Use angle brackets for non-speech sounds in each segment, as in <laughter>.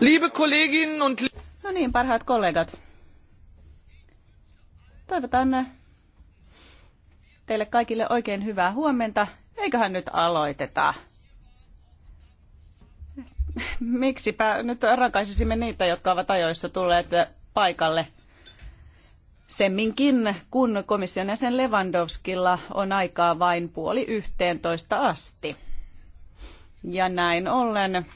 Liebe Kolleginnen und... No niin, parhaat kollegat. Toivotan eh, teille kaikille oikein hyvää huomenta. Eiköhän nyt aloiteta. Miksipä nyt rankaisisimme niitä, jotka ovat ajoissa tulleet eh, paikalle semminkin, kun komission jäsen Lewandowskilla on aikaa vain puoli yhteentoista asti. Ja näin ollen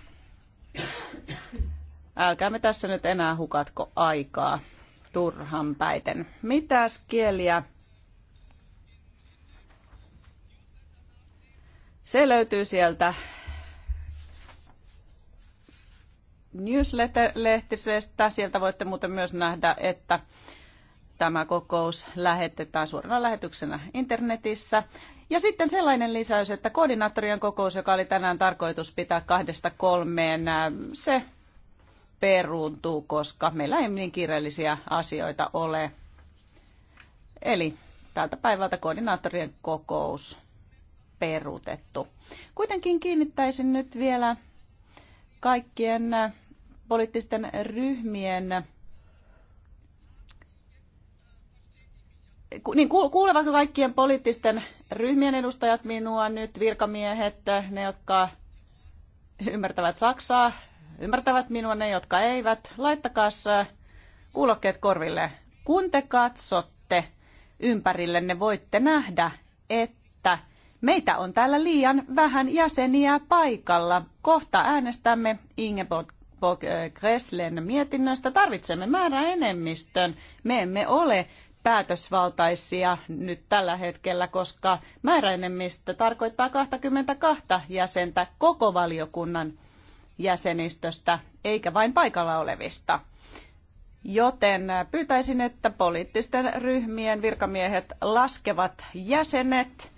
älkäämme tässä nyt enää hukatko aikaa turhan päiten. Mitäs kieliä? Se löytyy sieltä newsletter-lehtisestä. Sieltä voitte muuten myös nähdä, että tämä kokous lähetetään suorana lähetyksenä internetissä. Ja sitten sellainen lisäys, että koordinaattorien kokous, joka oli tänään tarkoitus pitää kahdesta kolmeen, se peruuntuu, koska meillä ei niin kiireellisiä asioita ole. Eli tältä päivältä koordinaattorien kokous peruutettu. Kuitenkin kiinnittäisin nyt vielä kaikkien poliittisten ryhmien niin kuulevatko kaikkien poliittisten ryhmien edustajat minua nyt, virkamiehet, ne jotka ymmärtävät Saksaa ymmärtävät minua, ne jotka eivät, laittakaa kuulokkeet korville. Kun te katsotte ympärillenne, voitte nähdä, että meitä on täällä liian vähän jäseniä paikalla. Kohta äänestämme Ingeborg äh, Gresslen mietinnöstä. Tarvitsemme määräenemmistön. Me emme ole päätösvaltaisia nyt tällä hetkellä, koska määräenemmistö tarkoittaa 22 jäsentä koko valiokunnan jäsenistöstä, eikä vain paikalla olevista. Joten pyytäisin, että poliittisten ryhmien virkamiehet laskevat jäsenet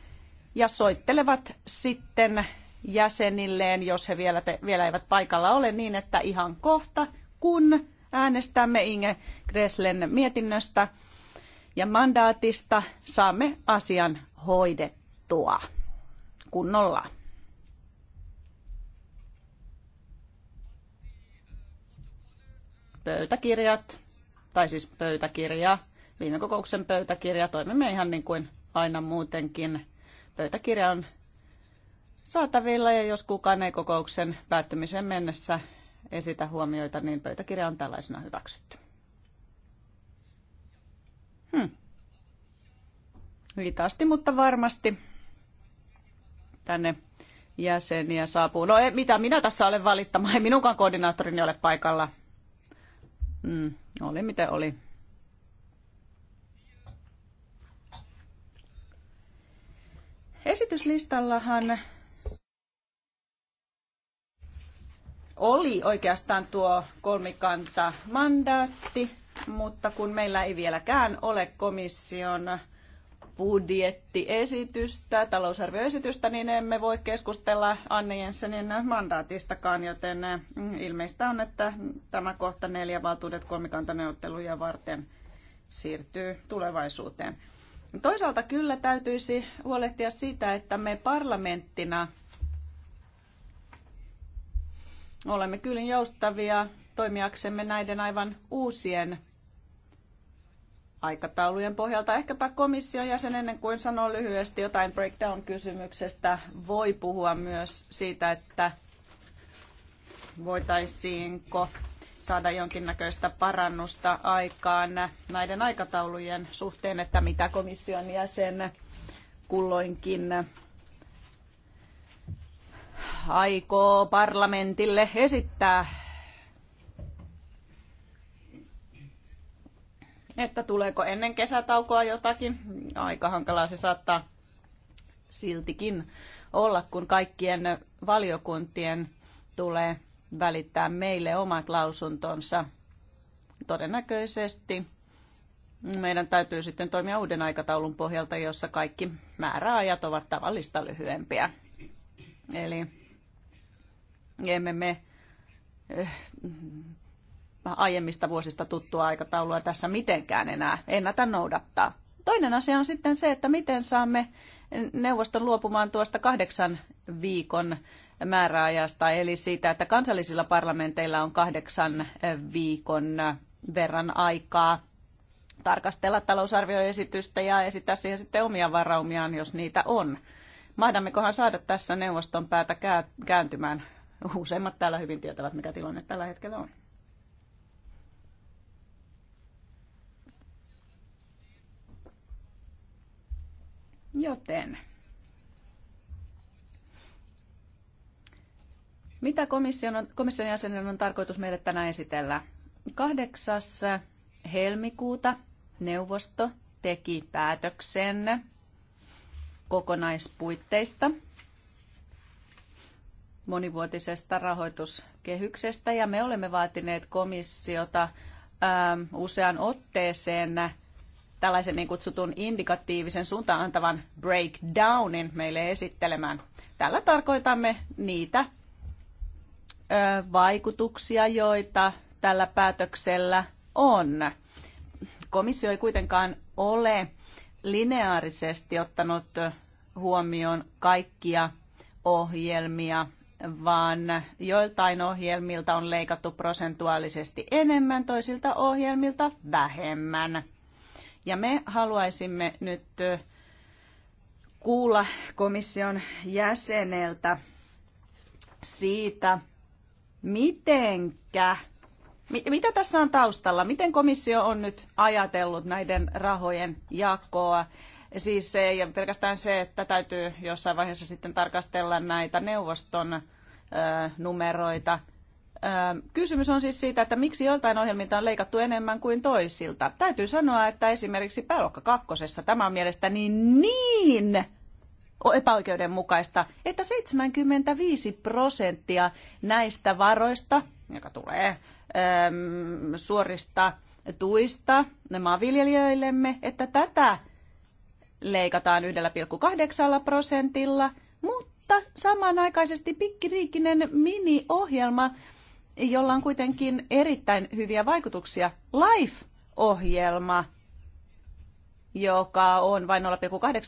ja soittelevat sitten jäsenilleen, jos he vielä, te, vielä eivät paikalla ole, niin että ihan kohta, kun äänestämme Inge Greslen mietinnöstä ja mandaatista, saamme asian hoidettua kunnolla. pöytäkirjat, tai siis pöytäkirja, viime kokouksen pöytäkirja, toimimme ihan niin kuin aina muutenkin. Pöytäkirja on saatavilla ja jos kukaan ei kokouksen päättymiseen mennessä esitä huomioita, niin pöytäkirja on tällaisena hyväksytty. Hmm. mutta varmasti tänne jäseniä saapuu. No ei, mitä minä tässä olen valittamaan, ei minunkaan koordinaattorini ole paikalla. Mm, oli mitä oli. Esityslistallahan oli oikeastaan tuo kolmikanta mandaatti, mutta kun meillä ei vieläkään ole komission budjettiesitystä, talousarvioesitystä, niin emme voi keskustella Anne Jensenin mandaatistakaan, joten mm, ilmeistä on, että tämä kohta neljä valtuudet kolmikantaneuvotteluja varten siirtyy tulevaisuuteen. Toisaalta kyllä täytyisi huolehtia siitä, että me parlamenttina olemme kyllä joustavia toimijaksemme näiden aivan uusien aikataulujen pohjalta. Ehkäpä komission jäsen ennen kuin sanoo lyhyesti jotain breakdown-kysymyksestä, voi puhua myös siitä, että voitaisiinko saada jonkinnäköistä parannusta aikaan näiden aikataulujen suhteen, että mitä komission jäsen kulloinkin aikoo parlamentille esittää että tuleeko ennen kesätaukoa jotakin. Aika hankalaa se saattaa siltikin olla, kun kaikkien valiokuntien tulee välittää meille omat lausuntonsa. Todennäköisesti meidän täytyy sitten toimia uuden aikataulun pohjalta, jossa kaikki määräajat ovat tavallista lyhyempiä. Eli emme me eh, aiemmista vuosista tuttua aikataulua tässä mitenkään enää ennätä noudattaa. Toinen asia on sitten se, että miten saamme neuvoston luopumaan tuosta kahdeksan viikon määräajasta, eli siitä, että kansallisilla parlamenteilla on kahdeksan viikon verran aikaa tarkastella talousarvioesitystä ja esittää siihen sitten omia varaumiaan, jos niitä on. Mahdammekohan saada tässä neuvoston päätä kääntymään? Useimmat täällä hyvin tietävät, mikä tilanne tällä hetkellä on. Joten mitä komission, on, komission jäsenen on tarkoitus meille tänään esitellä? 8. helmikuuta neuvosto teki päätöksen kokonaispuitteista monivuotisesta rahoituskehyksestä ja me olemme vaatineet komissiota usean otteeseen tällaisen niin kutsutun indikatiivisen suuntaan antavan breakdownin meille esittelemään. Tällä tarkoitamme niitä vaikutuksia, joita tällä päätöksellä on. Komissio ei kuitenkaan ole lineaarisesti ottanut huomioon kaikkia ohjelmia, vaan joiltain ohjelmilta on leikattu prosentuaalisesti enemmän, toisilta ohjelmilta vähemmän. Ja me haluaisimme nyt kuulla komission jäseneltä siitä, mitenkä, mitä tässä on taustalla, miten komissio on nyt ajatellut näiden rahojen jakoa. Siis se, ja pelkästään se, että täytyy jossain vaiheessa sitten tarkastella näitä neuvoston numeroita – Kysymys on siis siitä, että miksi joiltain ohjelmilta on leikattu enemmän kuin toisilta. Täytyy sanoa, että esimerkiksi pääluokka kakkosessa tämä on mielestäni niin epäoikeudenmukaista, että 75 prosenttia näistä varoista, joka tulee suorista tuista maanviljelijöillemme, että tätä leikataan 1,8 prosentilla, mutta samanaikaisesti pikkiriikinen mini-ohjelma jolla on kuitenkin erittäin hyviä vaikutuksia. LIFE-ohjelma, joka on vain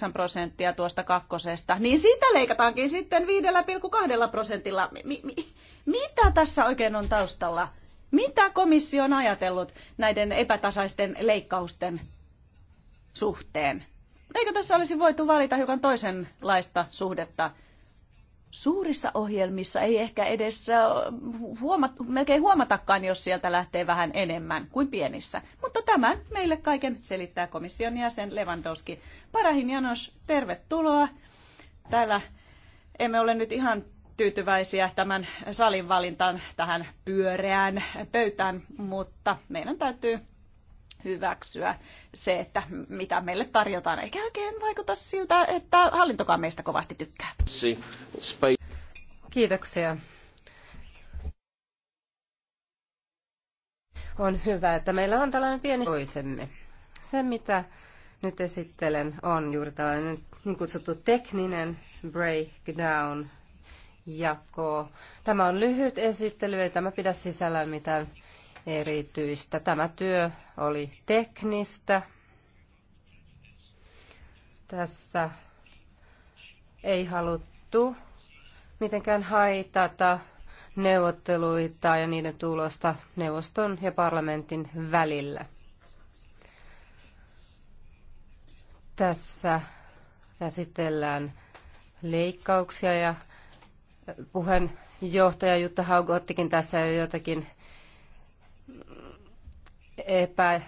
0,8 prosenttia tuosta kakkosesta, niin siitä leikataankin sitten 5,2 prosentilla. M- m- mitä tässä oikein on taustalla? Mitä komissio on ajatellut näiden epätasaisten leikkausten suhteen? Eikö tässä olisi voitu valita hiukan toisenlaista suhdetta suurissa ohjelmissa ei ehkä edes huomat, melkein huomatakaan, jos sieltä lähtee vähän enemmän kuin pienissä. Mutta tämän meille kaiken selittää komission jäsen Lewandowski. Parahin Janos, tervetuloa. Täällä emme ole nyt ihan tyytyväisiä tämän salin valintaan tähän pyöreään pöytään, mutta meidän täytyy hyväksyä se, että mitä meille tarjotaan. Eikä oikein vaikuta siltä, että hallintokaan meistä kovasti tykkää. Kiitoksia. On hyvä, että meillä on tällainen pieni toisemme. Se, mitä nyt esittelen, on juuri tällainen niin kutsuttu tekninen breakdown jako. Tämä on lyhyt esittely, ei tämä pidä sisällään mitään erityistä. Tämä työ oli teknistä. Tässä ei haluttu mitenkään haitata neuvotteluita ja niiden tulosta neuvoston ja parlamentin välillä. Tässä käsitellään leikkauksia ja puheenjohtaja Jutta Haugo ottikin tässä jo jotakin epä,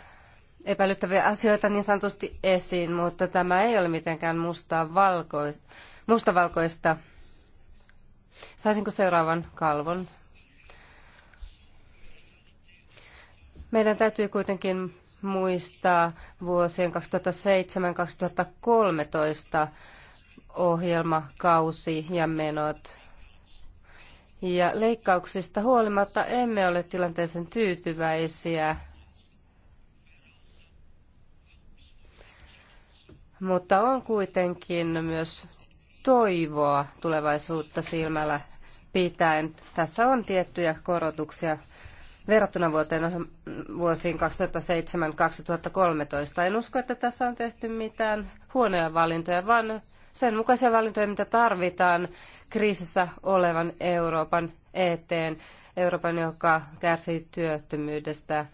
epäilyttäviä asioita niin sanotusti esiin, mutta tämä ei ole mitenkään mustaa valkoista, mustavalkoista. Saisinko seuraavan kalvon? Meidän täytyy kuitenkin muistaa vuosien 2007-2013 ohjelmakausi ja menot. Ja leikkauksista huolimatta emme ole tilanteeseen tyytyväisiä. Mutta on kuitenkin myös toivoa tulevaisuutta silmällä pitäen. Tässä on tiettyjä korotuksia verrattuna vuoteen vuosiin 2007-2013. En usko, että tässä on tehty mitään huonoja valintoja, vaan sen mukaisia valintoja, mitä tarvitaan kriisissä olevan Euroopan eteen, Euroopan, joka kärsii työttömyydestä.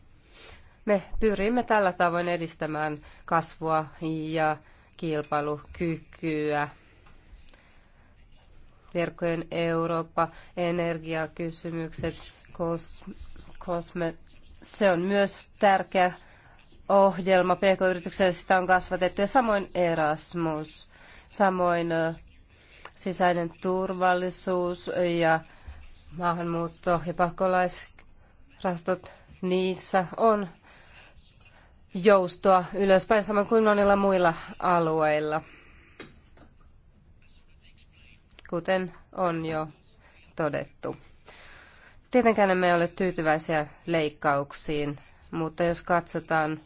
Me pyrimme tällä tavoin edistämään kasvua ja kilpailukykyä. Verkkojen Eurooppa, energiakysymykset, kos, kosme, se on myös tärkeä ohjelma pk-yritykselle, sitä on kasvatettu ja samoin Erasmus. Samoin sisäinen turvallisuus ja maahanmuutto- ja pakolaisrastot, niissä on joustoa ylöspäin, samoin kuin monilla muilla alueilla, kuten on jo todettu. Tietenkään emme ole tyytyväisiä leikkauksiin, mutta jos katsotaan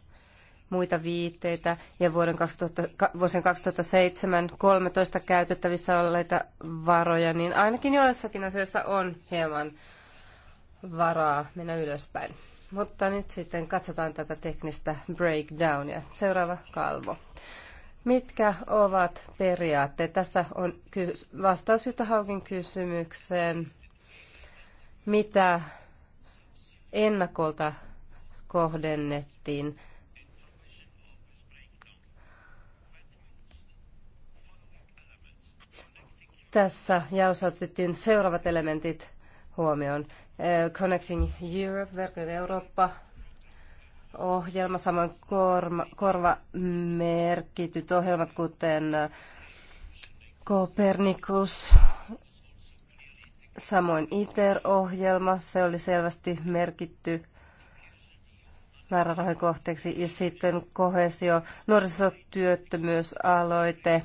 muita viitteitä ja vuoden 2000, vuosien 2007-2013 käytettävissä olleita varoja, niin ainakin joissakin asioissa on hieman varaa mennä ylöspäin. Mutta nyt sitten katsotaan tätä teknistä breakdownia. Seuraava kalvo. Mitkä ovat periaatteet? Tässä on vastaus Jutahaukin kysymykseen. Mitä ennakolta kohdennettiin? Tässä jaossa otettiin seuraavat elementit huomioon. Eh, Connecting Europe, verkkojen Eurooppa, ohjelma, samoin korma, korvamerkityt ohjelmat, kuten eh, Copernicus, samoin ITER-ohjelma, se oli selvästi merkitty määrärahojen kohteeksi, ja sitten kohesio, nuorisotyöttömyysaloite,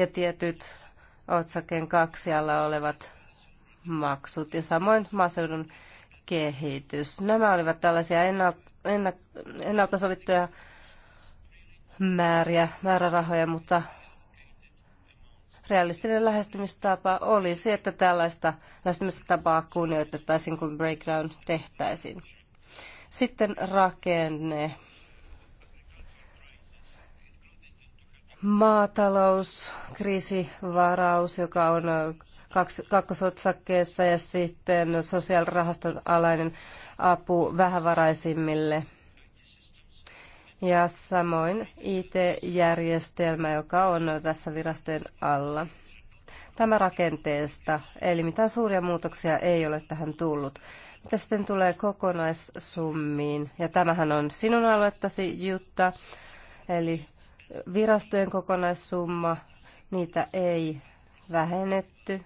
ja tietyt otsakkeen kaksi alla olevat maksut ja samoin maaseudun kehitys. Nämä olivat tällaisia ennalta, ennalta sovittuja määriä, määrärahoja, mutta realistinen lähestymistapa olisi, että tällaista lähestymistapaa kunnioitettaisiin, kun breakdown tehtäisiin. Sitten rakenne. maatalouskriisivaraus, joka on kakkosotsakkeessa ja sitten sosiaalirahaston alainen apu vähävaraisimmille. Ja samoin IT-järjestelmä, joka on tässä virastojen alla. Tämä rakenteesta, eli mitään suuria muutoksia ei ole tähän tullut. Mitä sitten tulee kokonaissummiin, ja tämähän on sinun aluettasi, Jutta, eli virastojen kokonaissumma, niitä ei vähennetty,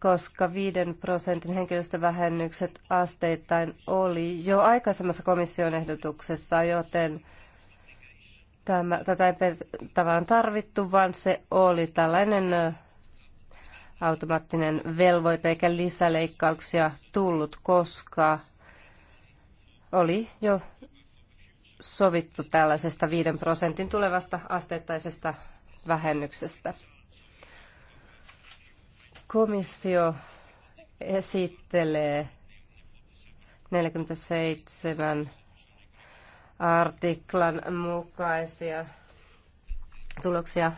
koska 5 prosentin henkilöstövähennykset asteittain oli jo aikaisemmassa komission ehdotuksessa, joten tämä, tätä ei tavallaan tarvittu, vaan se oli tällainen automaattinen velvoite eikä lisäleikkauksia tullut, koska oli jo sovittu tällaisesta 5 prosentin tulevasta asteittaisesta vähennyksestä. Komissio esittelee 47 artiklan mukaisia tuloksia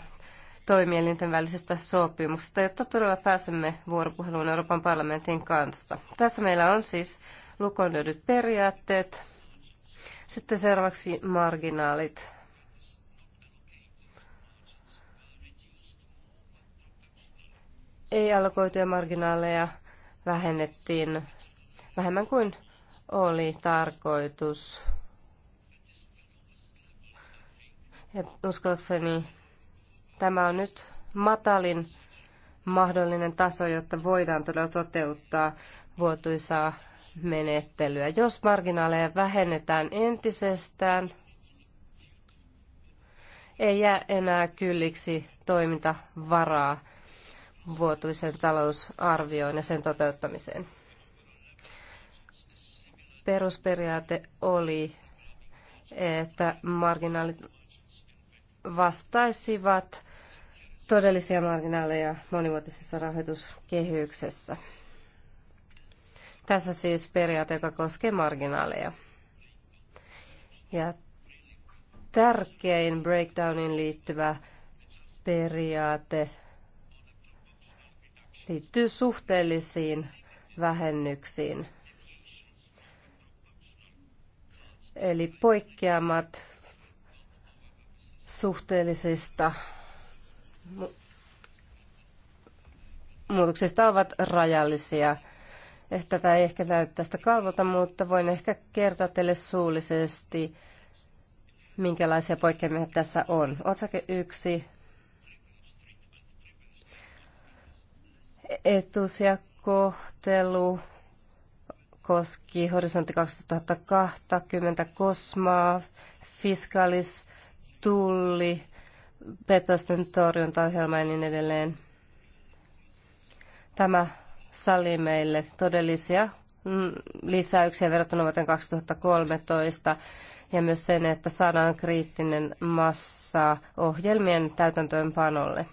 toimielinten välisestä sopimuksesta, jotta todella pääsemme vuoropuheluun Euroopan parlamentin kanssa. Tässä meillä on siis lukon periaatteet, sitten seuraavaksi marginaalit. Ei-alkoituja marginaaleja vähennettiin vähemmän kuin oli tarkoitus. Ja uskoakseni tämä on nyt matalin mahdollinen taso, jotta voidaan todella toteuttaa vuotuisaa menettelyä. Jos marginaaleja vähennetään entisestään, ei jää enää kylliksi toimintavaraa vuotuisen talousarvioon ja sen toteuttamiseen. Perusperiaate oli, että marginaalit vastaisivat todellisia marginaaleja monivuotisessa rahoituskehyksessä. Tässä siis periaate, joka koskee marginaaleja. Ja tärkein breakdownin liittyvä periaate liittyy suhteellisiin vähennyksiin. Eli poikkeamat suhteellisista muutoksista ovat rajallisia Eh, tätä ei ehkä näy tästä kalvota, mutta voin ehkä kertoa teille suullisesti, minkälaisia poikkeamia tässä on. Otsake 1. Etus ja kohtelu koski Horisontti 2020 Kosmaa, Fiskalis, Tulli, petosten torjuntaohjelma ja niin edelleen. Tämä sallii meille todellisia mm, lisäyksiä verrattuna vuoteen 2013 ja myös sen, että saadaan kriittinen massa ohjelmien täytäntöönpanolle.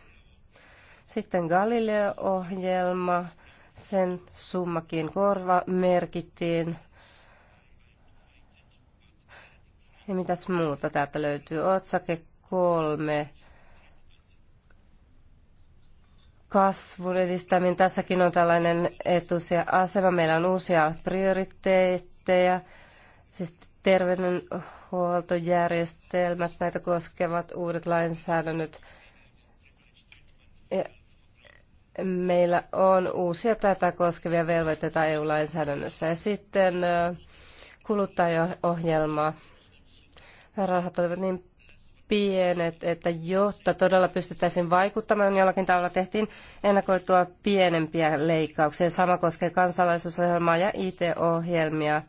Sitten Galileo-ohjelma, sen summakin korva merkittiin. Ja mitäs muuta täältä löytyy? Otsake kolme kasvun edistäminen. Tässäkin on tällainen etusia asema. Meillä on uusia prioriteetteja, siis terveydenhuoltojärjestelmät, näitä koskevat uudet lainsäädännöt. Ja meillä on uusia tätä koskevia velvoitteita EU-lainsäädännössä. Ja sitten kuluttajaohjelma. Rahat olivat niin pienet, että jotta todella pystyttäisiin vaikuttamaan jollakin tavalla, tehtiin ennakoitua pienempiä leikkauksia. Sama koskee kansalaisuusohjelmaa ja IT-ohjelmia.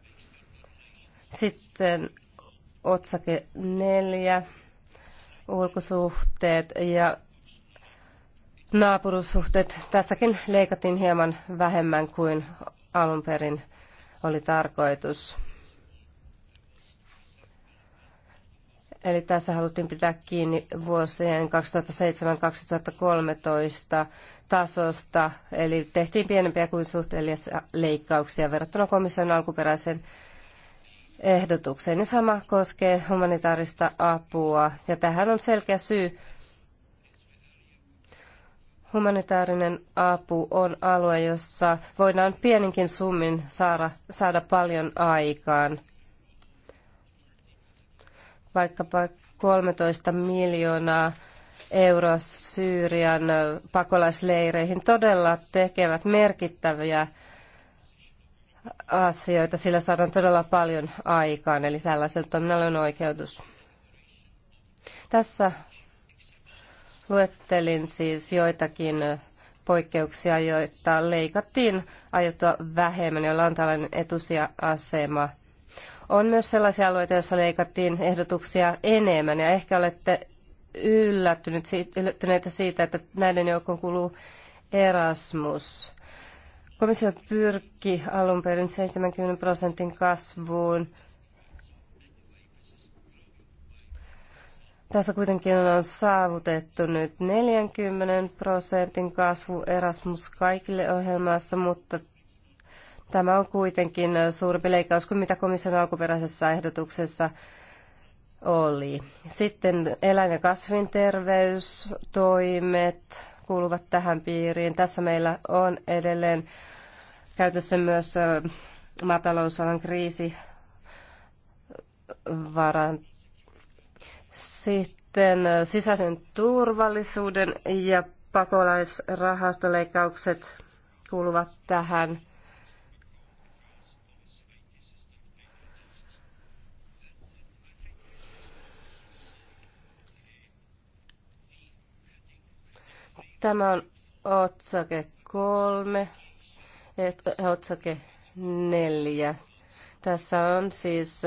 Sitten otsake neljä, ulkosuhteet ja naapurussuhteet. Tässäkin leikattiin hieman vähemmän kuin alun perin oli tarkoitus. Eli tässä haluttiin pitää kiinni vuosien 2007-2013 tasosta, eli tehtiin pienempiä kuin suhteellisia leikkauksia verrattuna komission alkuperäisen ehdotukseen. Ja sama koskee humanitaarista apua, ja tähän on selkeä syy. Humanitaarinen apu on alue, jossa voidaan pieninkin summin saada, saada paljon aikaan – vaikkapa 13 miljoonaa euroa Syyrian pakolaisleireihin todella tekevät merkittäviä asioita, sillä saadaan todella paljon aikaan, eli tällaisella toiminnalla on oikeutus. Tässä luettelin siis joitakin poikkeuksia, joita leikattiin aiottua vähemmän, joilla on tällainen etusia asema – on myös sellaisia alueita, joissa leikattiin ehdotuksia enemmän ja ehkä olette yllättyneitä siitä, että näiden joukkoon kuuluu Erasmus. Komissio pyrki alun perin 70 prosentin kasvuun. Tässä kuitenkin on saavutettu nyt 40 prosentin kasvu Erasmus kaikille ohjelmassa, mutta Tämä on kuitenkin suurempi leikkaus kuin mitä komission alkuperäisessä ehdotuksessa oli. Sitten eläin- ja kasvinterveystoimet kuuluvat tähän piiriin. Tässä meillä on edelleen käytössä myös maatalousalan kriisi varan. Sitten sisäisen turvallisuuden ja pakolaisrahastoleikkaukset kuuluvat tähän. Tämä on otsake kolme, et, otsake neljä. Tässä on siis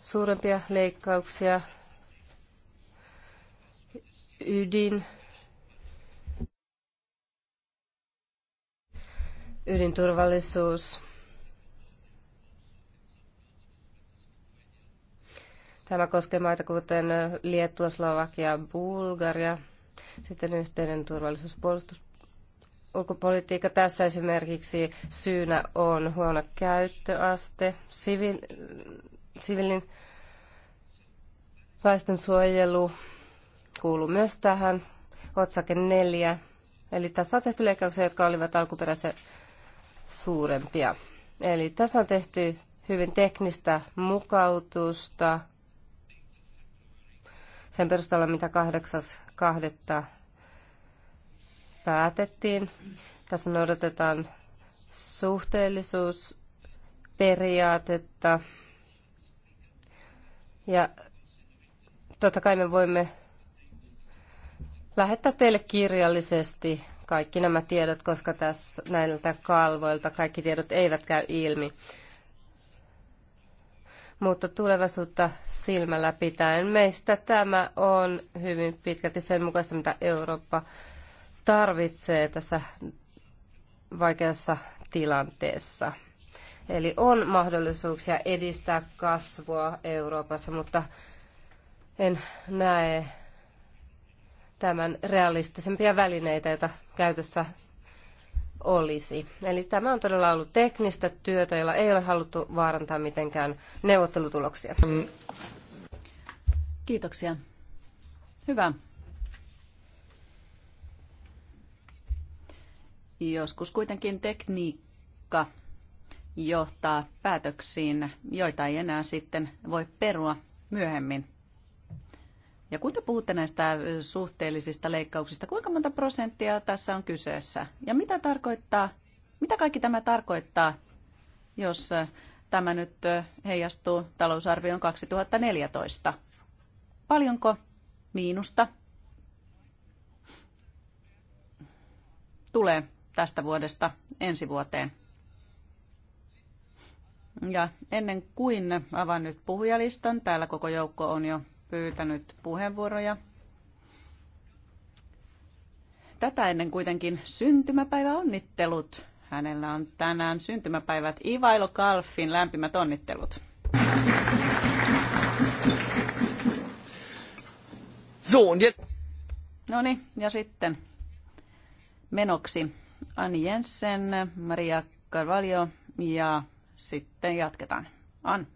suurempia leikkauksia ydin, ydinturvallisuus. Tämä koskee maita kuten Liettua, Slovakia, Bulgaria – sitten yhteinen turvallisuus- puolustus ulkopolitiikka tässä esimerkiksi syynä on huono käyttöaste, sivil, sivilin suojelu kuuluu myös tähän, otsake neljä, Eli tässä on tehty leikkauksia, jotka olivat alkuperäisen suurempia. Eli tässä on tehty hyvin teknistä mukautusta sen perusteella, mitä 8 kahdetta päätettiin. Tässä noudatetaan suhteellisuusperiaatetta. Ja totta kai me voimme lähettää teille kirjallisesti kaikki nämä tiedot, koska tässä näiltä kalvoilta kaikki tiedot eivät käy ilmi mutta tulevaisuutta silmällä pitäen meistä tämä on hyvin pitkälti sen mukaista, mitä Eurooppa tarvitsee tässä vaikeassa tilanteessa. Eli on mahdollisuuksia edistää kasvua Euroopassa, mutta en näe tämän realistisempia välineitä, joita käytössä olisi. Eli tämä on todella ollut teknistä työtä, jolla ei ole haluttu vaarantaa mitenkään neuvottelutuloksia. Kiitoksia. Hyvä. Joskus kuitenkin tekniikka johtaa päätöksiin, joita ei enää sitten voi perua myöhemmin. Ja kun te puhutte näistä suhteellisista leikkauksista, kuinka monta prosenttia tässä on kyseessä? Ja mitä tarkoittaa, mitä kaikki tämä tarkoittaa, jos tämä nyt heijastuu talousarvioon 2014? Paljonko miinusta tulee tästä vuodesta ensi vuoteen? Ja ennen kuin avaan nyt puhujalistan, täällä koko joukko on jo pyytänyt puheenvuoroja. Tätä ennen kuitenkin syntymäpäivä onnittelut. Hänellä on tänään syntymäpäivät Ivailo Kalfin lämpimät onnittelut. So, und jetzt... No niin, ja sitten menoksi Anni Jensen, Maria Carvalho ja sitten jatketaan. Ann.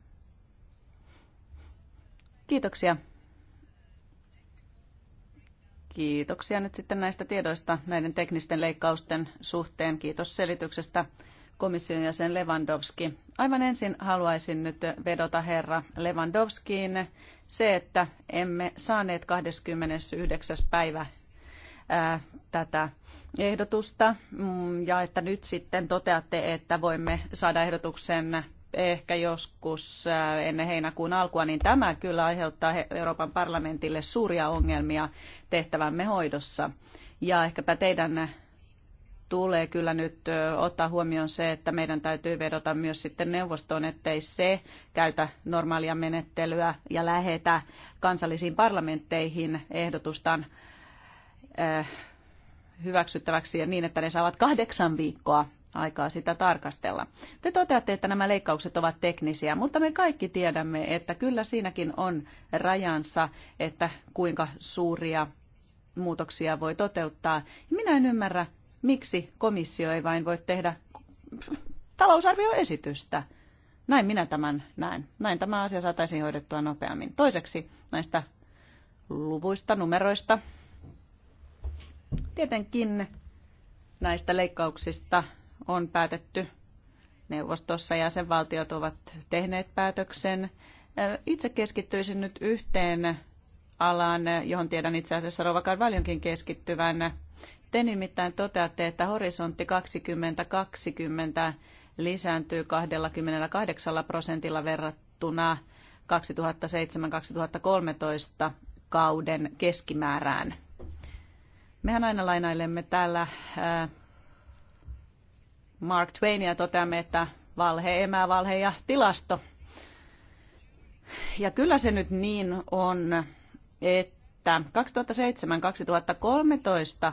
Kiitoksia. Kiitoksia nyt sitten näistä tiedoista näiden teknisten leikkausten suhteen. Kiitos selityksestä komission jäsen Lewandowski. Aivan ensin haluaisin nyt vedota herra Lewandowskiin se, että emme saaneet 29. päivä tätä ehdotusta mm, ja että nyt sitten toteatte, että voimme saada ehdotuksen ehkä joskus äh, ennen heinäkuun alkua, niin tämä kyllä aiheuttaa Euroopan parlamentille suuria ongelmia tehtävämme hoidossa. Ja ehkäpä teidän tulee kyllä nyt ottaa huomioon se, että meidän täytyy vedota myös sitten neuvostoon, ettei se käytä normaalia menettelyä ja lähetä kansallisiin parlamentteihin ehdotustaan hyväksyttäväksi ja niin, että ne saavat kahdeksan viikkoa aikaa sitä tarkastella. Te toteatte, että nämä leikkaukset ovat teknisiä, mutta me kaikki tiedämme, että kyllä siinäkin on rajansa, että kuinka suuria muutoksia voi toteuttaa. Minä en ymmärrä, miksi komissio ei vain voi tehdä talousarvioesitystä. Näin minä tämän näen. Näin tämä asia saataisiin hoidettua nopeammin. Toiseksi näistä luvuista, numeroista. Tietenkin näistä leikkauksista on päätetty neuvostossa, ja valtiot ovat tehneet päätöksen. Itse keskittyisin nyt yhteen alaan, johon tiedän itse asiassa Rova Karvaljonkin keskittyvän. Te nimittäin toteatte, että horisontti 2020 lisääntyy 28 prosentilla verrattuna 2007-2013 kauden keskimäärään. Mehän aina lainailemme täällä Mark Twainia toteamme, että valhe, emä, valhe ja tilasto. Ja kyllä se nyt niin on, että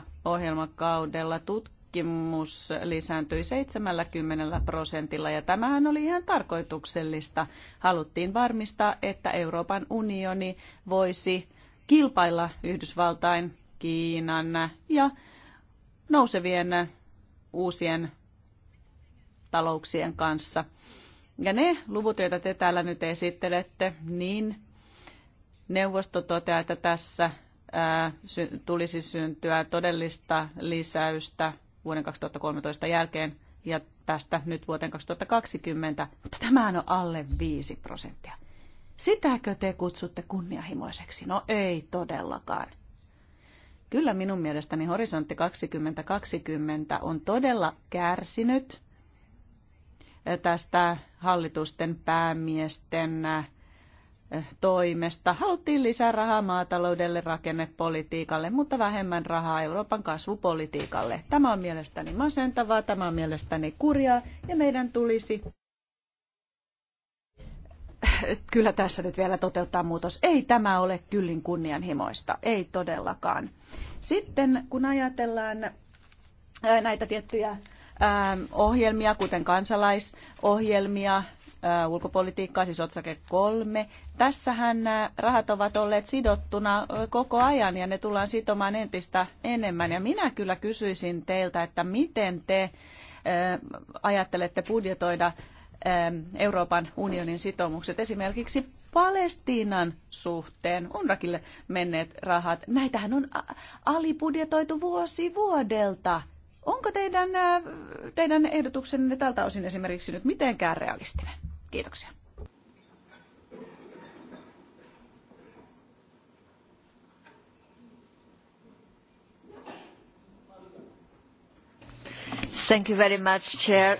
2007-2013 ohjelmakaudella tutkimus lisääntyi 70 prosentilla ja tämähän oli ihan tarkoituksellista. Haluttiin varmistaa, että Euroopan unioni voisi kilpailla Yhdysvaltain, Kiinan ja nousevien uusien talouksien kanssa. Ja ne luvut, joita te täällä nyt esittelette, niin neuvosto toteaa, että tässä tulisi syntyä todellista lisäystä vuoden 2013 jälkeen ja tästä nyt vuoteen 2020, mutta tämä on alle 5 prosenttia. Sitäkö te kutsutte kunnianhimoiseksi? No ei todellakaan. Kyllä minun mielestäni Horisontti 2020 on todella kärsinyt tästä hallitusten päämiesten eh, toimesta. Haluttiin lisää rahaa maataloudelle, rakennepolitiikalle, mutta vähemmän rahaa Euroopan kasvupolitiikalle. Tämä on mielestäni masentavaa, tämä on mielestäni kurjaa ja meidän tulisi kyllä tässä nyt vielä toteuttaa muutos. Ei tämä ole kyllin kunnianhimoista, ei todellakaan. Sitten kun ajatellaan eh, näitä tiettyjä Ähm, ohjelmia, kuten kansalaisohjelmia, äh, ulkopolitiikkaa, siis otsake kolme. Tässähän äh, rahat ovat olleet sidottuna koko ajan ja ne tullaan sitomaan entistä enemmän. Ja minä kyllä kysyisin teiltä, että miten te äh, ajattelette budjetoida ähm, Euroopan unionin sitoumukset esimerkiksi Palestiinan suhteen, UNRAKille menneet rahat. Näitähän on alibudjetoitu vuosi vuodelta. Onko teidän, äh, teidän ehdotuksenne tältä osin esimerkiksi nyt mitenkään realistinen? Kiitoksia. Thank you very much, Chair.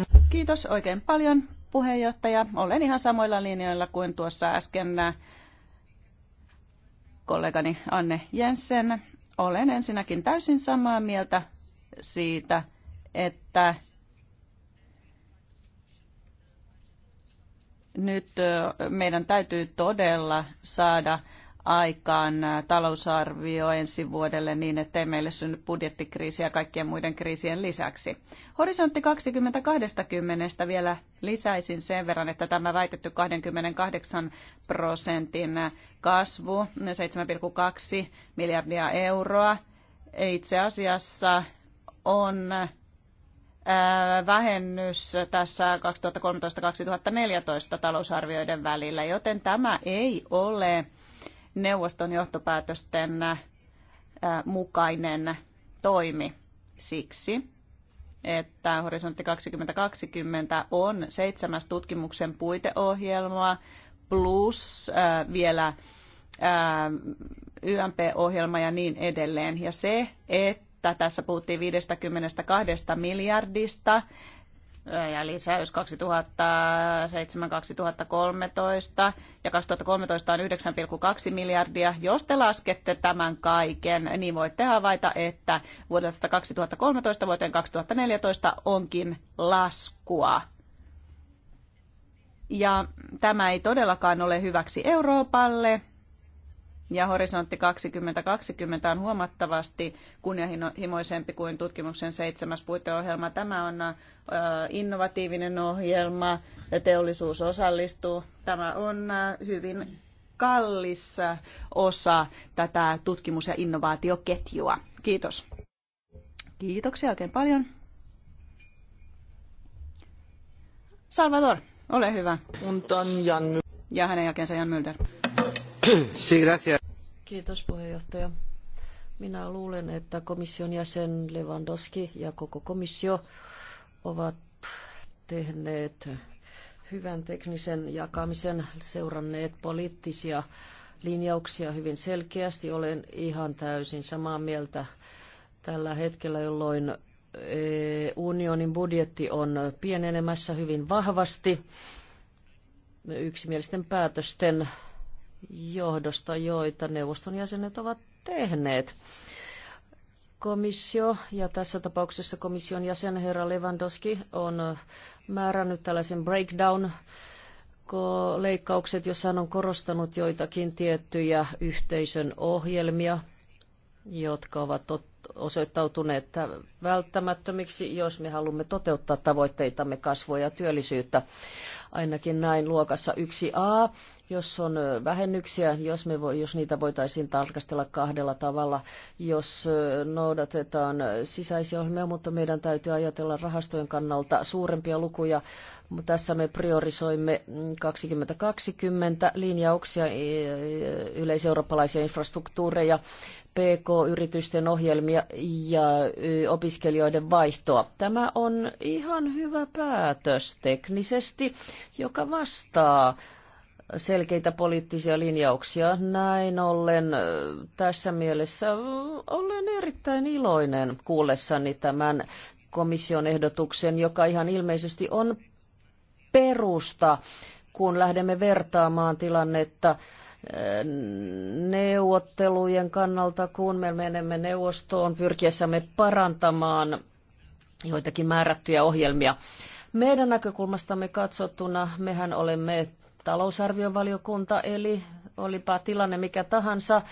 Um... Kiitos oikein paljon puheenjohtaja. Olen ihan samoilla linjoilla kuin tuossa äsken äh, kollegani Anne Jensen. Olen ensinnäkin täysin samaa mieltä siitä, että nyt meidän täytyy todella saada aikaan talousarvio ensi vuodelle niin, ettei meille synny budjettikriisiä kaikkien muiden kriisien lisäksi. Horisontti 2020 vielä lisäisin sen verran, että tämä väitetty 28 prosentin kasvu, 7,2 miljardia euroa, itse asiassa on vähennys tässä 2013-2014 talousarvioiden välillä, joten tämä ei ole neuvoston johtopäätösten mukainen toimi siksi, että Horisontti 2020 on seitsemäs tutkimuksen puiteohjelma plus vielä YMP-ohjelma ja niin edelleen. Ja se, että vuotta. Tässä puhuttiin 52 miljardista ja lisäys 2007-2013 ja 2013 on 9,2 miljardia. Jos te laskette tämän kaiken, niin voitte havaita, että vuodesta 2013 vuoteen 2014 onkin laskua. Ja tämä ei todellakaan ole hyväksi Euroopalle, ja horisontti 2020 on huomattavasti kunnianhimoisempi kuin tutkimuksen seitsemäs puiteohjelma. Tämä on innovatiivinen ohjelma, teollisuus osallistuu. Tämä on hyvin kallis osa tätä tutkimus- ja innovaatioketjua. Kiitos. Kiitoksia oikein paljon. Salvador, ole hyvä. Ja hänen jälkeensä Jan Mylder. <clears throat> Kiitos puheenjohtaja. Minä luulen, että komission jäsen Lewandowski ja koko komissio ovat tehneet hyvän teknisen jakamisen, seuranneet poliittisia linjauksia hyvin selkeästi. Olen ihan täysin samaa mieltä tällä hetkellä, jolloin unionin budjetti on pienenemässä hyvin vahvasti yksimielisten päätösten johdosta, joita neuvoston jäsenet ovat tehneet. Komissio ja tässä tapauksessa komission jäsen herra Lewandowski on määrännyt tällaisen breakdown leikkaukset, jossa hän on korostanut joitakin tiettyjä yhteisön ohjelmia, jotka ovat osoittautuneet välttämättömiksi, jos me haluamme toteuttaa tavoitteitamme kasvua ja työllisyyttä. Ainakin näin luokassa 1a, jos on vähennyksiä, jos, me vo, jos niitä voitaisiin tarkastella kahdella tavalla, jos noudatetaan sisäisiä ohjelmia, mutta meidän täytyy ajatella rahastojen kannalta suurempia lukuja. Tässä me priorisoimme 2020 linjauksia e, e, yleiseurooppalaisia infrastruktuureja PK-yritysten ohjelmia ja opiskelijoiden vaihtoa. Tämä on ihan hyvä päätös teknisesti, joka vastaa selkeitä poliittisia linjauksia. Näin ollen tässä mielessä olen erittäin iloinen kuullessani tämän komission ehdotuksen, joka ihan ilmeisesti on perusta, kun lähdemme vertaamaan tilannetta neuvottelujen kannalta, kun me menemme neuvostoon pyrkiessämme parantamaan joitakin määrättyjä ohjelmia. Meidän näkökulmastamme katsottuna mehän olemme talousarviovaliokunta, eli olipa tilanne mikä tahansa,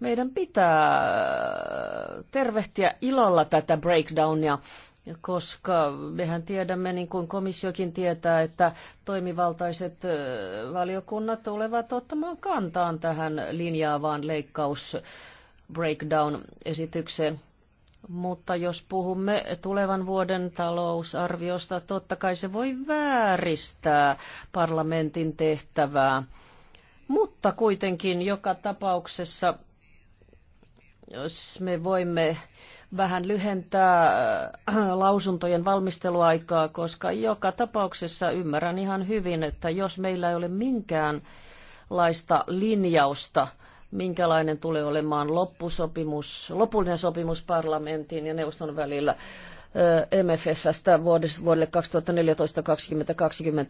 meidän pitää tervehtiä ilolla tätä breakdownia koska mehän tiedämme, niin kuin komissiokin tietää, että toimivaltaiset valiokunnat tulevat ottamaan kantaan tähän linjaavaan leikkaus breakdown-esitykseen. Mutta jos puhumme tulevan vuoden talousarviosta, totta kai se voi vääristää parlamentin tehtävää. Mutta kuitenkin joka tapauksessa, jos me voimme vähän lyhentää äh, <clears throat> lausuntojen valmisteluaikaa, koska joka tapauksessa ymmärrän ihan hyvin, että jos meillä ei ole minkäänlaista linjausta, minkälainen tulee olemaan loppusopimus, lopullinen sopimus parlamentin ja neuvoston välillä, äh, MFFstä vuodelle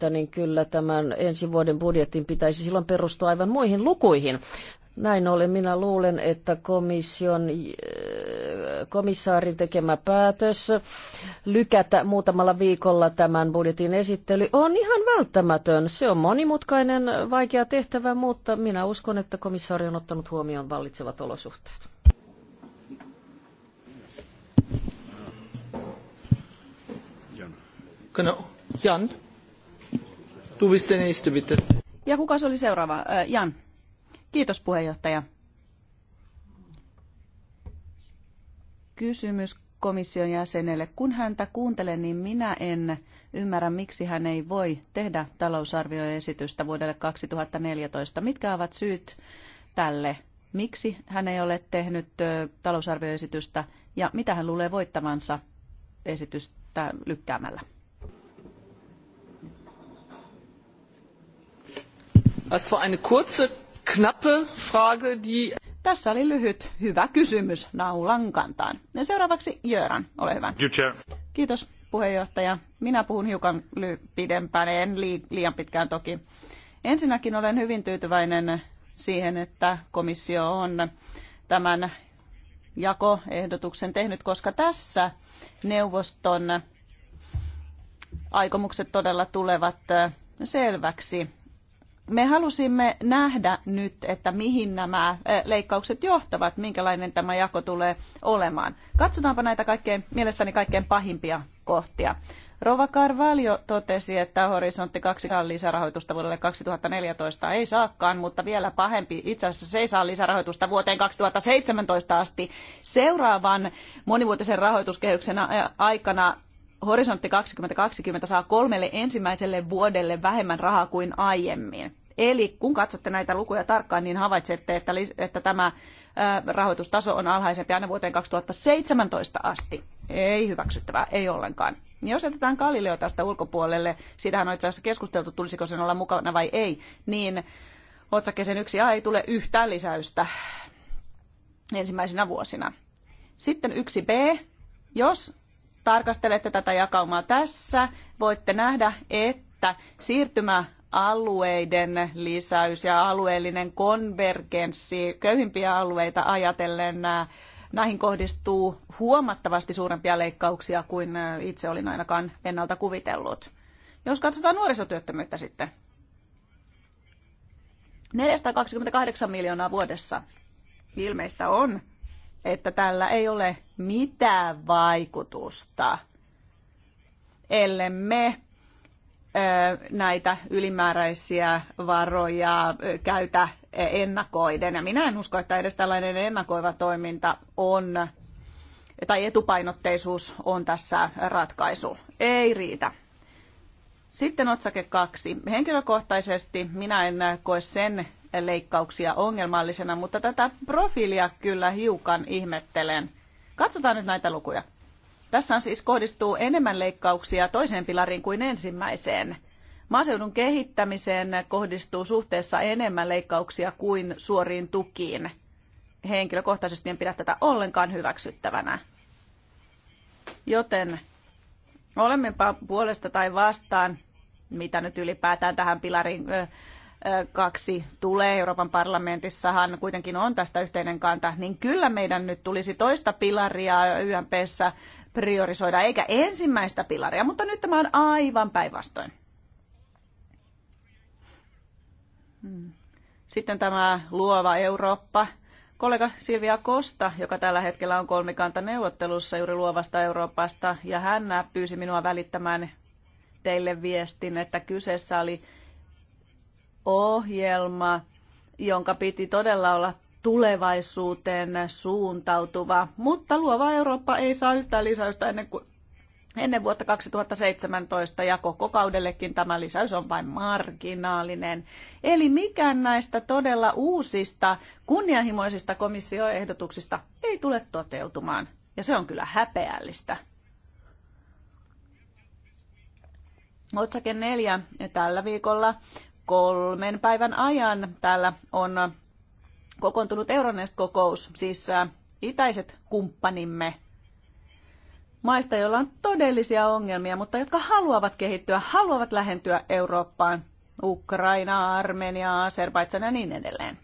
2014-2020, niin kyllä tämän ensi vuoden budjetin pitäisi silloin perustua aivan muihin lukuihin. Näin ollen minä luulen, että komission, äh, komissaarin tekemä päätös lykätä muutamalla viikolla tämän budjetin esittely on ihan välttämätön. Se on monimutkainen, vaikea tehtävä, mutta minä uskon, että komissaari on ottanut huomioon vallitsevat olosuhteet. Jan, du bist der Nächste, bitte. Ja kuka se oli seuraava? Äh, Jan. Kiitos puheenjohtaja. Kysymys komission jäsenelle. Kun häntä kuuntelen, niin minä en ymmärrä, miksi hän ei voi tehdä talousarvioesitystä vuodelle 2014. Mitkä ovat syyt tälle? Miksi hän ei ole tehnyt talousarvioesitystä ja mitä hän luulee voittavansa esitystä lykkäämällä? Das war eine kurze knappe Frage, die... Tässä oli lyhyt, hyvä kysymys naulan kantaan. Ja seuraavaksi Jöran, ole hyvä. Kiitos puheenjohtaja. Minä puhun hiukan pidempään, en li- liian pitkään toki. Ensinnäkin olen hyvin tyytyväinen siihen, että komissio on tämän jakoehdotuksen tehnyt, koska tässä neuvoston aikomukset todella tulevat äh, selväksi me halusimme nähdä nyt, että mihin nämä leikkaukset johtavat, minkälainen tämä jako tulee olemaan. Katsotaanpa näitä kaikkein, mielestäni kaikkein pahimpia kohtia. Rova Carvalho totesi, että horisontti 2 saa lisärahoitusta vuodelle 2014. Ei saakaan, mutta vielä pahempi. Itse asiassa se ei saa lisärahoitusta vuoteen 2017 asti. Seuraavan monivuotisen rahoituskehyksen aikana Horisontti 2020 saa kolmelle ensimmäiselle vuodelle vähemmän rahaa kuin aiemmin. Eli kun katsotte näitä lukuja tarkkaan, niin havaitsette, että, että tämä rahoitustaso on alhaisempi aina vuoteen 2017 asti. Ei hyväksyttävää, ei ollenkaan. Jos jätetään Galileo tästä ulkopuolelle, siitähän on itse asiassa keskusteltu, tulisiko sen olla mukana vai ei, niin otsakkeeseen yksi A ei tule yhtään lisäystä ensimmäisenä vuosina. Sitten yksi B, jos tarkastelette tätä jakaumaa tässä, voitte nähdä, että siirtymä alueiden lisäys ja alueellinen konvergenssi köyhimpiä alueita ajatellen äh, näihin kohdistuu huomattavasti suurempia leikkauksia kuin äh, itse olin ainakaan ennalta kuvitellut. Jos katsotaan nuorisotyöttömyyttä sitten. 428 miljoonaa vuodessa ilmeistä on, että tällä ei ole mitään vaikutusta, ellemme näitä ylimääräisiä varoja käytä ennakoiden. Ja minä en usko, että edes tällainen ennakoiva toiminta on, tai etupainotteisuus on tässä ratkaisu. Ei riitä. Sitten otsake kaksi. Henkilökohtaisesti minä en koe sen leikkauksia ongelmallisena, mutta tätä profiilia kyllä hiukan ihmettelen. Katsotaan nyt näitä lukuja. Tässä on siis kohdistuu enemmän leikkauksia toiseen pilariin kuin ensimmäiseen. Maaseudun kehittämiseen kohdistuu suhteessa enemmän leikkauksia kuin suoriin tukiin. Henkilökohtaisesti en pidä tätä ollenkaan hyväksyttävänä. Joten olemmepa puolesta tai vastaan, mitä nyt ylipäätään tähän pilariin kaksi tulee, Euroopan parlamentissahan kuitenkin on tästä yhteinen kanta, niin kyllä meidän nyt tulisi toista pilaria YMPssä priorisoida, eikä ensimmäistä pilaria, mutta nyt tämä on aivan päinvastoin. Hmm. Sitten tämä luova Eurooppa. Kollega Silvia Kosta, joka tällä hetkellä on kolmikanta neuvottelussa juuri luovasta Euroopasta, ja hän pyysi minua välittämään teille viestin, että kyseessä oli ohjelma, jonka piti todella olla tulevaisuuteen suuntautuva, mutta luova Eurooppa ei saa yhtään lisäystä ennen kuin ennen vuotta 2017 ja koko kaudellekin tämä lisäys on vain marginaalinen. Eli mikään näistä todella uusista kunnianhimoisista komissioehdotuksista ei tule toteutumaan. Ja se on kyllä häpeällistä. Otsake neljä tällä viikolla kolmen päivän ajan täällä on kokoontunut Euronest-kokous, siis itäiset kumppanimme maista, joilla on todellisia ongelmia, mutta jotka haluavat kehittyä, haluavat lähentyä Eurooppaan, Ukraina, Armenia, Azerbaidsan ja niin edelleen.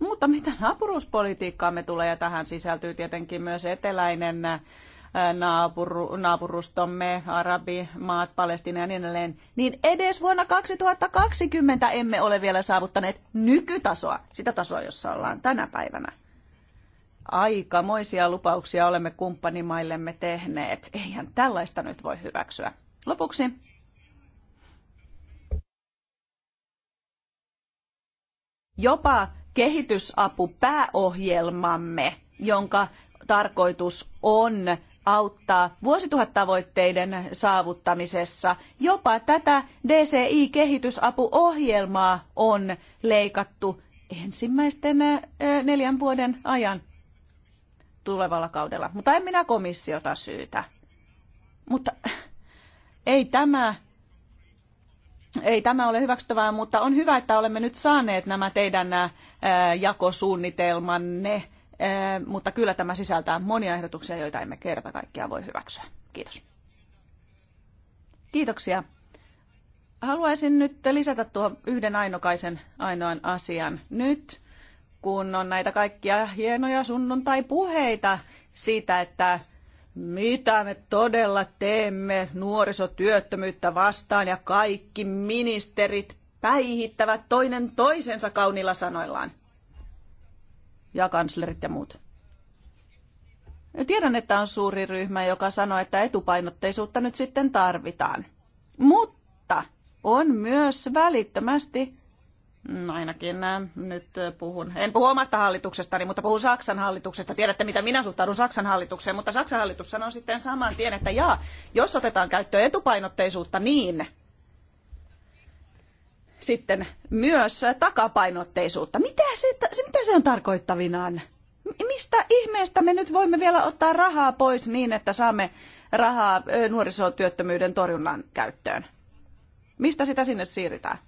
Mutta mitä naapuruuspolitiikkaamme tulee, ja tähän sisältyy tietenkin myös eteläinen naapuru, naapurustomme, arabimaat, Palestina ja niin edelleen, niin edes vuonna 2020 emme ole vielä saavuttaneet nykytasoa, sitä tasoa, jossa ollaan tänä päivänä. Aikamoisia lupauksia olemme kumppanimaillemme tehneet. Eihän tällaista nyt voi hyväksyä. Lopuksi jopa kehitysapupääohjelmamme, jonka tarkoitus on auttaa vuosituhattavoitteiden saavuttamisessa. Jopa tätä DCI-kehitysapuohjelmaa on leikattu ensimmäisten neljän vuoden ajan tulevalla kaudella. Mutta en minä komissiota syytä. Mutta ei tämä, ei tämä ole hyväksyttävää, mutta on hyvä, että olemme nyt saaneet nämä teidän jakosuunnitelmanne Eh, mutta kyllä tämä sisältää monia ehdotuksia, joita emme kerta kaikkiaan voi hyväksyä. Kiitos. Kiitoksia. Haluaisin nyt lisätä tuohon yhden ainokaisen ainoan asian. Nyt kun on näitä kaikkia hienoja sunnuntai-puheita siitä, että mitä me todella teemme nuorisotyöttömyyttä vastaan ja kaikki ministerit päihittävät toinen toisensa kaunilla sanoillaan ja kanslerit ja muut. Tiedän, että on suuri ryhmä, joka sanoo, että etupainotteisuutta nyt sitten tarvitaan. Mutta on myös välittömästi, mm, ainakin äh, nyt puhun, en puhu omasta hallituksestani, mutta puhun Saksan hallituksesta. Tiedätte, mitä minä suhtaudun Saksan hallitukseen, mutta Saksan hallitus sanoo sitten saman tien, että jaa, jos otetaan käyttöön etupainotteisuutta, niin sitten myös takapainotteisuutta. Mitä se, se, mitä se on tarkoittavinaan? Mistä ihmeestä me nyt voimme vielä ottaa rahaa pois niin, että saamme rahaa nuorisotyöttömyyden torjunnan käyttöön? Mistä sitä sinne siirretään?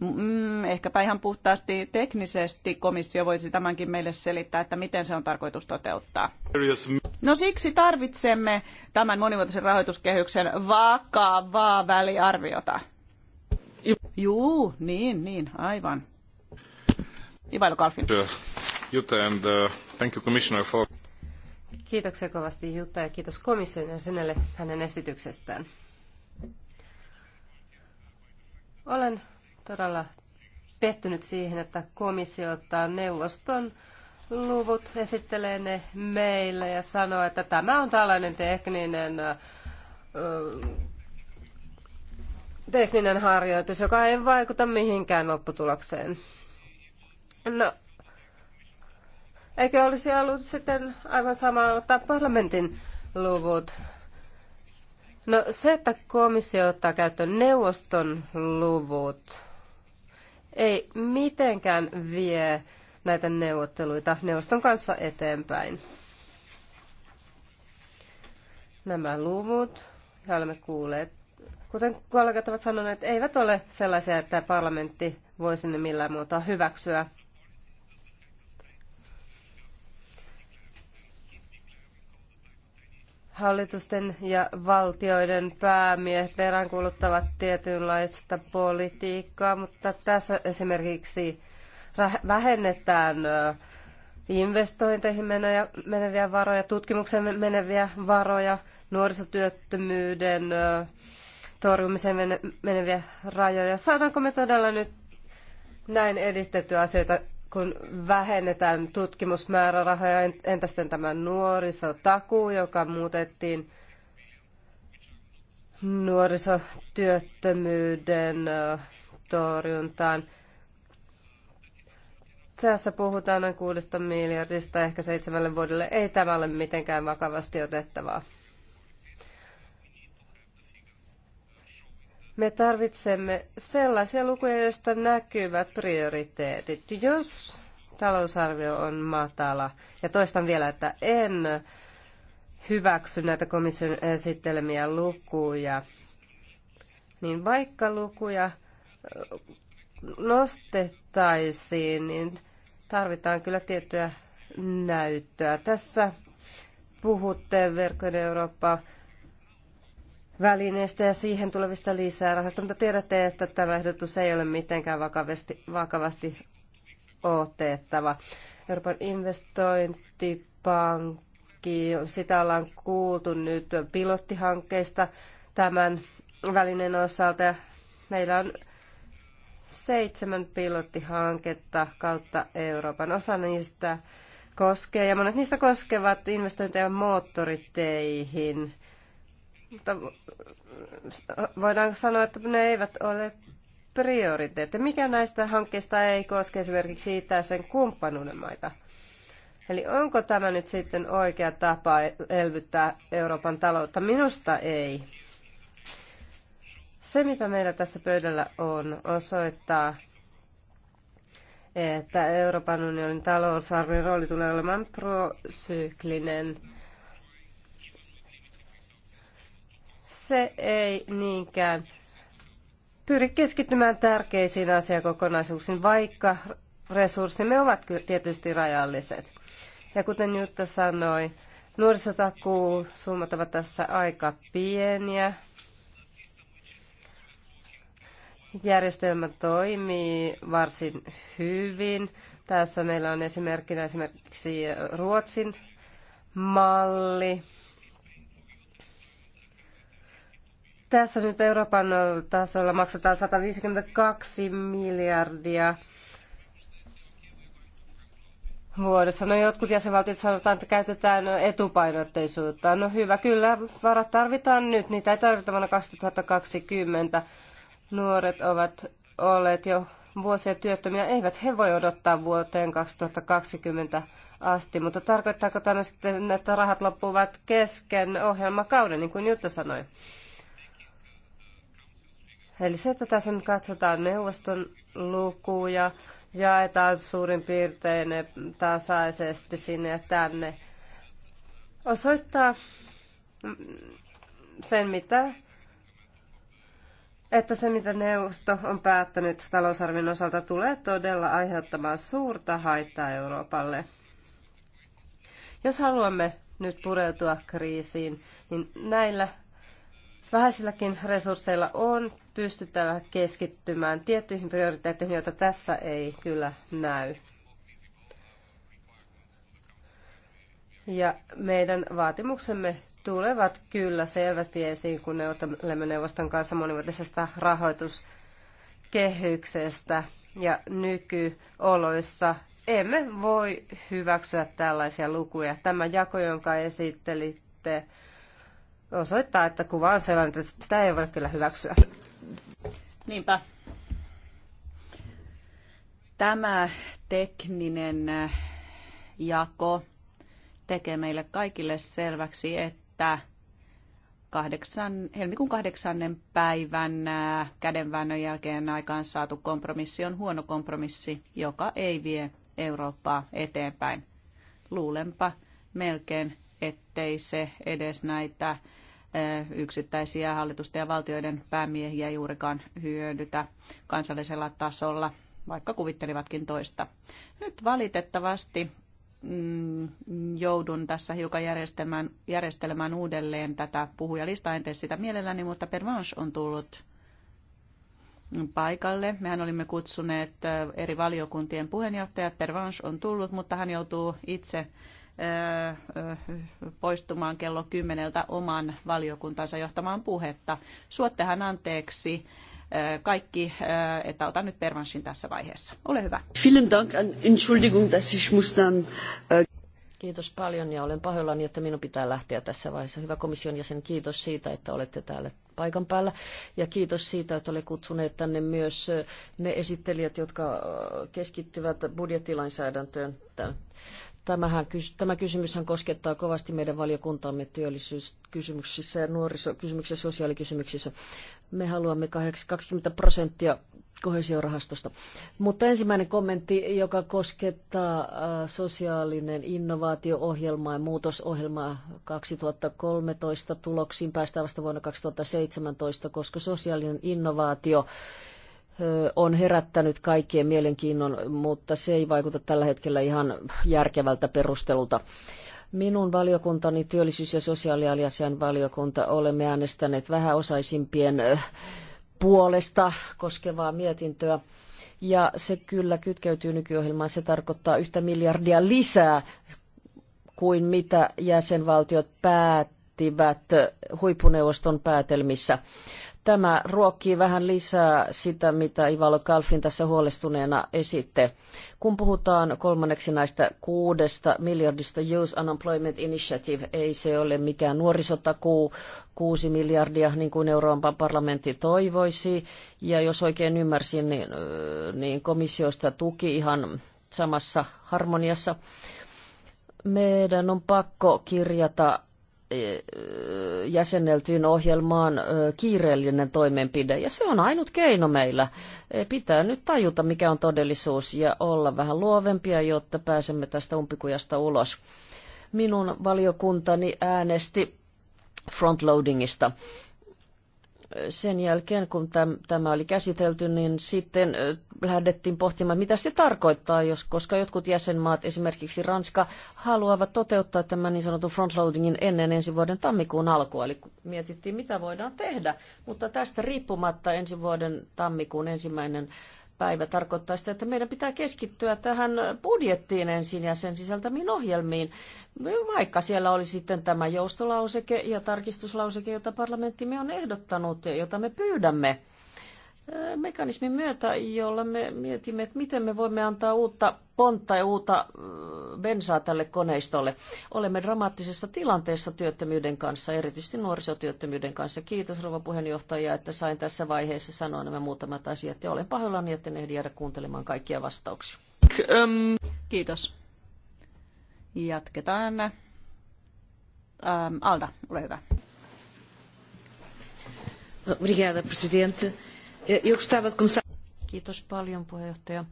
Mm, ehkäpä ihan puhtaasti teknisesti komissio voisi tämänkin meille selittää, että miten se on tarkoitus toteuttaa. No siksi tarvitsemme tämän monivuotisen rahoituskehyksen vakavaa väliarviota. Juu, niin, niin, aivan. Ivailo Kalfin. Uh, Jutta and uh, thank you commissioner for... Kiitoksia kovasti Jutta ja kiitos komission jäsenelle hänen esityksestään. Olen todella pettynyt siihen, että komissio ottaa neuvoston luvut, esittelee ne meille ja sanoo, että tämä on tällainen tekninen tekninen harjoitus, joka ei vaikuta mihinkään lopputulokseen. No, eikö olisi ollut sitten aivan sama ottaa parlamentin luvut? No se, että komissio ottaa käyttöön neuvoston luvut, ei mitenkään vie näitä neuvotteluita neuvoston kanssa eteenpäin. Nämä luvut, ja olemme kuulleet kuten kollegat ovat sanoneet, eivät ole sellaisia, että parlamentti voisi ne millään muuta hyväksyä. Hallitusten ja valtioiden päämiehet peräänkuuluttavat tietynlaista politiikkaa, mutta tässä esimerkiksi vähennetään investointeihin meneviä varoja, tutkimukseen meneviä varoja, nuorisotyöttömyyden torjumiseen meneviä rajoja. Saadaanko me todella nyt näin edistettyä asioita, kun vähennetään tutkimusmäärärahoja, entä sitten tämä nuorisotaku, joka muutettiin nuorisotyöttömyyden torjuntaan. Tässä puhutaan noin kuudesta miljardista, ehkä seitsemälle vuodelle. Ei tämä ole mitenkään vakavasti otettavaa. Me tarvitsemme sellaisia lukuja, joista näkyvät prioriteetit. Jos talousarvio on matala, ja toistan vielä, että en hyväksy näitä komission esittelemiä lukuja, niin vaikka lukuja äh, nostettaisiin, niin tarvitaan kyllä tiettyä näyttöä. Tässä puhutte verkkojen Eurooppa välineistä ja siihen tulevista lisää rahasta, mutta tiedätte, että tämä ehdotus ei ole mitenkään vakavasti, vakavasti otettava. Euroopan investointipankki, sitä ollaan kuultu nyt pilottihankkeista tämän välineen osalta. Meillä on seitsemän pilottihanketta kautta Euroopan. Osa niistä koskee, ja monet niistä koskevat investointeja moottoriteihin – voidaan sanoa, että ne eivät ole prioriteetteja. Mikä näistä hankkeista ei koske esimerkiksi itäisen kumppanuuden maita? Eli onko tämä nyt sitten oikea tapa elvyttää Euroopan taloutta? Minusta ei. Se, mitä meillä tässä pöydällä on, osoittaa, että Euroopan unionin talousarvion rooli tulee olemaan prosyklinen – se ei niinkään pyri keskittymään tärkeisiin asiakokonaisuuksiin, vaikka resurssimme ovat tietysti rajalliset. Ja kuten Jutta sanoi, nuorisotakuu ovat tässä aika pieniä. Järjestelmä toimii varsin hyvin. Tässä meillä on esimerkkinä esimerkiksi Ruotsin malli. Tässä nyt Euroopan tasolla maksetaan 152 miljardia vuodessa. No jotkut jäsenvaltiot sanotaan, että käytetään etupainotteisuutta. No hyvä, kyllä varat tarvitaan nyt, niitä ei tarvita vuonna 2020. Nuoret ovat olleet jo vuosia työttömiä, eivät he voi odottaa vuoteen 2020 asti, mutta tarkoittaako tämä sitten, että rahat loppuvat kesken ohjelmakauden, niin kuin Jutta sanoi? Eli se, että tässä nyt katsotaan neuvoston lukuja, jaetaan suurin piirtein tasaisesti sinne ja tänne, osoittaa sen, mitä, että se, mitä neuvosto on päättänyt talousarvin osalta, tulee todella aiheuttamaan suurta haittaa Euroopalle. Jos haluamme nyt pureutua kriisiin, niin näillä vähäisilläkin resursseilla on pystyttävä keskittymään tiettyihin prioriteetteihin, joita tässä ei kyllä näy. Ja meidän vaatimuksemme tulevat kyllä selvästi esiin, kun neuvottelemme neuvoston kanssa monivuotisesta rahoituskehyksestä. Ja nykyoloissa emme voi hyväksyä tällaisia lukuja. Tämä jako, jonka esittelitte, osoittaa, että kuva on sellainen, että sitä ei voi kyllä hyväksyä. Niinpä. Tämä tekninen äh, jako tekee meille kaikille selväksi, että kahdeksan, helmikuun kahdeksannen päivän äh, kädenväännön jälkeen aikaan saatu kompromissi on huono kompromissi, joka ei vie Eurooppaa eteenpäin. Luulenpa melkein, ettei se edes näitä yksittäisiä hallitusten ja valtioiden päämiehiä juurikaan hyödytä kansallisella tasolla, vaikka kuvittelivatkin toista. Nyt valitettavasti mm, joudun tässä hiukan järjestelmään, järjestelmään uudelleen tätä puhujalistaa. En tee sitä mielelläni, mutta Pervanche on tullut paikalle. Mehän olimme kutsuneet eri valiokuntien puheenjohtajat. Pervanche on tullut, mutta hän joutuu itse poistumaan kello kymmeneltä oman valiokuntansa johtamaan puhetta. Suottehan anteeksi kaikki, että otan nyt Pervanssin tässä vaiheessa. Ole hyvä. Dank Entschuldigung, dass ich muss dann, äh, Kiitos paljon ja olen pahoillani, että minun pitää lähteä tässä vaiheessa. Hyvä komission jäsen, kiitos siitä, että olette täällä paikan päällä. Ja kiitos siitä, että olette kutsuneet tänne myös ne esittelijät, jotka keskittyvät budjettilainsäädäntöön Tämähän, tämä kysymyshän koskettaa kovasti meidän valiokuntaamme työllisyyskysymyksissä ja nuorisokysymyksissä, sosiaalikysymyksissä. Me haluamme 20 prosenttia kohesiorahastosta. Mutta ensimmäinen kommentti, joka koskettaa äh, sosiaalinen innovaatio-ohjelmaa ja muutosohjelmaa 2013 tuloksiin päästään vasta vuonna 2017, koska sosiaalinen innovaatio on herättänyt kaikkien mielenkiinnon, mutta se ei vaikuta tällä hetkellä ihan järkevältä perustelulta. Minun valiokuntani, työllisyys- ja sosiaalialiasian valiokunta, olemme äänestäneet vähäosaisimpien puolesta koskevaa mietintöä. Ja se kyllä kytkeytyy nykyohjelmaan. Se tarkoittaa yhtä miljardia lisää kuin mitä jäsenvaltiot päättivät huippuneuvoston päätelmissä. Tämä ruokkii vähän lisää sitä, mitä Ivalo Kalfin tässä huolestuneena esitte. Kun puhutaan kolmanneksi näistä kuudesta miljardista Youth Unemployment Initiative, ei se ole mikään nuorisotakuu, kuusi miljardia, niin kuin Euroopan parlamentti toivoisi. Ja jos oikein ymmärsin, niin, niin komissiosta tuki ihan samassa harmoniassa meidän on pakko kirjata Eh, jäsenneltyyn ohjelmaan eh, kiireellinen toimenpide. Ja se on ainut keino meillä. Eh, pitää nyt tajuta, mikä on todellisuus ja olla vähän luovempia, jotta pääsemme tästä umpikujasta ulos. Minun valiokuntani äänesti frontloadingista sen jälkeen, kun tämä oli käsitelty, niin sitten lähdettiin pohtimaan, mitä se tarkoittaa, jos, koska jotkut jäsenmaat, esimerkiksi Ranska, haluavat toteuttaa tämän niin sanotun frontloadingin ennen ensi vuoden tammikuun alkua. Eli mietittiin, mitä voidaan tehdä, mutta tästä riippumatta ensi vuoden tammikuun ensimmäinen päivä tarkoittaa sitä, että meidän pitää keskittyä tähän budjettiin ensin ja sen sisältämiin ohjelmiin, vaikka siellä oli sitten tämä joustolauseke ja tarkistuslauseke, jota parlamenttimme on ehdottanut ja jota me pyydämme mekanismin myötä, jolla me mietimme, että miten me voimme antaa uutta pontta ja uutta bensaa tälle koneistolle. Olemme dramaattisessa tilanteessa työttömyyden kanssa, erityisesti nuorisotyöttömyyden kanssa. Kiitos rouva puheenjohtaja, että sain tässä vaiheessa sanoa nämä muutamat asiat ja olen pahoillani, että en ehdi jäädä kuuntelemaan kaikkia vastauksia. Ähm. Kiitos. Jatketaan. Ähm, Alda, ole hyvä. Obrigada, presidente. Kiitos paljon puheenjohtaja.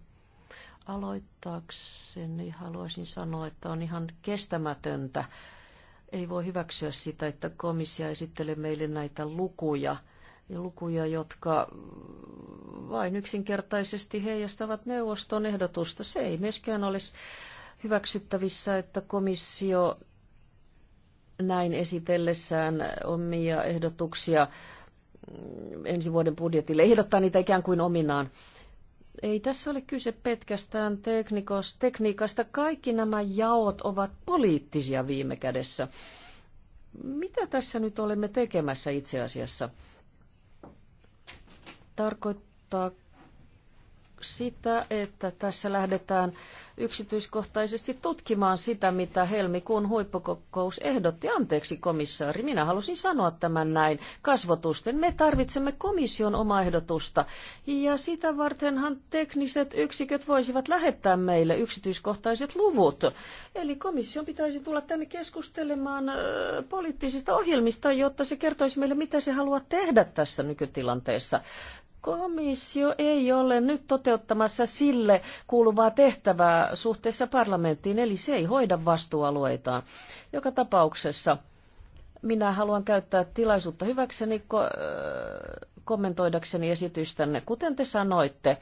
Aloittaakseni haluaisin sanoa, että on ihan kestämätöntä. Ei voi hyväksyä sitä, että komissio esittelee meille näitä lukuja, ja lukuja, jotka vain yksinkertaisesti heijastavat neuvoston ehdotusta. Se ei myöskään ole hyväksyttävissä, että komissio näin esitellessään omia ehdotuksia ensi vuoden budjetille, ehdottaa niitä ikään kuin ominaan. Ei tässä ole kyse pelkästään tekniikasta. Kaikki nämä jaot ovat poliittisia viime kädessä. Mitä tässä nyt olemme tekemässä itse asiassa? Tarkoittaa sitä, että tässä lähdetään yksityiskohtaisesti tutkimaan sitä, mitä helmikuun huippukokous ehdotti. Anteeksi komissaari, minä halusin sanoa tämän näin. Kasvotusten me tarvitsemme komission omaa ehdotusta ja sitä vartenhan tekniset yksiköt voisivat lähettää meille yksityiskohtaiset luvut. Eli komission pitäisi tulla tänne keskustelemaan poliittisista ohjelmista, jotta se kertoisi meille, mitä se haluaa tehdä tässä nykytilanteessa komissio ei ole nyt toteuttamassa sille kuuluvaa tehtävää suhteessa parlamenttiin, eli se ei hoida vastuualueitaan. Joka tapauksessa minä haluan käyttää tilaisuutta hyväkseni kommentoidakseni esitystänne. Kuten te sanoitte,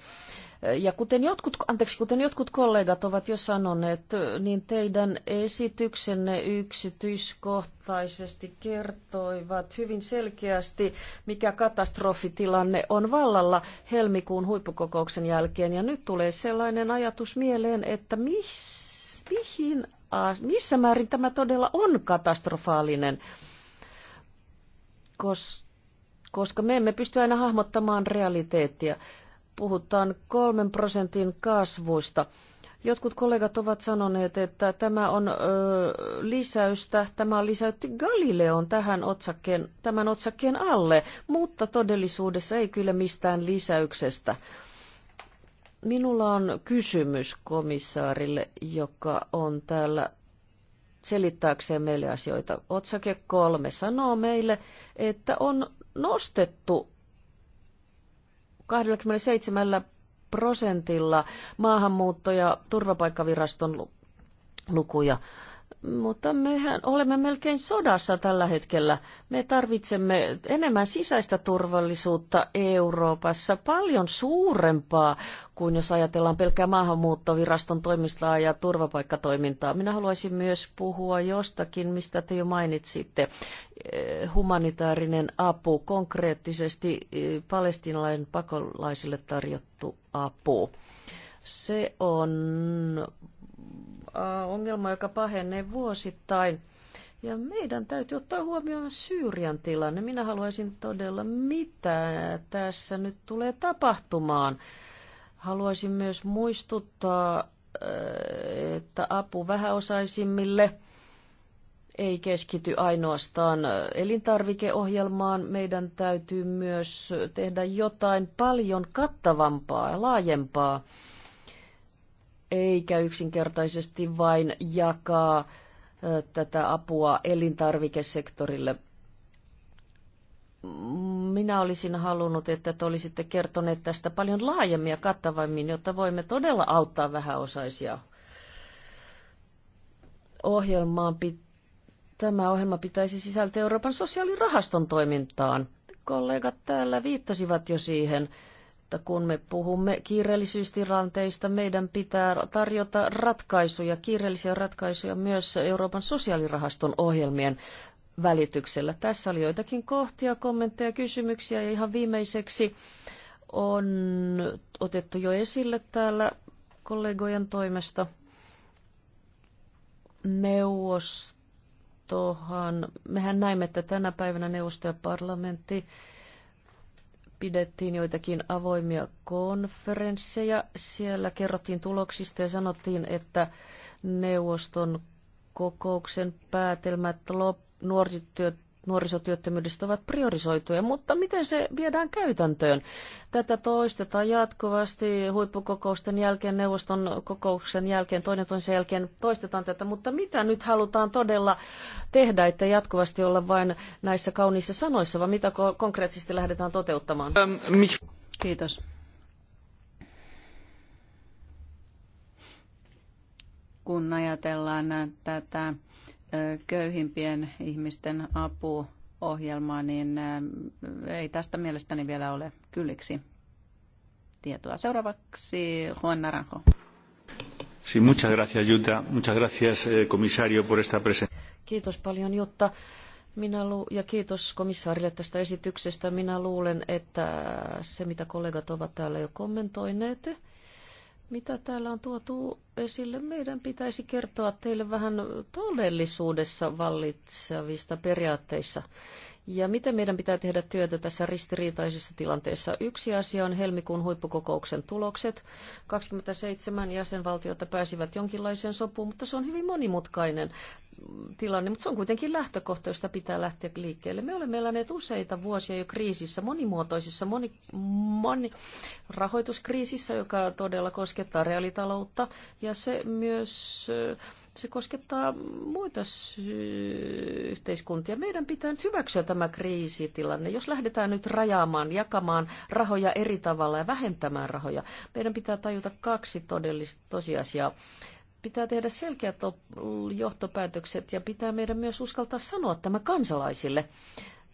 ja kuten jotkut, anteeksi, kuten jotkut kollegat ovat jo sanoneet, niin teidän esityksenne yksityiskohtaisesti kertoivat hyvin selkeästi, mikä katastrofitilanne on vallalla helmikuun huippukokouksen jälkeen. Ja nyt tulee sellainen ajatus mieleen, että miss, mihin, missä määrin tämä todella on katastrofaalinen, koska me emme pysty aina hahmottamaan realiteettia puhutaan kolmen prosentin kasvuista. Jotkut kollegat ovat sanoneet, että tämä on ö, lisäystä, tämä on lisäytti Galileon tähän otsakkeen, tämän otsakkeen alle, mutta todellisuudessa ei kyllä mistään lisäyksestä. Minulla on kysymys komissaarille, joka on täällä selittääkseen meille asioita. Otsake kolme sanoo meille, että on nostettu 27 prosentilla maahanmuutto- ja turvapaikkaviraston lukuja mutta mehän olemme melkein sodassa tällä hetkellä. Me tarvitsemme enemmän sisäistä turvallisuutta Euroopassa, paljon suurempaa kuin jos ajatellaan pelkkää maahanmuuttoviraston toimistaa ja turvapaikkatoimintaa. Minä haluaisin myös puhua jostakin, mistä te jo mainitsitte, eh, humanitaarinen apu, konkreettisesti eh, palestinalaisille pakolaisille tarjottu apu. Se on Äh, ongelma, joka pahenee vuosittain. Ja meidän täytyy ottaa huomioon Syyrian tilanne. Minä haluaisin todella, mitä tässä nyt tulee tapahtumaan. Haluaisin myös muistuttaa, äh, että apu vähäosaisimmille ei keskity ainoastaan elintarvikeohjelmaan. Meidän täytyy myös tehdä jotain paljon kattavampaa ja laajempaa eikä yksinkertaisesti vain jakaa tätä apua elintarvikesektorille. Minä olisin halunnut, että te olisitte kertoneet tästä paljon laajemmin ja kattavammin, jotta voimme todella auttaa vähäosaisia. Ohjelmaan pit- Tämä ohjelma pitäisi sisältää Euroopan sosiaalirahaston toimintaan. Kollegat täällä viittasivat jo siihen mutta kun me puhumme kiireellisyystilanteista, meidän pitää tarjota ratkaisuja, kiireellisiä ratkaisuja myös Euroopan sosiaalirahaston ohjelmien välityksellä. Tässä oli joitakin kohtia, kommentteja, kysymyksiä ja ihan viimeiseksi on otettu jo esille täällä kollegojen toimesta neuvostohan. Mehän näimme, että tänä päivänä neuvosto ja parlamentti pidettiin joitakin avoimia konferensseja. Siellä kerrottiin tuloksista ja sanottiin, että neuvoston kokouksen päätelmät nuorisotyöt, nuorisotyöttömyydestä ovat priorisoituja, mutta miten se viedään käytäntöön? Tätä toistetaan jatkuvasti huippukokousten jälkeen, neuvoston kokouksen jälkeen, toinen toisen jälkeen toistetaan tätä, mutta mitä nyt halutaan todella tehdä, että jatkuvasti olla vain näissä kauniissa sanoissa, vai mitä konkreettisesti lähdetään toteuttamaan? Ähm, Kiitos. kun ajatellaan tätä köyhimpien ihmisten apuohjelmaa, niin ei tästä mielestäni vielä ole kylliksi tietoa. Seuraavaksi Juan Naranjo. Sí, muchas gracias, Jutta. Muchas gracias, komissario, eh, por esta presen. Kiitos paljon, Jutta. Minä lu- ja kiitos komissaarille tästä esityksestä. Minä luulen, että se, mitä kollegat ovat täällä jo kommentoineet, mitä täällä on tuotu esille, meidän pitäisi kertoa teille vähän todellisuudessa vallitsevista periaatteissa ja miten meidän pitää tehdä työtä tässä ristiriitaisessa tilanteessa? Yksi asia on helmikuun huippukokouksen tulokset. 27 jäsenvaltiota pääsivät jonkinlaiseen sopuun, mutta se on hyvin monimutkainen tilanne, mutta se on kuitenkin lähtökohta, josta pitää lähteä liikkeelle. Me olemme eläneet useita vuosia jo kriisissä, monimuotoisissa, moni, moni rahoituskriisissä, joka todella koskettaa reaalitaloutta, ja se myös äh, se koskettaa muita yhteiskuntia. Meidän pitää nyt hyväksyä tämä kriisitilanne. Jos lähdetään nyt rajaamaan, jakamaan rahoja eri tavalla ja vähentämään rahoja, meidän pitää tajuta kaksi todellista tosiasiaa pitää tehdä selkeät johtopäätökset ja pitää meidän myös uskaltaa sanoa tämä kansalaisille.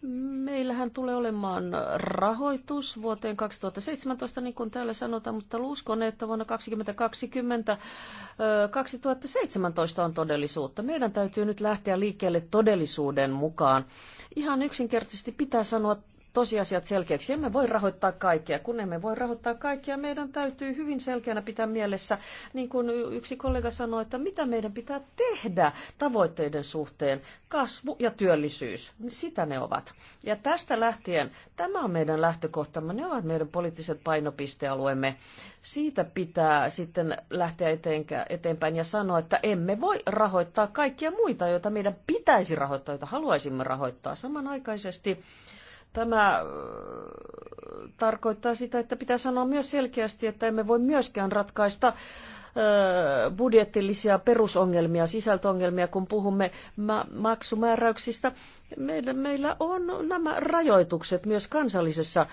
Meillähän tulee olemaan rahoitus vuoteen 2017, niin kuin täällä sanotaan, mutta uskon, että vuonna 2020, 2017 on todellisuutta. Meidän täytyy nyt lähteä liikkeelle todellisuuden mukaan. Ihan yksinkertaisesti pitää sanoa tosiasiat selkeäksi. Emme voi rahoittaa kaikkea. Kun emme voi rahoittaa kaikkea, meidän täytyy hyvin selkeänä pitää mielessä, niin kuin yksi kollega sanoi, että mitä meidän pitää tehdä tavoitteiden suhteen. Kasvu ja työllisyys, sitä ne ovat. Ja tästä lähtien, tämä on meidän lähtökohtamme, ne ovat meidän poliittiset painopistealueemme. Siitä pitää sitten lähteä eteenpäin ja sanoa, että emme voi rahoittaa kaikkia muita, joita meidän pitäisi rahoittaa, joita haluaisimme rahoittaa samanaikaisesti. Tämä äh, tarkoittaa sitä, että pitää sanoa myös selkeästi, että emme voi myöskään ratkaista äh, budjettillisia perusongelmia, sisältöongelmia, kun puhumme ma- maksumääräyksistä. Meillä, meillä on nämä rajoitukset myös kansallisessa äh,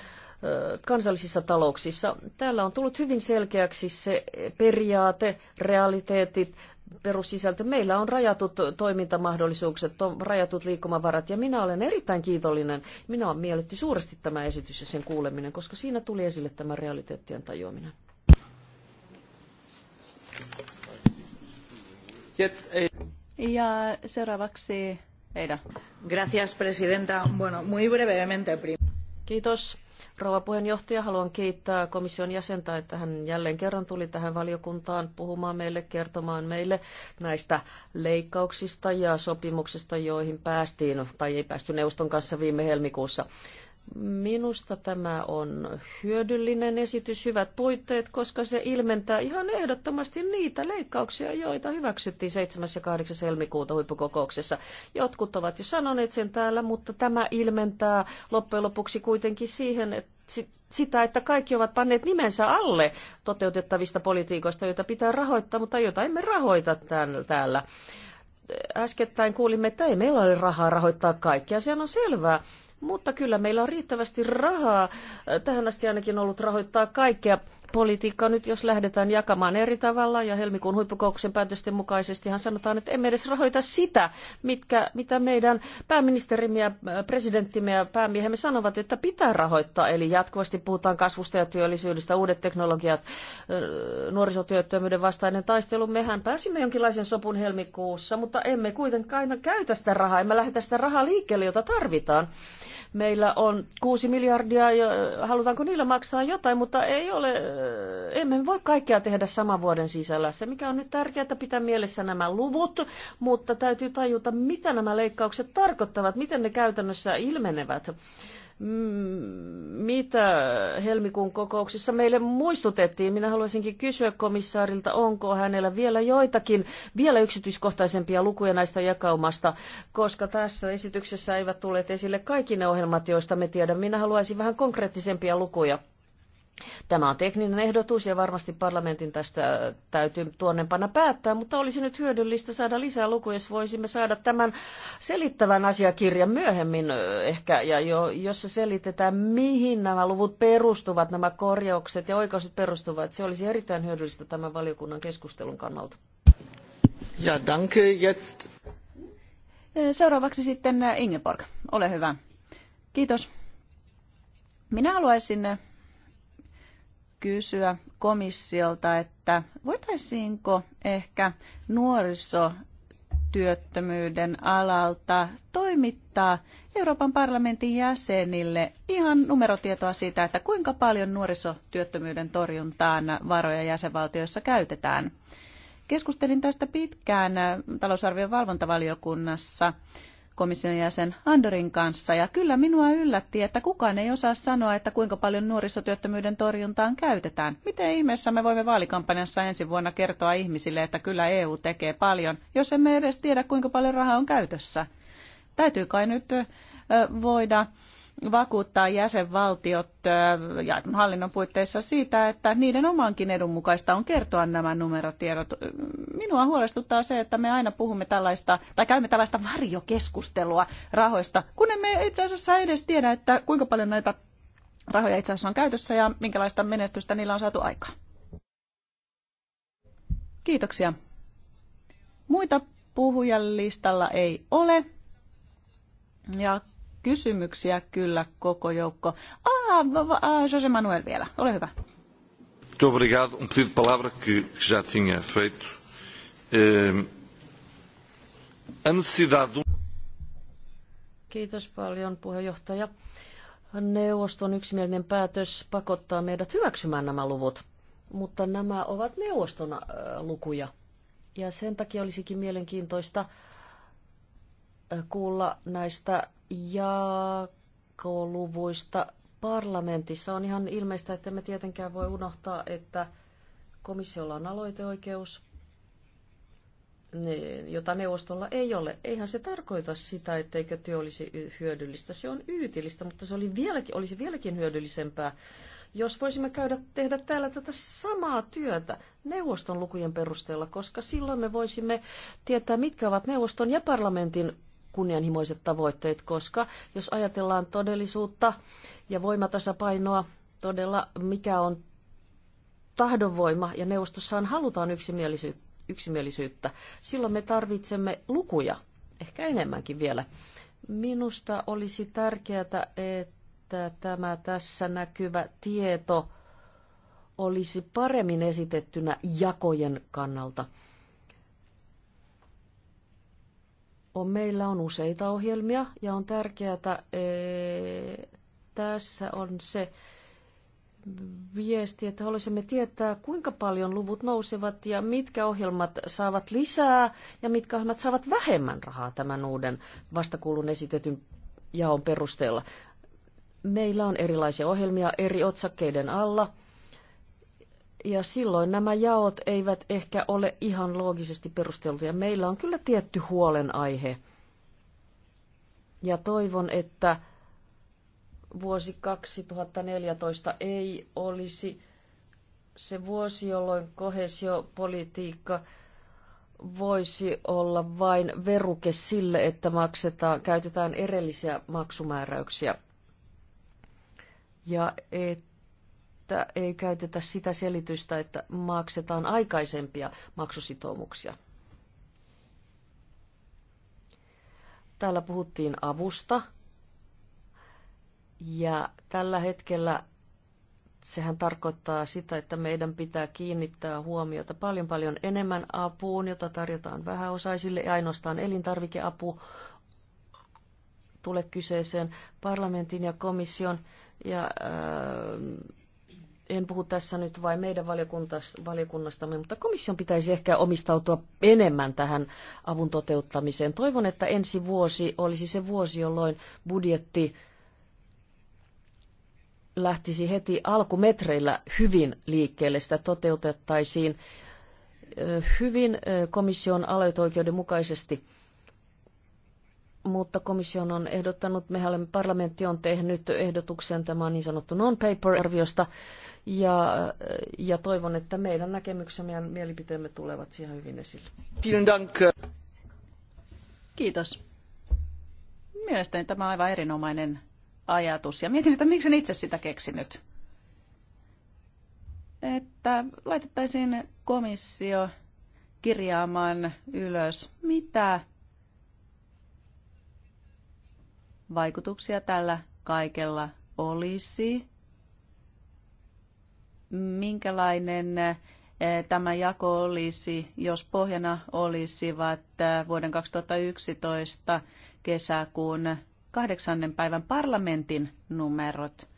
kansallisissa talouksissa. Täällä on tullut hyvin selkeäksi se periaate, realiteetit, perussisältö. Meillä on rajatut toimintamahdollisuukset, on rajatut liikkumavarat ja minä olen erittäin kiitollinen. Minä on mielletty suuresti tämä esitys ja sen kuuleminen, koska siinä tuli esille tämä realiteettien tajuaminen. Ja seuraavaksi Eida. Gracias, presidenta. Bueno, muy brevemente. Kiitos Rouva puheenjohtaja, haluan kiittää komission jäsentä, että hän jälleen kerran tuli tähän valiokuntaan puhumaan meille, kertomaan meille näistä leikkauksista ja sopimuksista, joihin päästiin tai ei päästy neuvoston kanssa viime helmikuussa. Minusta tämä on hyödyllinen esitys, hyvät puitteet, koska se ilmentää ihan ehdottomasti niitä leikkauksia, joita hyväksyttiin 7. ja 8. helmikuuta huippukokouksessa. Jotkut ovat jo sanoneet sen täällä, mutta tämä ilmentää loppujen lopuksi kuitenkin siihen, että sitä, että kaikki ovat panneet nimensä alle toteutettavista politiikoista, joita pitää rahoittaa, mutta joita emme rahoita täällä äskettäin kuulimme, että ei meillä ole rahaa rahoittaa kaikkia. Sehän on selvää. Mutta kyllä meillä on riittävästi rahaa tähän asti ainakin ollut rahoittaa kaikkea politiikka nyt, jos lähdetään jakamaan eri tavalla, ja helmikuun huippukokouksen päätösten mukaisestihan sanotaan, että emme edes rahoita sitä, mitkä, mitä meidän pääministerimme ja äh, presidenttimme ja päämiehemme sanovat, että pitää rahoittaa. Eli jatkuvasti puhutaan kasvusta ja työllisyydestä, uudet teknologiat, äh, nuorisotyöttömyyden vastainen taistelu. Mehän pääsimme jonkinlaisen sopun helmikuussa, mutta emme kuitenkaan käytä sitä rahaa, emme lähetä sitä rahaa liikkeelle, jota tarvitaan. Meillä on kuusi miljardia, ja äh, halutaanko niillä maksaa jotain, mutta ei ole Öö, emme voi kaikkea tehdä saman vuoden sisällä. Se, mikä on nyt tärkeää, että pitää mielessä nämä luvut, mutta täytyy tajuta, mitä nämä leikkaukset tarkoittavat, miten ne käytännössä ilmenevät mm, mitä helmikuun kokouksessa meille muistutettiin. Minä haluaisinkin kysyä komissaarilta, onko hänellä vielä joitakin, vielä yksityiskohtaisempia lukuja näistä jakaumasta, koska tässä esityksessä eivät tule esille kaikki ne ohjelmat, joista me tiedämme. Minä haluaisin vähän konkreettisempia lukuja. Tämä on tekninen ehdotus ja varmasti parlamentin tästä täytyy tuonnempana päättää, mutta olisi nyt hyödyllistä saada lisää lukuja, jos voisimme saada tämän selittävän asiakirjan myöhemmin ehkä, ja jo, jossa selitetään, mihin nämä luvut perustuvat, nämä korjaukset ja oikaisut perustuvat. Se olisi erittäin hyödyllistä tämän valiokunnan keskustelun kannalta. Ja danke jetzt. Seuraavaksi sitten Ingeborg, ole hyvä. Kiitos. Minä haluaisin kysyä komissiolta, että voitaisiinko ehkä nuorisotyöttömyyden alalta toimittaa Euroopan parlamentin jäsenille ihan numerotietoa siitä, että kuinka paljon nuorisotyöttömyyden torjuntaan varoja jäsenvaltioissa käytetään. Keskustelin tästä pitkään talousarvion valvontavaliokunnassa komission jäsen Andorin kanssa. Ja kyllä minua yllätti, että kukaan ei osaa sanoa, että kuinka paljon nuorisotyöttömyyden torjuntaan käytetään. Miten ihmeessä me voimme vaalikampanjassa ensi vuonna kertoa ihmisille, että kyllä EU tekee paljon, jos emme edes tiedä, kuinka paljon rahaa on käytössä. Täytyy kai nyt voida vakuuttaa jäsenvaltiot ja hallinnon puitteissa siitä, että niiden omankin edun mukaista on kertoa nämä numerotiedot. Minua huolestuttaa se, että me aina puhumme tällaista, tai käymme tällaista varjokeskustelua rahoista, kun emme itse asiassa edes tiedä, että kuinka paljon näitä rahoja itse asiassa on käytössä ja minkälaista menestystä niillä on saatu aikaan. Kiitoksia. Muita puhujan listalla ei ole. Ja kysymyksiä kyllä koko joukko. Ah, ah Jose Manuel vielä, ole hyvä. Muito obrigado. Um pedido de palavra que, que já tinha feito. Eh, a necessidade de... Um- Kiitos paljon puheenjohtaja. Neuvoston yksimielinen päätös pakottaa meidät hyväksymään nämä luvut, mutta nämä ovat neuvoston äh, lukuja. Ja sen takia olisikin mielenkiintoista äh, kuulla näistä jakoluvuista parlamentissa on ihan ilmeistä, että me tietenkään voi unohtaa, että komissiolla on aloiteoikeus, niin, jota neuvostolla ei ole. Eihän se tarkoita sitä, etteikö työ olisi hyödyllistä. Se on yytillistä, mutta se oli vieläkin, olisi vieläkin hyödyllisempää, jos voisimme käydä tehdä täällä tätä samaa työtä neuvoston lukujen perusteella, koska silloin me voisimme tietää, mitkä ovat neuvoston ja parlamentin kunnianhimoiset tavoitteet, koska jos ajatellaan todellisuutta ja voimatasapainoa, todella mikä on tahdonvoima ja neuvostossaan halutaan yksimielisyyttä, silloin me tarvitsemme lukuja, ehkä enemmänkin vielä. Minusta olisi tärkeää, että tämä tässä näkyvä tieto olisi paremmin esitettynä jakojen kannalta – on, meillä on useita ohjelmia ja on tärkeää, että tässä on se viesti, että haluaisimme tietää, kuinka paljon luvut nousevat ja mitkä ohjelmat saavat lisää ja mitkä ohjelmat saavat vähemmän rahaa tämän uuden vastakulun esitetyn jaon perusteella. Meillä on erilaisia ohjelmia eri otsakkeiden alla – ja silloin nämä jaot eivät ehkä ole ihan loogisesti perusteltuja. Meillä on kyllä tietty huolenaihe. Ja toivon, että vuosi 2014 ei olisi se vuosi, jolloin kohesiopolitiikka voisi olla vain veruke sille, että maksetaan, käytetään erillisiä maksumääräyksiä. Ja et että ei käytetä sitä selitystä, että maksetaan aikaisempia maksusitoumuksia. Täällä puhuttiin avusta. Ja tällä hetkellä sehän tarkoittaa sitä, että meidän pitää kiinnittää huomiota paljon paljon enemmän apuun, jota tarjotaan vähäosaisille ja ainoastaan elintarvikeapu tule kyseeseen parlamentin ja komission ja ähm, en puhu tässä nyt vain meidän valiokunnastamme, mutta komission pitäisi ehkä omistautua enemmän tähän avun toteuttamiseen. Toivon, että ensi vuosi olisi se vuosi, jolloin budjetti lähtisi heti alkumetreillä hyvin liikkeelle. Sitä toteutettaisiin hyvin komission aloitoikeuden mukaisesti – mutta komission on ehdottanut, mehän olemme, parlamentti on tehnyt ehdotuksen, tämän, niin sanottu non-paper-arviosta, ja, ja toivon, että meidän näkemyksemme ja mielipiteemme tulevat siihen hyvin esille. Kiitos. Mielestäni tämä on aivan erinomainen ajatus, ja mietin, että miksi en itse sitä keksinyt. Että laitettaisiin komissio kirjaamaan ylös, mitä vaikutuksia tällä kaikella olisi? Minkälainen eh, tämä jako olisi, jos pohjana olisivat eh, vuoden 2011 kesäkuun kahdeksannen päivän parlamentin numerot.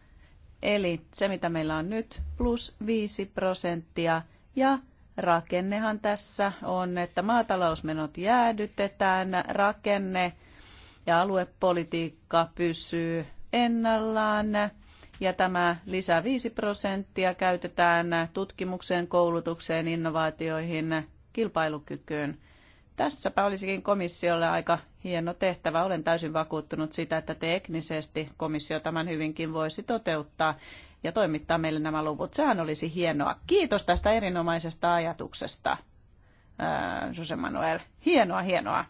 Eli se, mitä meillä on nyt, plus 5 prosenttia. Ja rakennehan tässä on, että maatalousmenot jäädytetään, rakenne ja aluepolitiikka pysyy ennallaan ja tämä lisää 5 prosenttia käytetään tutkimukseen, koulutukseen, innovaatioihin, kilpailukykyyn. Tässäpä olisikin komissiolle aika hieno tehtävä. Olen täysin vakuuttunut sitä, että teknisesti komissio tämän hyvinkin voisi toteuttaa ja toimittaa meille nämä luvut. Sehän olisi hienoa. Kiitos tästä erinomaisesta ajatuksesta, Jose Manuel. Hienoa, hienoa.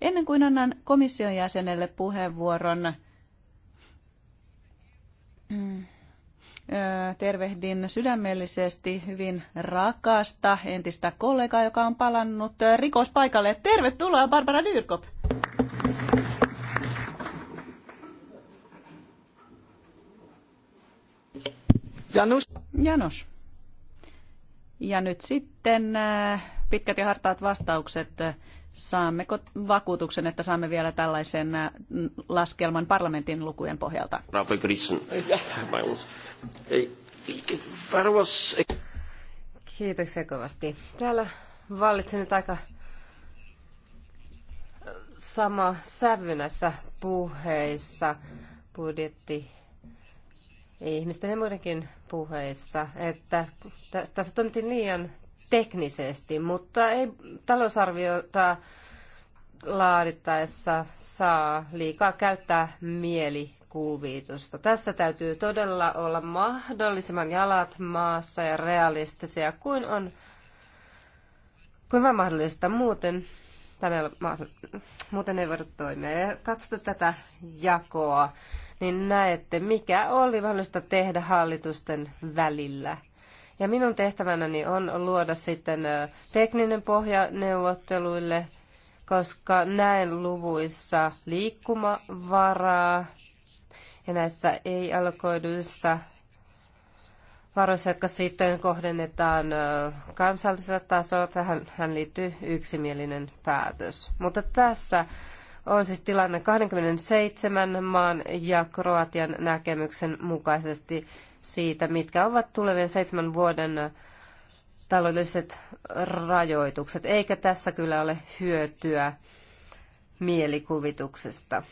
Ennen kuin annan komission jäsenelle puheenvuoron, tervehdin sydämellisesti hyvin rakasta entistä kollegaa, joka on palannut rikospaikalle. Tervetuloa Barbara Dyrkop! Janus. Janus. Ja nyt sitten pitkät ja hartaat vastaukset Saammeko vakuutuksen, että saamme vielä tällaisen äh, laskelman parlamentin lukujen pohjalta? Kiitoksia kovasti. Täällä vallitsen nyt aika äh, sama sävy näissä puheissa, budjetti ihmisten ja muidenkin puheissa, että tässä toimittiin liian teknisesti, mutta ei talousarviota laadittaessa saa liikaa käyttää mielikuvitusta. Tässä täytyy todella olla mahdollisimman jalat maassa ja realistisia kuin on kuin vaan mahdollista. Muuten, tämä ei ole muuten ei voida toimia. Ja katsotaan tätä jakoa, niin näette, mikä oli mahdollista tehdä hallitusten välillä. Ja minun tehtävänäni on luoda sitten tekninen pohja neuvotteluille, koska näen luvuissa liikkumavaraa ja näissä ei-alkoiduissa varoissa, jotka sitten kohdennetaan kansallisella tasolla. Tähän liittyy yksimielinen päätös. Mutta tässä on siis tilanne 27 maan ja Kroatian näkemyksen mukaisesti siitä, mitkä ovat tulevien seitsemän vuoden taloudelliset rajoitukset, eikä tässä kyllä ole hyötyä mielikuvituksesta.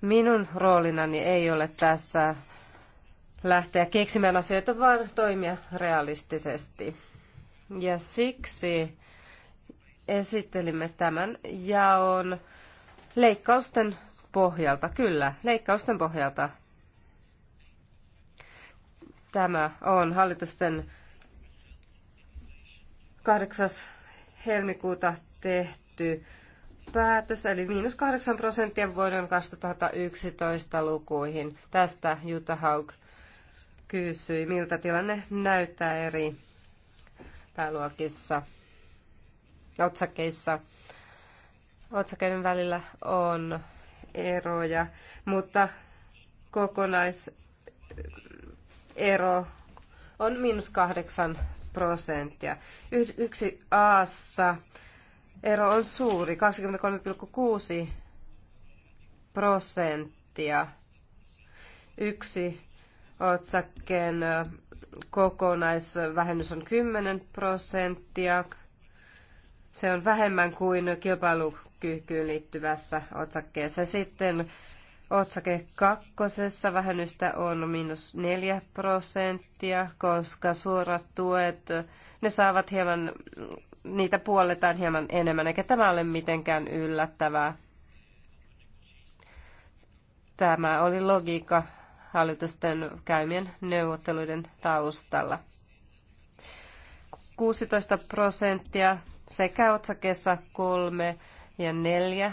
Minun roolinani ei ole tässä lähteä keksimään asioita, vaan toimia realistisesti. Ja siksi esittelimme tämän jaon leikkausten pohjalta, kyllä, leikkausten pohjalta Tämä on hallitusten 8. helmikuuta tehty päätös, eli miinus 8 prosenttia vuoden 2011 lukuihin. Tästä Jutta Haug kysyi, miltä tilanne näyttää eri pääluokissa, otsakeissa, Otsakeiden välillä on eroja, mutta kokonais ero on miinus kahdeksan prosenttia. Yksi Aassa ero on suuri, 23,6 prosenttia. Yksi otsakkeen kokonaisvähennys on 10 prosenttia. Se on vähemmän kuin kilpailukykyyn liittyvässä otsakkeessa. Sitten Otsake kakkosessa vähennystä on miinus neljä prosenttia, koska suorat tuet, ne saavat hieman, niitä puoletaan hieman enemmän, eikä tämä ole mitenkään yllättävää. Tämä oli logiikka hallitusten käymien neuvotteluiden taustalla. 16 prosenttia sekä otsakeessa kolme ja neljä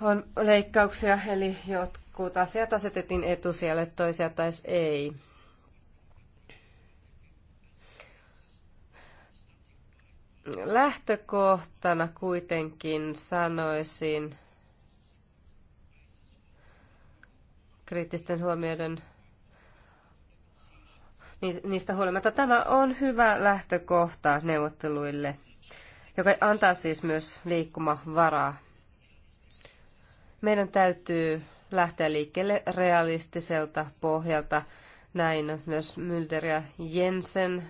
on leikkauksia, eli jotkut asiat asetettiin etusijalle, toisia taas ei. Lähtökohtana kuitenkin sanoisin kriittisten huomioiden niistä huolimatta. Tämä on hyvä lähtökohta neuvotteluille, joka antaa siis myös liikkumavaraa meidän täytyy lähteä liikkeelle realistiselta pohjalta. Näin myös Mylder ja Jensen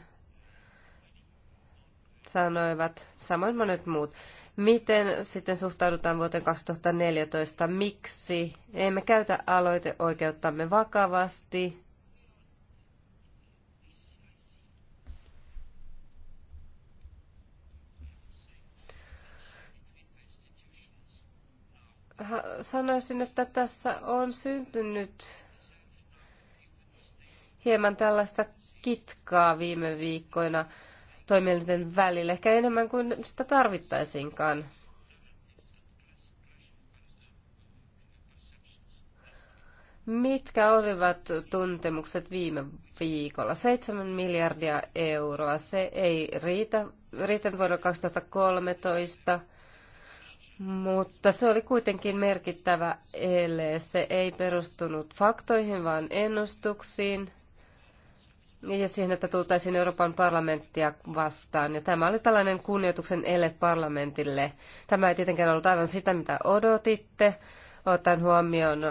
sanoivat, samoin monet muut. Miten sitten suhtaudutaan vuoteen 2014? Miksi emme käytä aloiteoikeuttamme vakavasti? sanoisin, että tässä on syntynyt hieman tällaista kitkaa viime viikkoina toimielinten välillä, ehkä enemmän kuin sitä tarvittaisinkaan. Mitkä olivat tuntemukset viime viikolla? 7 miljardia euroa, se ei riitä. Riittänyt vuonna 2013 mutta se oli kuitenkin merkittävä ele. Se ei perustunut faktoihin, vaan ennustuksiin ja siihen, että tultaisiin Euroopan parlamenttia vastaan. Ja tämä oli tällainen kunnioituksen ele parlamentille. Tämä ei tietenkään ollut aivan sitä, mitä odotitte. Otan huomioon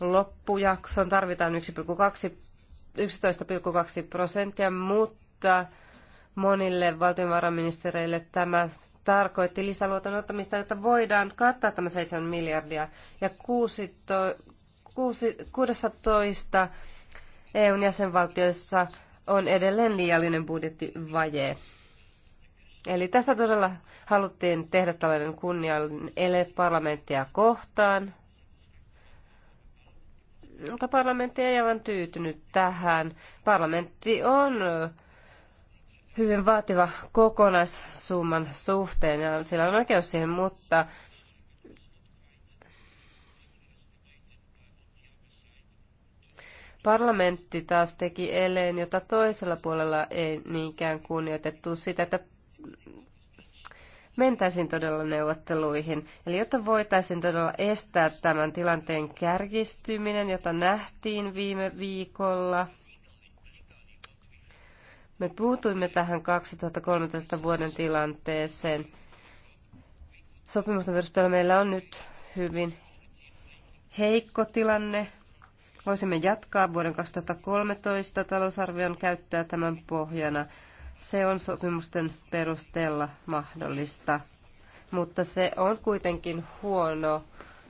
loppujakson. Tarvitaan 11,2 prosenttia, mutta monille valtionvarainministereille tämä tarkoitti lisäluoton ottamista, jotta voidaan kattaa tämä 7 miljardia. Ja 16 EUn jäsenvaltioissa on edelleen liiallinen budjettivaje. Eli tässä todella haluttiin tehdä tällainen kunniallinen ele parlamenttia kohtaan. Mutta parlamentti ei aivan tyytynyt tähän. Parlamentti on hyvin vaativa kokonaissumman suhteen ja sillä on oikeus siihen, mutta parlamentti taas teki eleen, jota toisella puolella ei niinkään kunnioitettu sitä, että mentäisiin todella neuvotteluihin. Eli jotta voitaisiin todella estää tämän tilanteen kärjistyminen, jota nähtiin viime viikolla – me puutuimme tähän 2013 vuoden tilanteeseen. Sopimusten perusteella meillä on nyt hyvin heikko tilanne. Voisimme jatkaa vuoden 2013 talousarvion käyttää tämän pohjana. Se on sopimusten perusteella mahdollista, mutta se on kuitenkin huono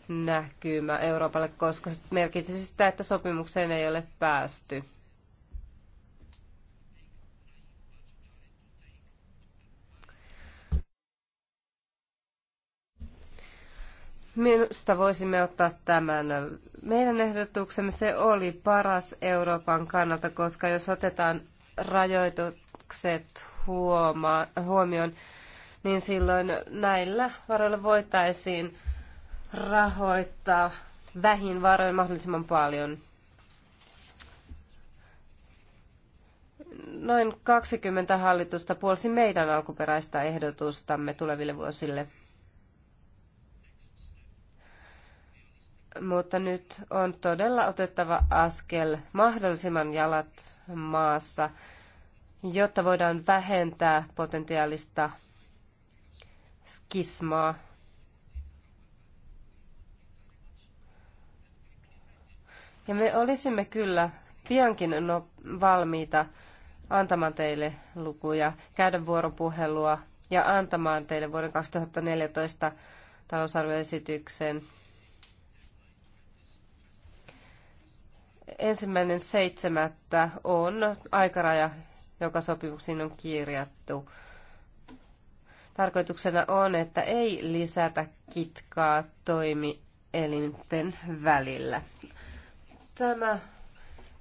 näkymä Euroopalle, koska se merkitsisi sitä, että sopimukseen ei ole päästy. Minusta voisimme ottaa tämän meidän ehdotuksemme. Se oli paras Euroopan kannalta, koska jos otetaan rajoitukset huomioon, niin silloin näillä varoilla voitaisiin rahoittaa vähin varoin mahdollisimman paljon. Noin 20 hallitusta puolsi meidän alkuperäistä ehdotustamme tuleville vuosille. mutta nyt on todella otettava askel mahdollisimman jalat maassa, jotta voidaan vähentää potentiaalista skismaa. Ja me olisimme kyllä piankin no- valmiita antamaan teille lukuja, käydä vuoropuhelua ja antamaan teille vuoden 2014 talousarvioesityksen Ensimmäinen seitsemättä on aikaraja, joka sopimuksiin on kirjattu. Tarkoituksena on, että ei lisätä kitkaa toimielinten välillä. Tämä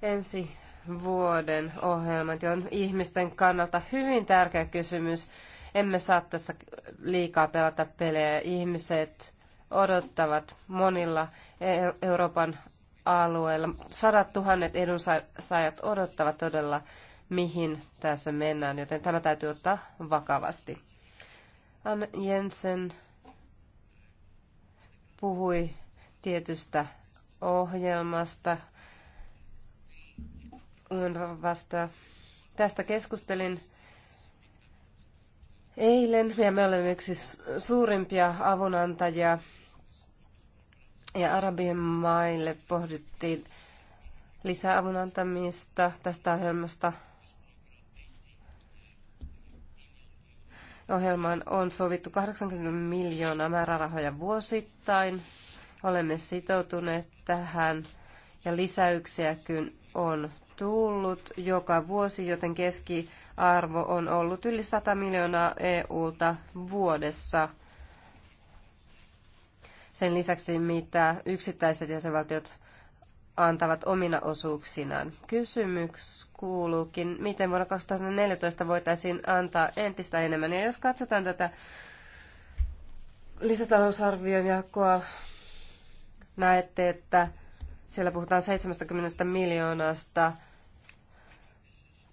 ensi vuoden ohjelma on ihmisten kannalta hyvin tärkeä kysymys. Emme saa tässä liikaa pelata pelejä. Ihmiset odottavat monilla e- Euroopan alueella. Sadat tuhannet edunsaajat odottavat todella, mihin tässä mennään, joten tämä täytyy ottaa vakavasti. Anne Jensen puhui tietystä ohjelmasta. Vasta tästä keskustelin eilen ja me olemme yksi suurimpia avunantajia ja Arabien maille pohdittiin lisäavun antamista tästä ohjelmasta. Ohjelmaan on sovittu 80 miljoonaa määrärahoja vuosittain. Olemme sitoutuneet tähän ja lisäyksiäkin on tullut joka vuosi, joten keskiarvo on ollut yli 100 miljoonaa EUlta vuodessa – sen lisäksi, mitä yksittäiset jäsenvaltiot antavat omina osuuksinaan. Kysymys kuuluukin, miten vuonna 2014 voitaisiin antaa entistä enemmän. Ja jos katsotaan tätä lisätalousarvion jakoa, näette, että siellä puhutaan 70 miljoonasta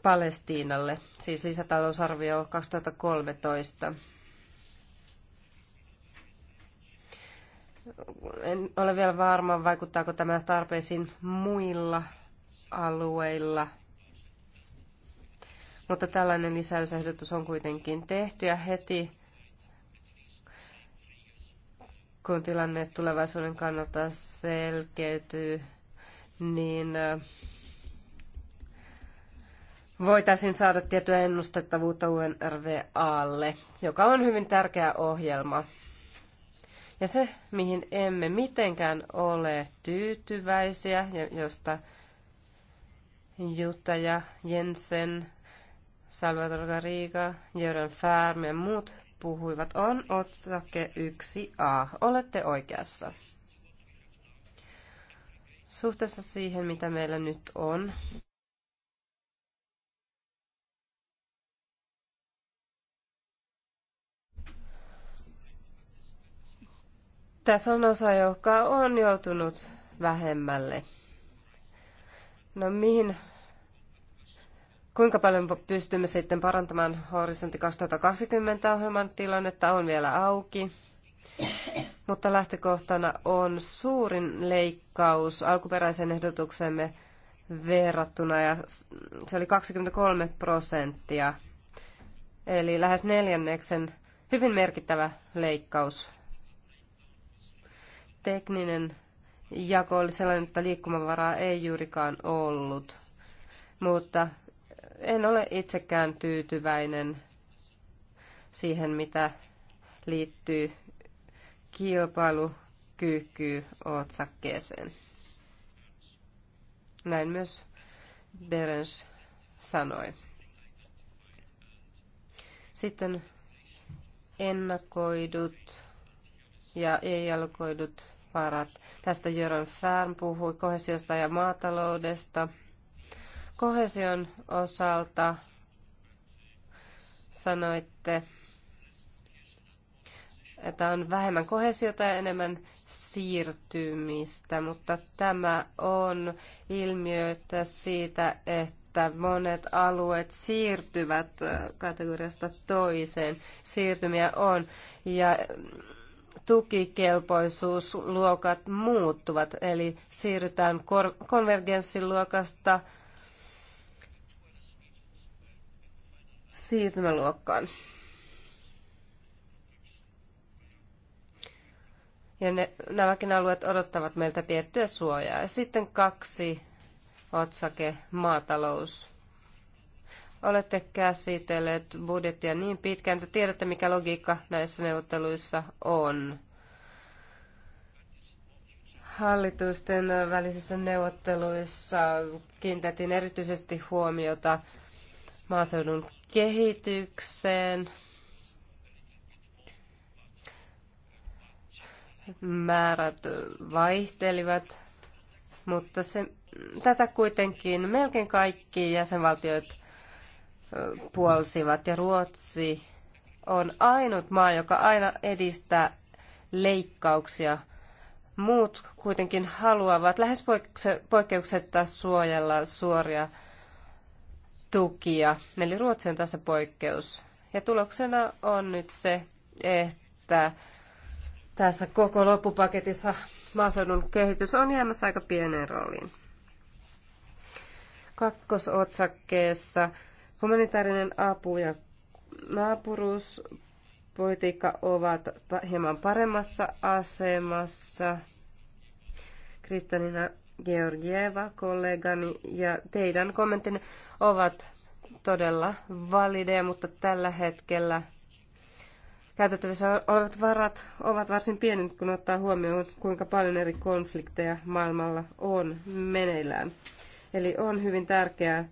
Palestiinalle, siis lisätalousarvio 2013. En ole vielä varma, vaikuttaako tämä tarpeisiin muilla alueilla. Mutta tällainen lisäysehdotus on kuitenkin tehty ja heti kun tilanne tulevaisuuden kannalta selkeytyy, niin äh, voitaisiin saada tietyä ennustettavuutta UNRWAlle, joka on hyvin tärkeä ohjelma. Ja se, mihin emme mitenkään ole tyytyväisiä, ja josta Jutta ja Jensen, Salvador Garriga, Jörn Färm ja muut puhuivat, on otsake 1a. Olette oikeassa. Suhteessa siihen, mitä meillä nyt on, Tässä on osa, joka on joutunut vähemmälle. No mihin, kuinka paljon pystymme sitten parantamaan Horisontti 2020 ohjelman tilannetta on vielä auki. Mutta lähtökohtana on suurin leikkaus alkuperäisen ehdotuksemme verrattuna ja se oli 23 prosenttia. Eli lähes neljänneksen hyvin merkittävä leikkaus tekninen jako oli sellainen, että liikkumavaraa ei juurikaan ollut. Mutta en ole itsekään tyytyväinen siihen, mitä liittyy kilpailukyky otsakkeeseen. Näin myös Berens sanoi. Sitten ennakoidut ja ei-alkoidut varat. Tästä Jörön Färn puhui kohesiosta ja maataloudesta. Kohesion osalta sanoitte, että on vähemmän kohesiota ja enemmän siirtymistä, mutta tämä on ilmiötä siitä, että monet alueet siirtyvät äh, kategoriasta toiseen. Siirtymiä on ja mm, tukikelpoisuusluokat muuttuvat, eli siirrytään konvergenssiluokasta siirtymäluokkaan. Ja ne, nämäkin alueet odottavat meiltä tiettyä suojaa. Ja sitten kaksi otsake, maatalous. Olette käsitelleet budjettia niin pitkään, että tiedätte, mikä logiikka näissä neuvotteluissa on. Hallitusten välisissä neuvotteluissa kiinnitettiin erityisesti huomiota maaseudun kehitykseen, määrät vaihtelivat, mutta se, tätä kuitenkin melkein kaikki jäsenvaltiot puolsivat. Ja Ruotsi on ainut maa, joka aina edistää leikkauksia. Muut kuitenkin haluavat lähes poikkeuksetta suojella suoria tukia. Eli Ruotsi on tässä poikkeus. Ja tuloksena on nyt se, että tässä koko loppupaketissa maaseudun kehitys on jäämässä aika pieneen rooliin. Kakkosotsakkeessa Humanitaarinen apu ja naapuruuspolitiikka ovat hieman paremmassa asemassa. Kristalina Georgieva, kollegani, ja teidän kommenttinne ovat todella valideja, mutta tällä hetkellä käytettävissä olevat varat ovat varsin pienet, kun ottaa huomioon, kuinka paljon eri konflikteja maailmalla on meneillään. Eli on hyvin tärkeää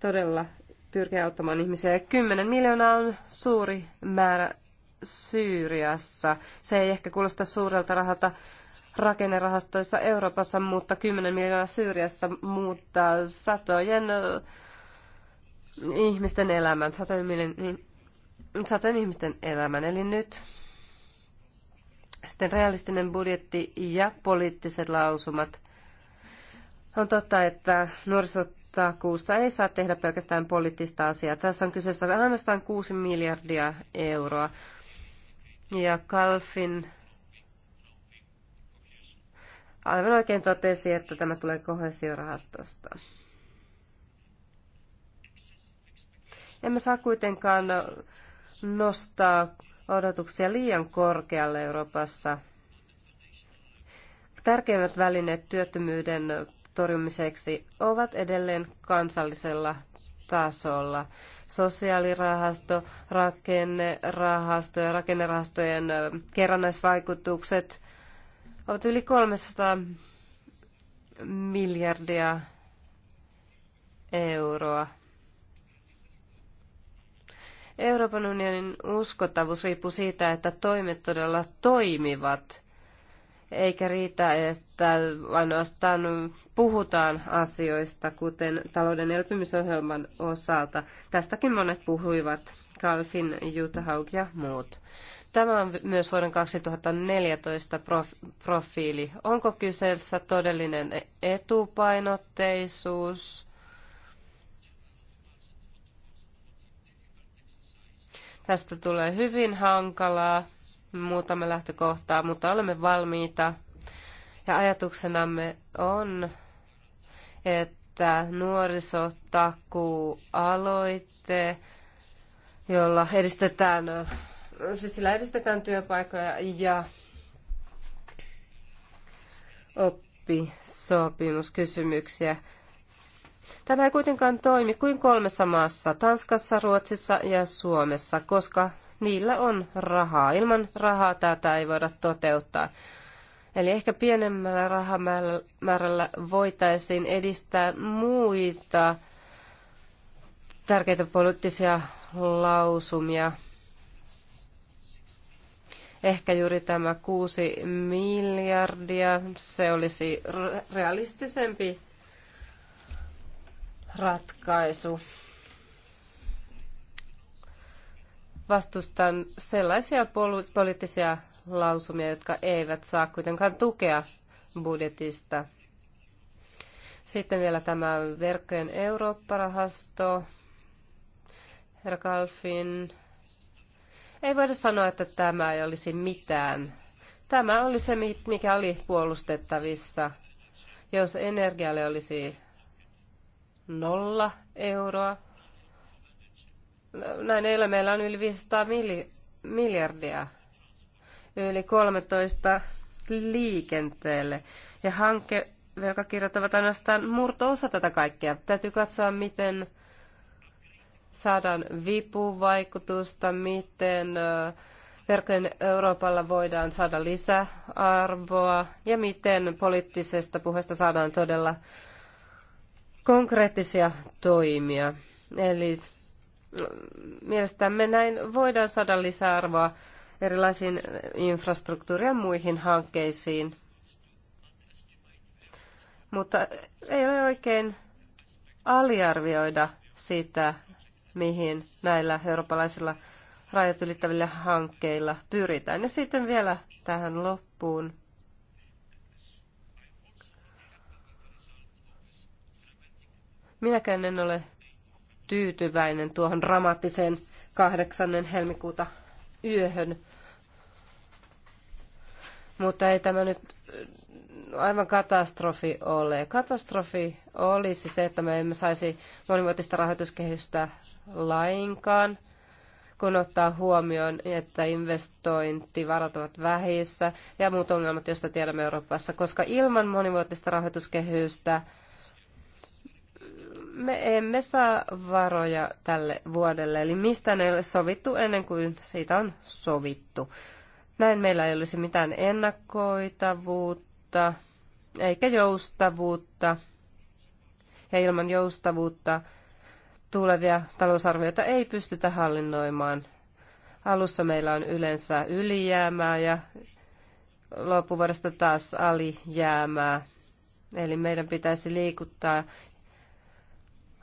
todella pyrkii auttamaan ihmisiä. 10 miljoonaa on suuri määrä Syyriassa. Se ei ehkä kuulosta suurelta rahalta rakennerahastoissa Euroopassa, mutta 10 miljoonaa Syyriassa muuttaa satojen äh, ihmisten elämän, satojen, niin, satojen ihmisten elämän. Eli nyt sitten realistinen budjetti ja poliittiset lausumat. On totta, että nuorisot takuusta ei saa tehdä pelkästään poliittista asiaa. Tässä on kyseessä ainoastaan 6 miljardia euroa. Ja Kalfin aivan oikein totesi, että tämä tulee kohesiorahastosta. Emme saa kuitenkaan nostaa odotuksia liian korkealle Euroopassa. Tärkeimmät välineet työttömyyden torjumiseksi ovat edelleen kansallisella tasolla. Sosiaalirahasto, rakennerahasto ja rakennerahastojen kerrannaisvaikutukset ovat yli 300 miljardia euroa. Euroopan unionin uskottavuus riippuu siitä, että toimet todella toimivat – eikä riitä, että ainoastaan puhutaan asioista, kuten talouden elpymisohjelman osalta. Tästäkin monet puhuivat, Kalfin, Jutta Haug ja muut. Tämä on myös vuoden 2014 profiili. Onko kyseessä todellinen etupainotteisuus? Tästä tulee hyvin hankalaa muutamme lähtökohtaa, mutta olemme valmiita. Ja ajatuksenamme on, että nuorisotakuualoite, jolla edistetään, siis sillä edistetään työpaikkoja ja oppisopimuskysymyksiä. Tämä ei kuitenkaan toimi kuin kolmessa maassa, Tanskassa, Ruotsissa ja Suomessa, koska niillä on rahaa. Ilman rahaa tätä ei voida toteuttaa. Eli ehkä pienemmällä rahamäärällä voitaisiin edistää muita tärkeitä poliittisia lausumia. Ehkä juuri tämä kuusi miljardia, se olisi realistisempi ratkaisu. vastustan sellaisia poliittisia lausumia, jotka eivät saa kuitenkaan tukea budjetista. Sitten vielä tämä verkkojen Eurooppa-rahasto, herra Kalfin. Ei voida sanoa, että tämä ei olisi mitään. Tämä oli se, mikä oli puolustettavissa. Jos energialle olisi nolla euroa, näin ei Meillä on yli 500 miljardia, yli 13 liikenteelle. Ja hankkevelkakirjat ovat ainoastaan murto-osa tätä kaikkea. Täytyy katsoa, miten saadaan vipuvaikutusta, miten verkkojen Euroopalla voidaan saada lisäarvoa ja miten poliittisesta puheesta saadaan todella konkreettisia toimia. Eli Mielestämme näin voidaan saada lisäarvoa erilaisiin infrastruktuuri- ja muihin hankkeisiin. Mutta ei ole oikein aliarvioida sitä, mihin näillä eurooppalaisilla rajat ylittävillä hankkeilla pyritään. Ja sitten vielä tähän loppuun. Minäkään en ole tyytyväinen tuohon dramaattiseen 8. helmikuuta yöhön. Mutta ei tämä nyt äh, aivan katastrofi ole. Katastrofi olisi se, että me emme saisi monivuotista rahoituskehystä lainkaan, kun ottaa huomioon, että investointivarat ovat vähissä ja muut ongelmat, joista tiedämme Euroopassa, koska ilman monivuotista rahoituskehystä me emme saa varoja tälle vuodelle, eli mistä ne ei ole sovittu ennen kuin siitä on sovittu. Näin meillä ei olisi mitään ennakoitavuutta eikä joustavuutta. Ja ilman joustavuutta tulevia talousarvioita ei pystytä hallinnoimaan. Alussa meillä on yleensä ylijäämää ja loppuvuodesta taas alijäämää. Eli meidän pitäisi liikuttaa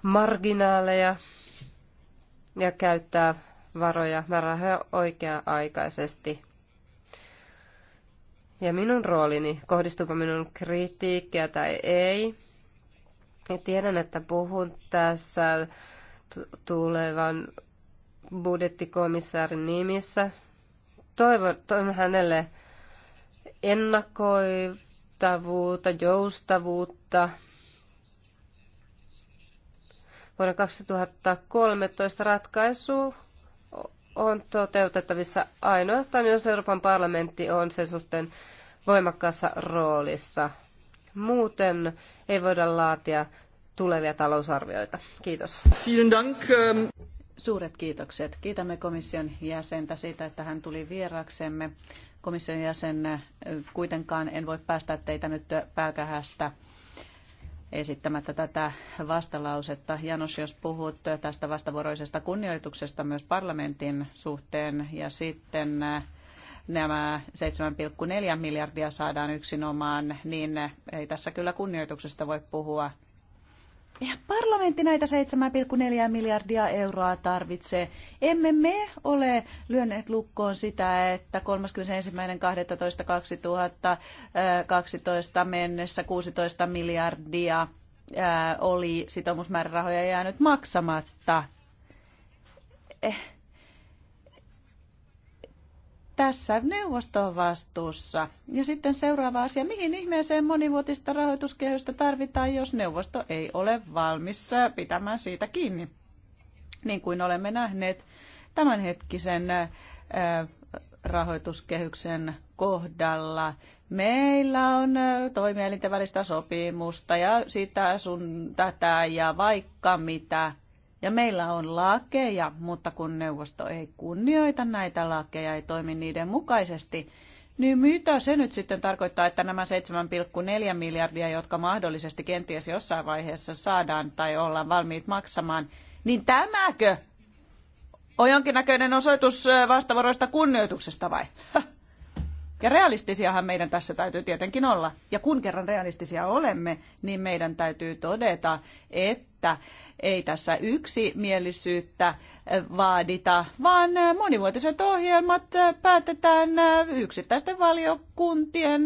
marginaaleja ja käyttää varoja, määrärahoja oikea-aikaisesti. Ja minun roolini, kohdistuuko minun kritiikkiä tai ei, ja tiedän, että puhun tässä tulevan budjettikomissaarin nimissä. Toivon, toivon hänelle ennakoitavuutta, joustavuutta, Vuonna 2013 ratkaisu on toteutettavissa ainoastaan, jos Euroopan parlamentti on sen suhteen voimakkaassa roolissa. Muuten ei voida laatia tulevia talousarvioita. Kiitos. Vielen dank. Ähm. Suuret kiitokset. Kiitämme komission jäsentä siitä, että hän tuli vieraksemme. Komission jäsen, äh, kuitenkaan en voi päästä teitä nyt äh, pääkähästä esittämättä tätä vastalausetta. Janos, jos puhut tästä vastavuoroisesta kunnioituksesta myös parlamentin suhteen ja sitten eh, nämä 7,4 miljardia saadaan yksinomaan, niin ei tässä kyllä kunnioituksesta voi puhua Eihän parlamentti näitä 7,4 miljardia euroa tarvitsee. Emme me ole lyöneet lukkoon sitä, että 31.12.2012 mennessä 16 miljardia äh, oli sitoumusmäärärahoja jäänyt maksamatta. Eh tässä neuvosto on vastuussa. Ja sitten seuraava asia, mihin ihmeeseen monivuotista rahoituskehystä tarvitaan, jos neuvosto ei ole valmis pitämään siitä kiinni. Niin kuin olemme nähneet tämänhetkisen rahoituskehyksen kohdalla. Meillä on toimielinten välistä sopimusta ja sitä sun tätä ja vaikka mitä ja meillä on lakeja, mutta kun neuvosto ei kunnioita näitä lakeja, ei toimi niiden mukaisesti, niin mitä se nyt sitten tarkoittaa, että nämä 7,4 miljardia, jotka mahdollisesti kenties jossain vaiheessa saadaan tai ollaan valmiit maksamaan, niin tämäkö on jonkinnäköinen osoitus äh, vastavuoroista kunnioituksesta vai? Ja realistisiahan meidän tässä täytyy tietenkin olla. Ja kun kerran realistisia olemme, niin meidän täytyy todeta, että ei tässä yksimielisyyttä vaadita, vaan monivuotiset ohjelmat päätetään yksittäisten valiokuntien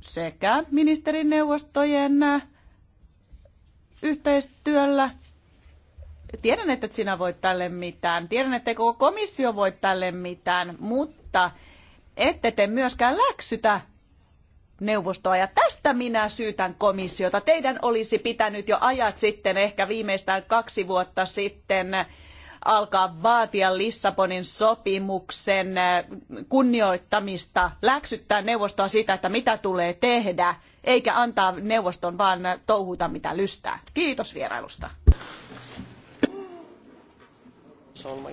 sekä ministerineuvostojen yhteistyöllä tiedän, että sinä voit tälle mitään, tiedän, että koko komissio voi tälle mitään, mutta ette te myöskään läksytä neuvostoa. Ja tästä minä syytän komissiota. Teidän olisi pitänyt jo ajat sitten, ehkä viimeistään kaksi vuotta sitten, alkaa vaatia Lissabonin sopimuksen äh, kunnioittamista, läksyttää neuvostoa sitä, että mitä tulee tehdä, eikä antaa neuvoston vaan touhuta mitä lystää. Kiitos vierailusta.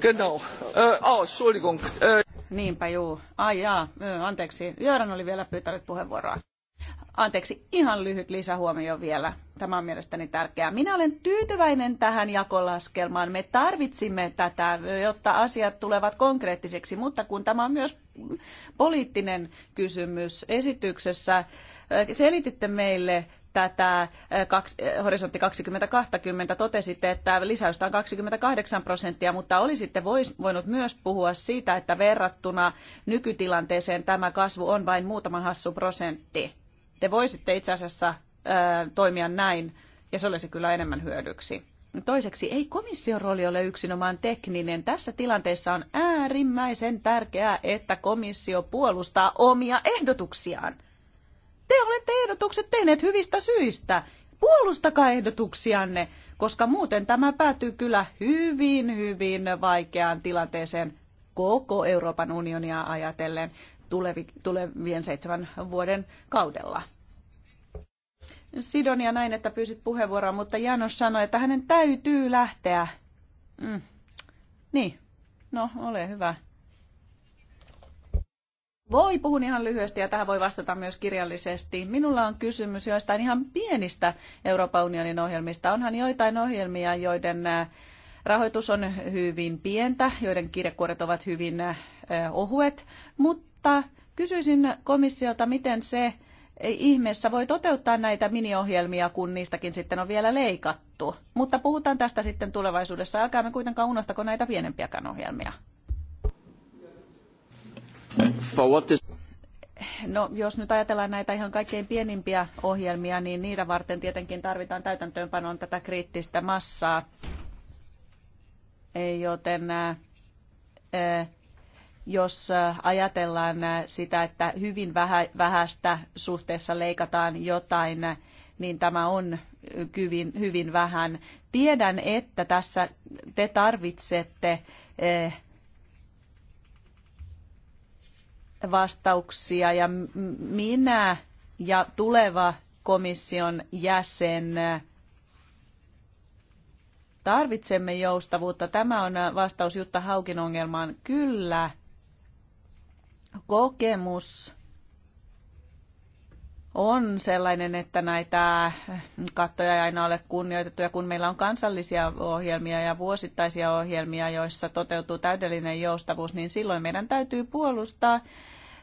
Genau. Äh, oh, Entschuldigung. Äh niinpä juu. Ai jaa, anteeksi. Jöran oli vielä pyytänyt puheenvuoroa. Anteeksi, ihan lyhyt lisähuomio vielä. Tämä on mielestäni tärkeää. Minä olen tyytyväinen tähän jakolaskelmaan. Me tarvitsimme tätä, jotta asiat tulevat konkreettiseksi, mutta kun tämä on myös poliittinen kysymys esityksessä, selititte meille tätä eh, eh, horisontti 2020 totesitte, että lisäystä on 28 prosenttia, mutta olisitte voinut myös puhua siitä, että verrattuna nykytilanteeseen tämä kasvu on vain muutama hassu prosentti. Te voisitte itse asiassa eh, toimia näin, ja se olisi kyllä enemmän hyödyksi. Toiseksi ei komission rooli ole yksinomaan tekninen. Tässä tilanteessa on äärimmäisen tärkeää, että komissio puolustaa omia ehdotuksiaan – te olette ehdotukset tehneet hyvistä syistä. Puolustakaa ehdotuksianne, koska muuten tämä päätyy kyllä hyvin, hyvin vaikeaan tilanteeseen koko Euroopan unionia ajatellen tulevien seitsemän vuoden kaudella. Sidonia näin, että pyysit puheenvuoroa, mutta Janos sanoi, että hänen täytyy lähteä. Mm. Niin, no ole hyvä. Voi, puhun ihan lyhyesti ja tähän voi vastata myös kirjallisesti. Minulla on kysymys joistain ihan pienistä Euroopan unionin ohjelmista. Onhan joitain ohjelmia, joiden äh, rahoitus on hyvin pientä, joiden kirjekuoret ovat hyvin äh, ohuet, mutta kysyisin komissiolta, miten se eh, ihmeessä voi toteuttaa näitä miniohjelmia, kun niistäkin sitten on vielä leikattu. Mutta puhutaan tästä sitten tulevaisuudessa. Älkäämme kuitenkaan unohtako näitä pienempiäkään ohjelmia. No, jos nyt ajatellaan näitä ihan kaikkein pienimpiä ohjelmia, niin niitä varten tietenkin tarvitaan täytäntöönpanoon tätä kriittistä massaa. Eh, joten eh, eh, jos ajatellaan sitä, että hyvin vähästä suhteessa leikataan jotain, niin tämä on hyvin, hyvin vähän. Tiedän, että tässä te tarvitsette vastauksia ja minä ja tuleva komission jäsen tarvitsemme joustavuutta. Tämä on vastaus Jutta Haukin ongelmaan. Kyllä, kokemus on sellainen, että näitä kattoja ei aina ole kunnioitettu. Ja kun meillä on kansallisia ohjelmia ja vuosittaisia ohjelmia, joissa toteutuu täydellinen joustavuus, niin silloin meidän täytyy puolustaa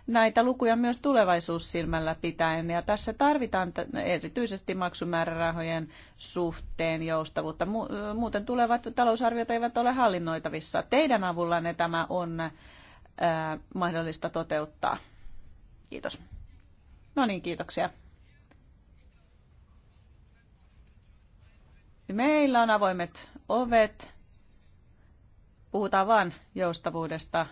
näitä lukuja myös tulevaisuussilmällä pitäen. Ja tässä tarvitaan erityisesti maksumäärärahojen suhteen joustavuutta. Muuten tulevat talousarviot eivät ole hallinnoitavissa. Teidän avullanne tämä on mahdollista toteuttaa. Kiitos. No niin, kiitoksia. Meillä on avoimet ovet. Puhutaan vain joustavuudesta,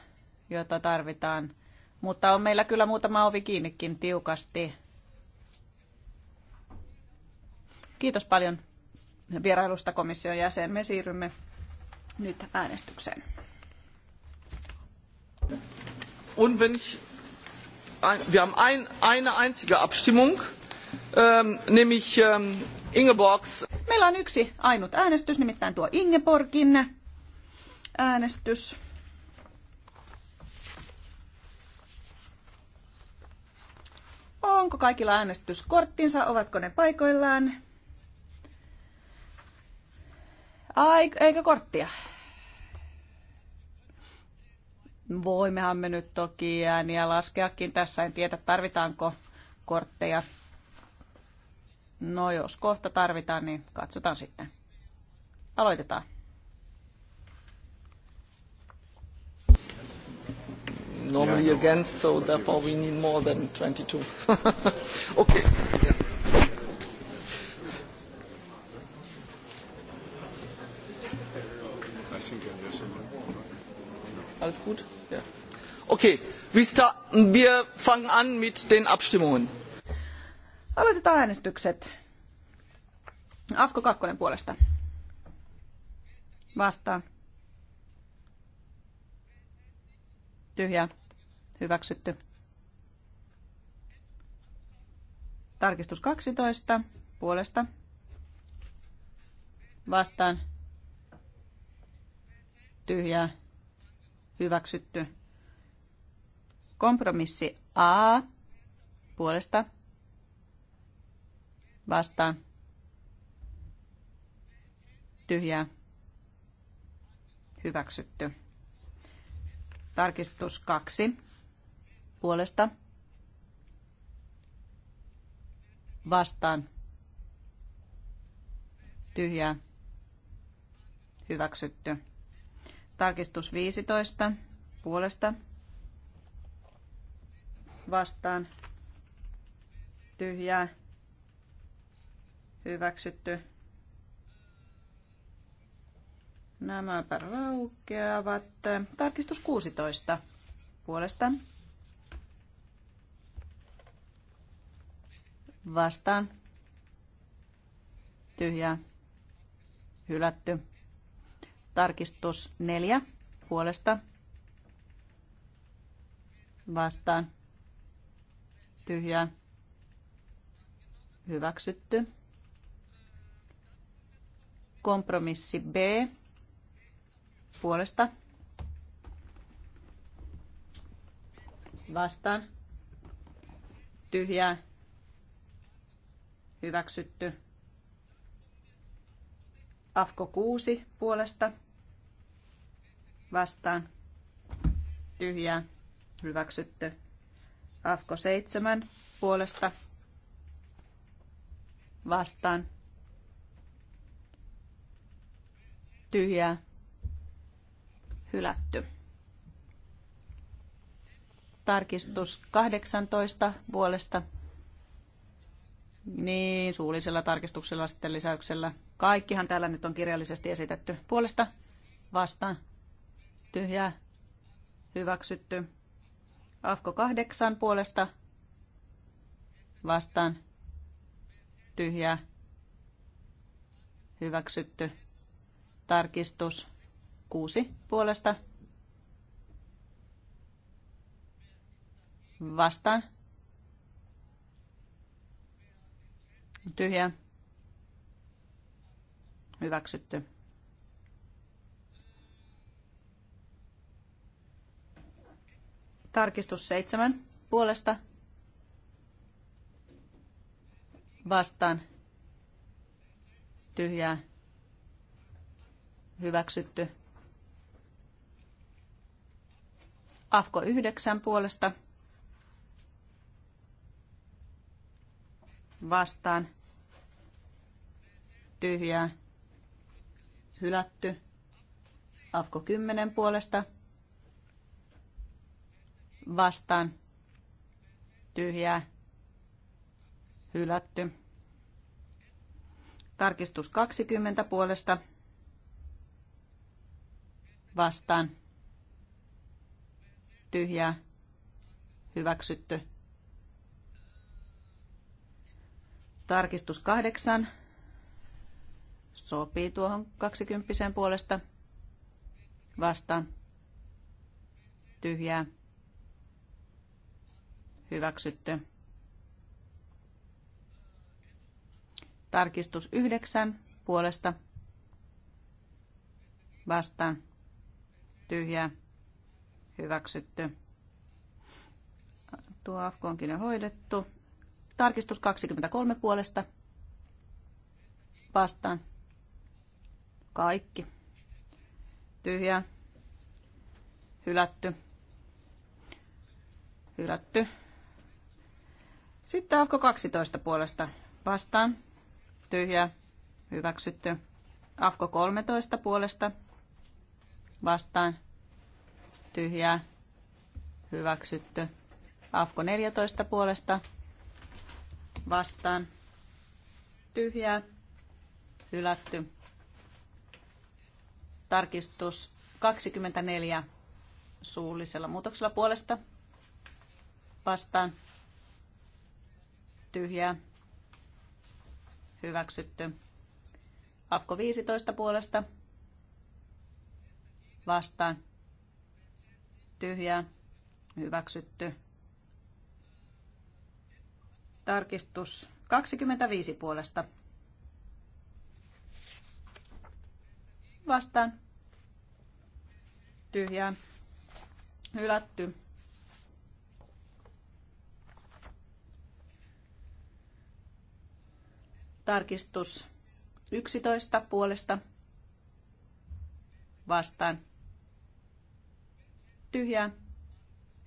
jota tarvitaan. Mutta on meillä kyllä muutama ovi kiinnikin tiukasti. Kiitos paljon vierailusta komission jäsen. Me siirrymme nyt äänestykseen. Und wenn ich wir haben ein, eine einzige Abstimmung, ähm, nämlich ähm, Ingeborgs. Meillä on yksi ainut äänestys, nimittäin tuo Ingeborgin äänestys. Onko kaikilla äänestyskorttinsa? Ovatko ne paikoillaan? Ai, eikö korttia? voimmehan me nyt toki ääniä niin laskeakin tässä. En tiedä, tarvitaanko kortteja. No jos kohta tarvitaan, niin katsotaan sitten. Aloitetaan. normally against, so therefore we need more than 22. <laughs> okay. Yeah. Alles gut? Ja. Okay, wir fangen an mit den Abstimmungen. Aloitetaan äänestykset. Afko kakkonen puolesta. Vastaan. Tyhjä. Hyväksytty. Tarkistus 12. Puolesta. Vastaan. Tyhjää hyväksytty. Kompromissi A puolesta vastaan tyhjää hyväksytty. Tarkistus 2 puolesta vastaan tyhjää hyväksytty. Tarkistus 15 puolesta vastaan tyhjää hyväksytty. Nämäpä raukeavat. Tarkistus 16 puolesta vastaan tyhjää hylätty. Tarkistus neljä puolesta vastaan tyhjä hyväksytty. Kompromissi B puolesta vastaan tyhjä hyväksytty. Afko 6 puolesta vastaan tyhjää hyväksytty. Afko 7 puolesta vastaan tyhjää hylätty. Tarkistus 18 puolesta niin, suullisella tarkistuksella sitten lisäyksellä. Kaikkihan täällä nyt on kirjallisesti esitetty. Puolesta vastaan tyhjä hyväksytty. Afko kahdeksan puolesta vastaan, tyhjä hyväksytty. Tarkistus kuusi puolesta vastaan, tyhjä hyväksytty. Tarkistus seitsemän puolesta vastaan tyhjää hyväksytty. Afko yhdeksän puolesta vastaan tyhjää hylätty. Afko kymmenen puolesta vastaan tyhjää hylätty. Tarkistus 20 puolesta vastaan tyhjää hyväksytty. Tarkistus 8 sopii tuohon 20 puolesta vastaan tyhjää hyväksytty. Tarkistus 9 puolesta vastaan Tyhjä. hyväksytty. Tuo Afkoonkin on hoidettu. Tarkistus 23 puolesta vastaan kaikki Tyhjä. hylätty hylätty sitten Afko 12 puolesta vastaan. Tyhjä. Hyväksytty. Afko 13 puolesta vastaan. tyhjä Hyväksytty. Afko 14 puolesta vastaan. tyhjä Hylätty. Tarkistus 24 suullisella muutoksella puolesta vastaan tyhjää, hyväksytty. Afko 15 puolesta, vastaan, tyhjää, hyväksytty. Tarkistus 25 puolesta. Vastaan. Tyhjää. Hylätty. Tarkistus 11 puolesta vastaan. tyhjä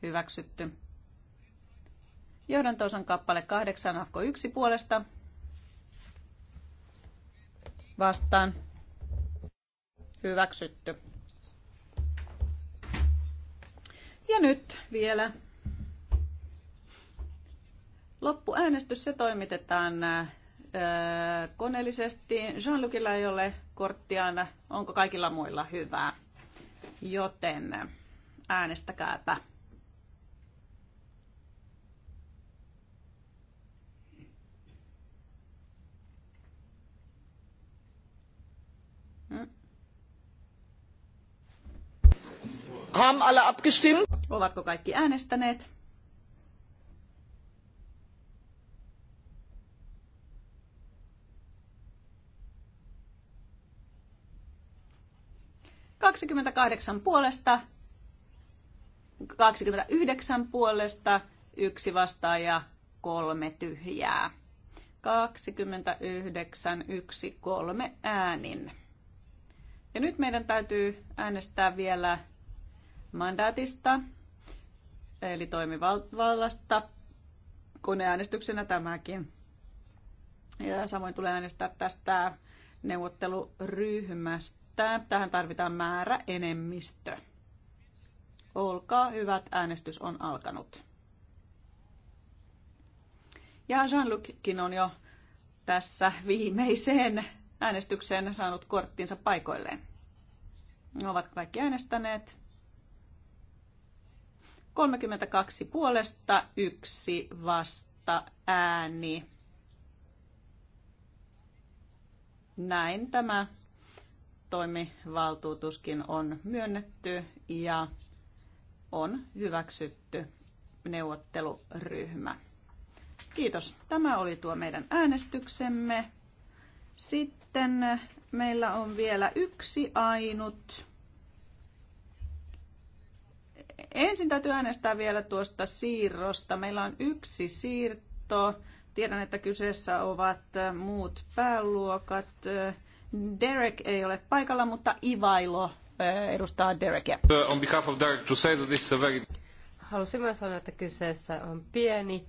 Hyväksytty. Johdantoosan kappale 8, afko 1 puolesta. Vastaan. Hyväksytty. Ja nyt vielä loppuäänestys. Se toimitetaan äh, koneellisesti. Jean-Lucilla ei ole korttia, onko kaikilla muilla hyvää. Joten äänestäkääpä. Hmm? Haben alle abgestimmt? Ovatko kaikki äänestäneet? 28 puolesta, 29 puolesta, yksi vastaan ja kolme tyhjää. 29, 1, 3 äänin. Ja nyt meidän täytyy äänestää vielä mandaatista, eli toimivallasta, koneäänestyksenä tämäkin. Ja samoin tulee äänestää tästä neuvotteluryhmästä että tähän tarvitaan määrä enemmistö. Olkaa hyvät, äänestys on alkanut. Ja Jean-Luckin on jo tässä viimeiseen äänestykseen saanut korttinsa paikoilleen. Ne ovat kaikki äänestäneet. 32 puolesta, yksi vasta ääni. Näin tämä toimivaltuutuskin on myönnetty ja on hyväksytty neuvotteluryhmä. Kiitos. Tämä oli tuo meidän äänestyksemme. Sitten meillä on vielä yksi ainut. Ensin täytyy äänestää vielä tuosta siirrosta. Meillä on yksi siirto. Tiedän, että kyseessä ovat muut pääluokat. Derek ei ole paikalla, mutta Ivailo eh, edustaa Derekia. Uh, on behalf of Derek to say that this is a very... Halusin myös sanoa, että kyseessä on pieni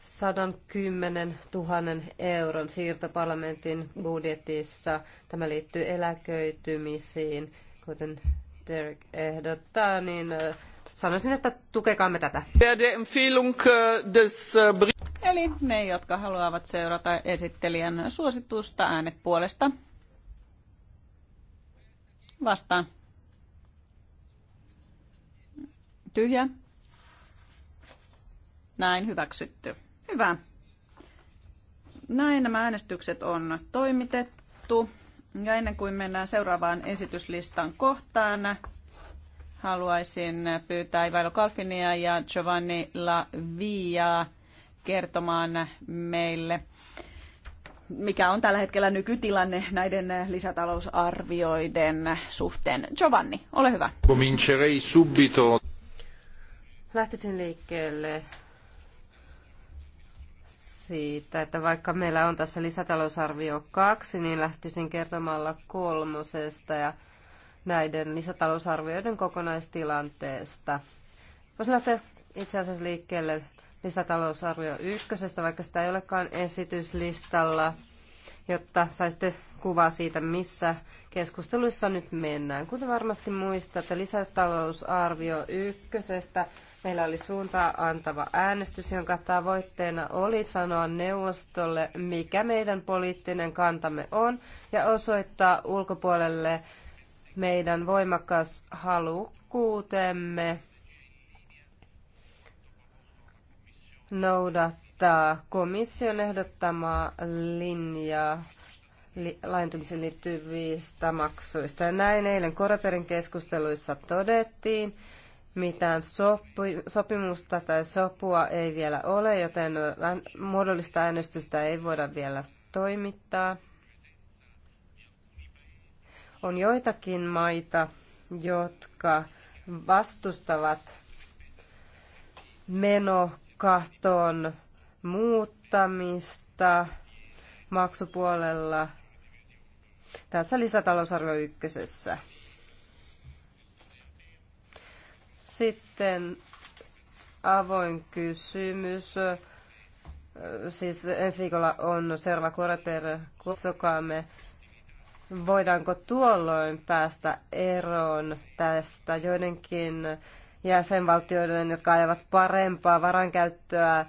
110 000 euron siirto parlamentin budjetissa. Tämä liittyy eläköitymisiin, kuten Derek ehdottaa, niin eh, sanoisin, että tukekaamme tätä. Der Empfehlung eh, des Eli ne, jotka haluavat seurata esittelijän suositusta äänepuolesta, Vastaan. Tyhjä. Näin hyväksytty. Hyvä. Näin nämä äänestykset on toimitettu. Ja ennen kuin mennään seuraavaan esityslistan kohtaan, haluaisin pyytää Ivailo Kalfinia ja Giovanni La Viaa kertomaan meille, mikä on tällä hetkellä nykytilanne näiden lisätalousarvioiden suhteen. Giovanni, ole hyvä. Comincerei subito. Lähtisin liikkeelle siitä, että vaikka meillä on tässä lisätalousarvio kaksi, niin lähtisin kertomalla kolmosesta ja näiden lisätalousarvioiden kokonaistilanteesta. Voisi lähteä itse asiassa liikkeelle lisätalousarvio ykkösestä, vaikka sitä ei olekaan esityslistalla, jotta saisitte kuvaa siitä, missä keskusteluissa nyt mennään. Kuten varmasti muistatte, lisätalousarvio ykkösestä meillä oli suuntaa antava äänestys, jonka tavoitteena oli sanoa neuvostolle, mikä meidän poliittinen kantamme on, ja osoittaa ulkopuolelle meidän voimakas halukkuutemme noudattaa komission ehdottamaa linjaa laajentumiseen liittyvistä maksuista. Ja näin eilen Koreperin keskusteluissa todettiin, mitään sopi, sopimusta tai sopua ei vielä ole, joten muodollista äänestystä ei voida vielä toimittaa. On joitakin maita, jotka vastustavat meno katon muuttamista maksupuolella tässä lisätalousarvio ykkösessä. Sitten avoin kysymys. Siis ensi viikolla on Serva Koreper kutsukaamme. Voidaanko tuolloin päästä eroon tästä joidenkin jäsenvaltioiden, jotka ajavat parempaa varankäyttöä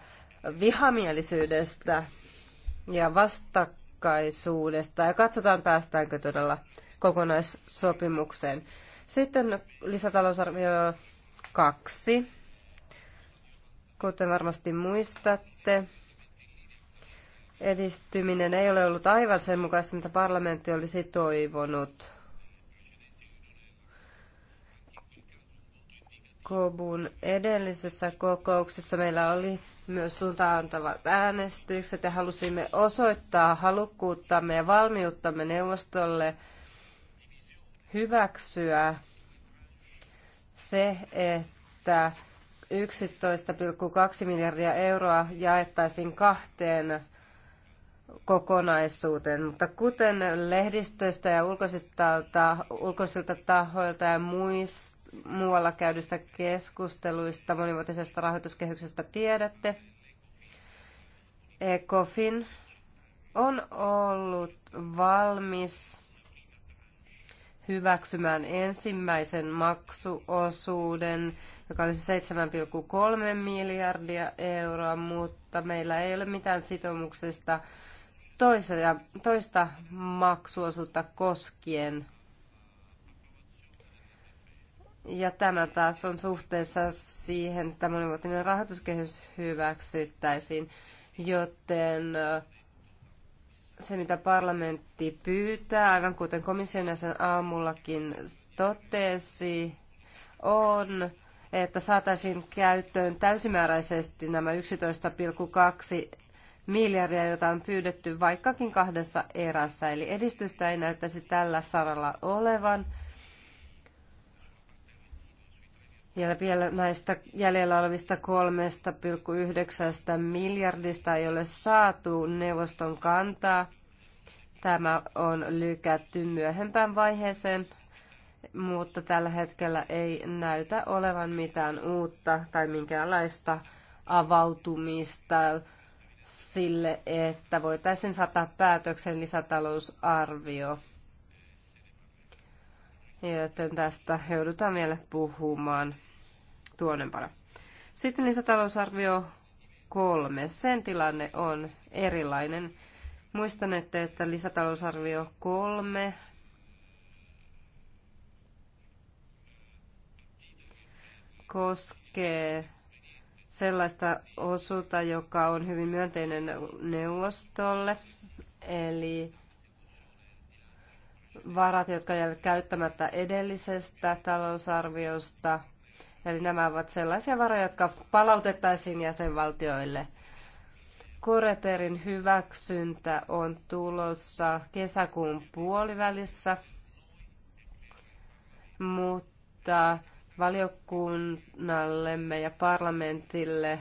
vihamielisyydestä ja vastakkaisuudesta. Ja katsotaan, päästäänkö todella kokonaissopimukseen. Sitten lisätalousarvio kaksi. Kuten varmasti muistatte, edistyminen ei ole ollut aivan sen mukaista, mitä parlamentti olisi toivonut Kobun edellisessä kokouksessa meillä oli myös suuntaantavat äänestykset ja halusimme osoittaa halukkuuttamme ja valmiuttamme neuvostolle hyväksyä se, että 11,2 miljardia euroa jaettaisiin kahteen kokonaisuuteen, mutta kuten lehdistöistä ja ulkoisilta tahoilta ja muista, muualla käydystä keskusteluista monivuotisesta rahoituskehyksestä tiedätte. ECOFIN on ollut valmis hyväksymään ensimmäisen maksuosuuden, joka olisi 7,3 miljardia euroa, mutta meillä ei ole mitään sitoumuksesta toista, toista maksuosuutta koskien ja tämä taas on suhteessa siihen, että monivuotinen rahoituskehys hyväksyttäisiin, joten se, mitä parlamentti pyytää, aivan kuten komission sen aamullakin totesi, on, että saataisiin käyttöön täysimääräisesti nämä 11,2 miljardia, jota on pyydetty vaikkakin kahdessa erässä. Eli edistystä ei näyttäisi tällä saralla olevan – Ja vielä näistä jäljellä olevista 3,9 miljardista ei ole saatu neuvoston kantaa. Tämä on lykätty myöhempään vaiheeseen, mutta tällä hetkellä ei näytä olevan mitään uutta tai minkäänlaista avautumista sille, että voitaisiin saada päätöksen lisätalousarvio joten tästä joudutaan vielä puhumaan tuonempana. Sitten lisätalousarvio kolme. Sen tilanne on erilainen. Muistan, että, että lisätalousarvio kolme koskee sellaista osuutta, joka on hyvin myönteinen neuvostolle, eli varat, jotka jäävät käyttämättä edellisestä talousarviosta. Eli nämä ovat sellaisia varoja, jotka palautettaisiin jäsenvaltioille. Koreperin hyväksyntä on tulossa kesäkuun puolivälissä, mutta valiokunnallemme ja parlamentille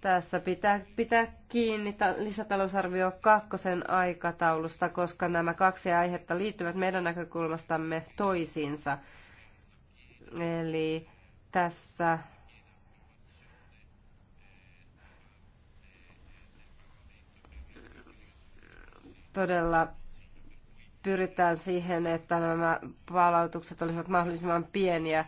tässä pitää pitää kiinni lisätalousarvio kakkosen aikataulusta, koska nämä kaksi aihetta liittyvät meidän näkökulmastamme toisiinsa. Eli tässä todella pyritään siihen, että nämä palautukset olisivat mahdollisimman pieniä.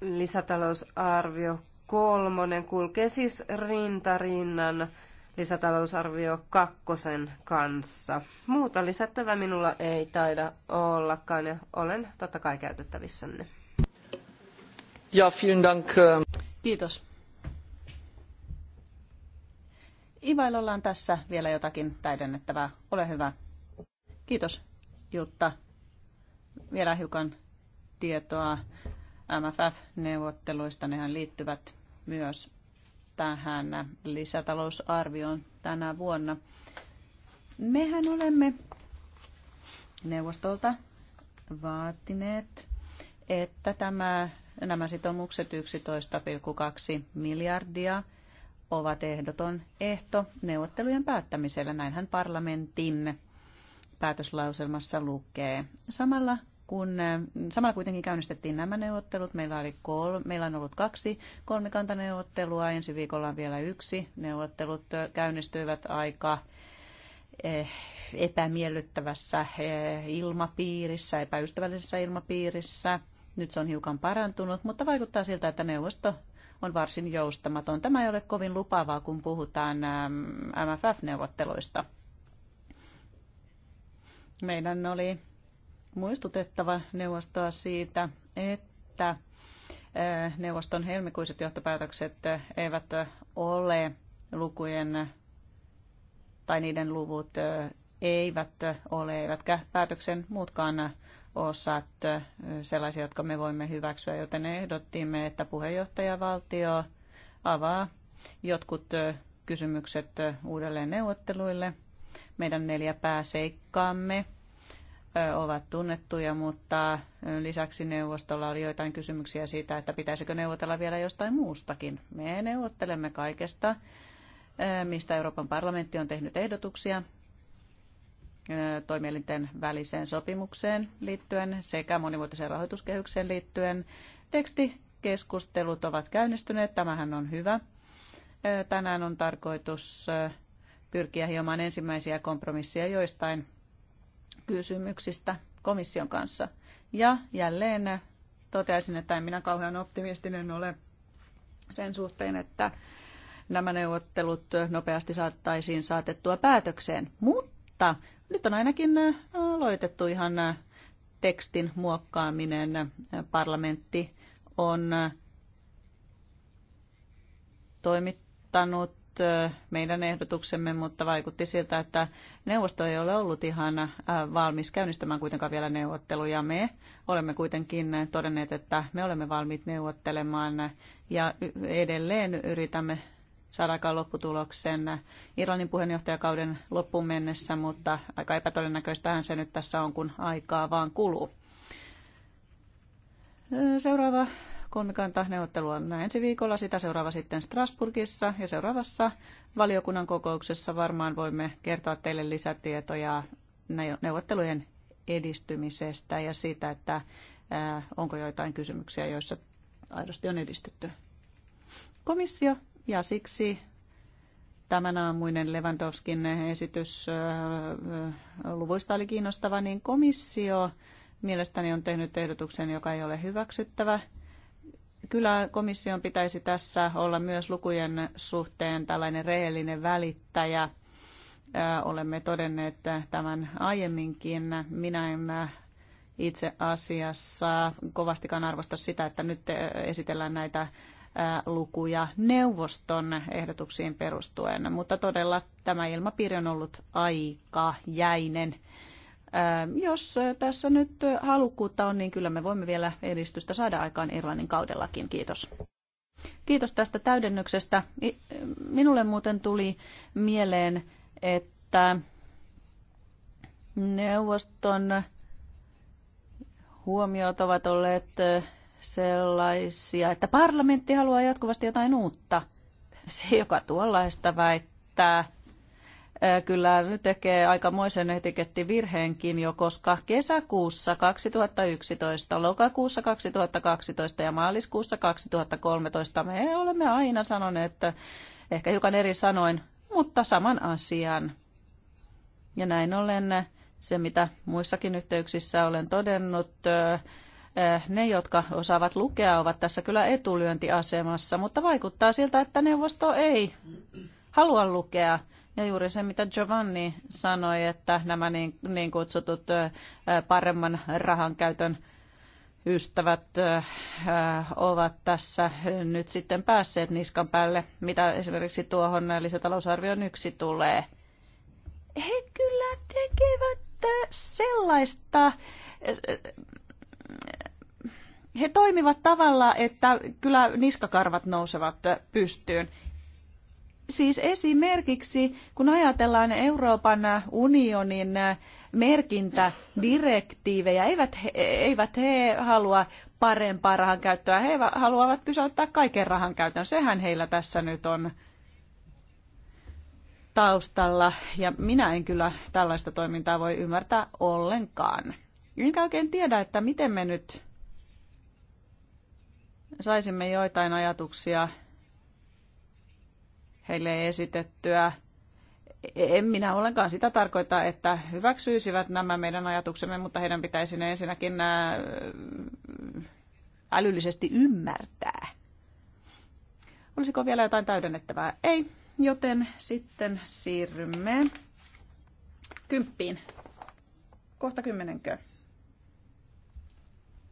Lisätalousarvio kolmonen kulkee siis rintarinnan lisätalousarvio kakkosen kanssa. Muuta lisättävää minulla ei taida ollakaan ja olen totta kai käytettävissänne. Ja, vielen dank. Ähm. Kiitos. Ivailolla on tässä vielä jotakin täydennettävää. Ole hyvä. Kiitos Jutta. Vielä hiukan tietoa MFF-neuvotteluista. Nehän liittyvät myös tähän lisätalousarvioon tänä vuonna. Mehän olemme neuvostolta vaatineet, että tämä, nämä sitoumukset 11,2 miljardia ovat ehdoton ehto neuvottelujen päättämisellä. Näinhän parlamentin päätöslauselmassa lukee. Samalla kun äh, samalla kuitenkin käynnistettiin nämä neuvottelut, meillä, oli kolme, meillä on ollut kaksi kolmikantaneuvottelua, ensi viikolla on vielä yksi. Neuvottelut äh, käynnistyivät aika eh, epämiellyttävässä eh, ilmapiirissä, epäystävällisessä ilmapiirissä. Nyt se on hiukan parantunut, mutta vaikuttaa siltä, että neuvosto on varsin joustamaton. Tämä ei ole kovin lupaavaa, kun puhutaan MFF-neuvotteluista. Meidän oli muistutettava neuvostoa siitä, että neuvoston helmikuiset johtopäätökset eivät ole lukujen tai niiden luvut eivät ole, eivätkä päätöksen muutkaan osat sellaisia, jotka me voimme hyväksyä, joten ehdottimme, että puheenjohtajavaltio avaa jotkut kysymykset uudelleen neuvotteluille. Meidän neljä pääseikkaamme ovat tunnettuja, mutta lisäksi neuvostolla oli joitain kysymyksiä siitä, että pitäisikö neuvotella vielä jostain muustakin. Me neuvottelemme kaikesta, mistä Euroopan parlamentti on tehnyt ehdotuksia toimielinten väliseen sopimukseen liittyen sekä monivuotiseen rahoituskehykseen liittyen. Tekstikeskustelut ovat käynnistyneet, tämähän on hyvä. Tänään on tarkoitus pyrkiä hiomaan ensimmäisiä kompromisseja joistain kysymyksistä komission kanssa. Ja jälleen toteaisin, että en minä kauhean optimistinen ole sen suhteen, että nämä neuvottelut nopeasti saattaisiin saatettua päätökseen. Mutta nyt on ainakin aloitettu ihan tekstin muokkaaminen. Parlamentti on toimittanut meidän ehdotuksemme, mutta vaikutti siltä, että neuvosto ei ole ollut ihan valmis käynnistämään kuitenkaan vielä neuvotteluja. Me olemme kuitenkin todenneet, että me olemme valmiit neuvottelemaan ja edelleen yritämme saada aikaan lopputuloksen Irlannin puheenjohtajakauden loppuun mennessä, mutta aika epätodennäköistähän se nyt tässä on, kun aikaa vaan kuluu. Seuraava kolmikantaneuvottelua ensi viikolla, sitä seuraava sitten Strasburgissa ja seuraavassa valiokunnan kokouksessa varmaan voimme kertoa teille lisätietoja neuvottelujen edistymisestä ja siitä, että onko joitain kysymyksiä, joissa aidosti on edistytty. Komissio ja siksi tämän aamuinen Lewandowskin esitys luvuista oli kiinnostava, niin komissio mielestäni on tehnyt ehdotuksen, joka ei ole hyväksyttävä kyllä komission pitäisi tässä olla myös lukujen suhteen tällainen rehellinen välittäjä. Olemme todenneet tämän aiemminkin. Minä en itse asiassa kovastikaan arvosta sitä, että nyt esitellään näitä lukuja neuvoston ehdotuksiin perustuen, mutta todella tämä ilmapiiri on ollut aika jäinen Ähm, jos äh, tässä nyt äh, halukkuutta on, niin kyllä me voimme vielä edistystä saada aikaan Irlannin kaudellakin. Kiitos. Kiitos tästä täydennyksestä. Äh, minulle muuten tuli mieleen, että neuvoston huomiot ovat olleet sellaisia, että parlamentti haluaa jatkuvasti jotain uutta. Se, joka tuollaista väittää, kyllä tekee aikamoisen etikettivirheenkin jo, koska kesäkuussa 2011, lokakuussa 2012 ja maaliskuussa 2013 me olemme aina sanoneet, että ehkä hiukan eri sanoin, mutta saman asian. Ja näin ollen se, mitä muissakin yhteyksissä olen todennut, ne, jotka osaavat lukea, ovat tässä kyllä etulyöntiasemassa, mutta vaikuttaa siltä, että neuvosto ei halua lukea ja juuri se, mitä Giovanni sanoi, että nämä niin, niin kutsutut paremman rahan käytön ystävät ovat tässä nyt sitten päässeet niskan päälle, mitä esimerkiksi tuohon lisätalousarvion yksi tulee. He kyllä tekevät sellaista, he toimivat tavalla, että kyllä niskakarvat nousevat pystyyn. Siis esimerkiksi kun ajatellaan Euroopan unionin merkintädirektiivejä, eivät he, eivät he halua parempaa rahan käyttöä, he haluavat pysäyttää kaiken rahan käytön. Sehän heillä tässä nyt on taustalla ja minä en kyllä tällaista toimintaa voi ymmärtää ollenkaan. Enkä oikein tiedä, että miten me nyt saisimme joitain ajatuksia heille esitettyä. En minä ollenkaan sitä tarkoita, että hyväksyisivät nämä meidän ajatuksemme, mutta heidän pitäisi ne ensinnäkin äh, älyllisesti ymmärtää. Olisiko vielä jotain täydennettävää? Ei, joten sitten siirrymme kymppiin. Kohta kymmenenkö?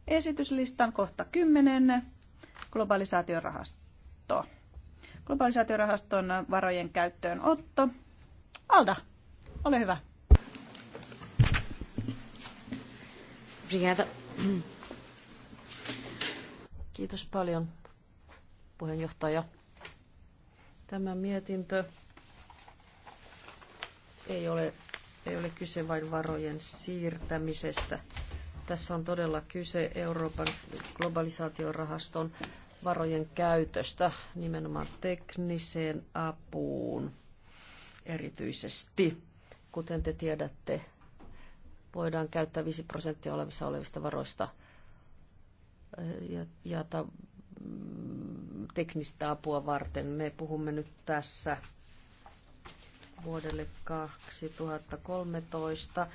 Esityslistan kohta kymmenen. Globalisaatiorahasto. rahasto globalisaatiorahaston varojen käyttöön otto. Alda, ole hyvä. Kiitos paljon puheenjohtaja. Tämä mietintö ei ole, ei ole kyse vain varojen siirtämisestä. Tässä on todella kyse Euroopan globalisaatiorahaston varojen käytöstä nimenomaan tekniseen apuun erityisesti. Kuten te tiedätte, voidaan käyttää 5 prosenttia olevissa olevista varoista eh, ja, ja ta, mm, teknistä apua varten. Me puhumme nyt tässä vuodelle 2013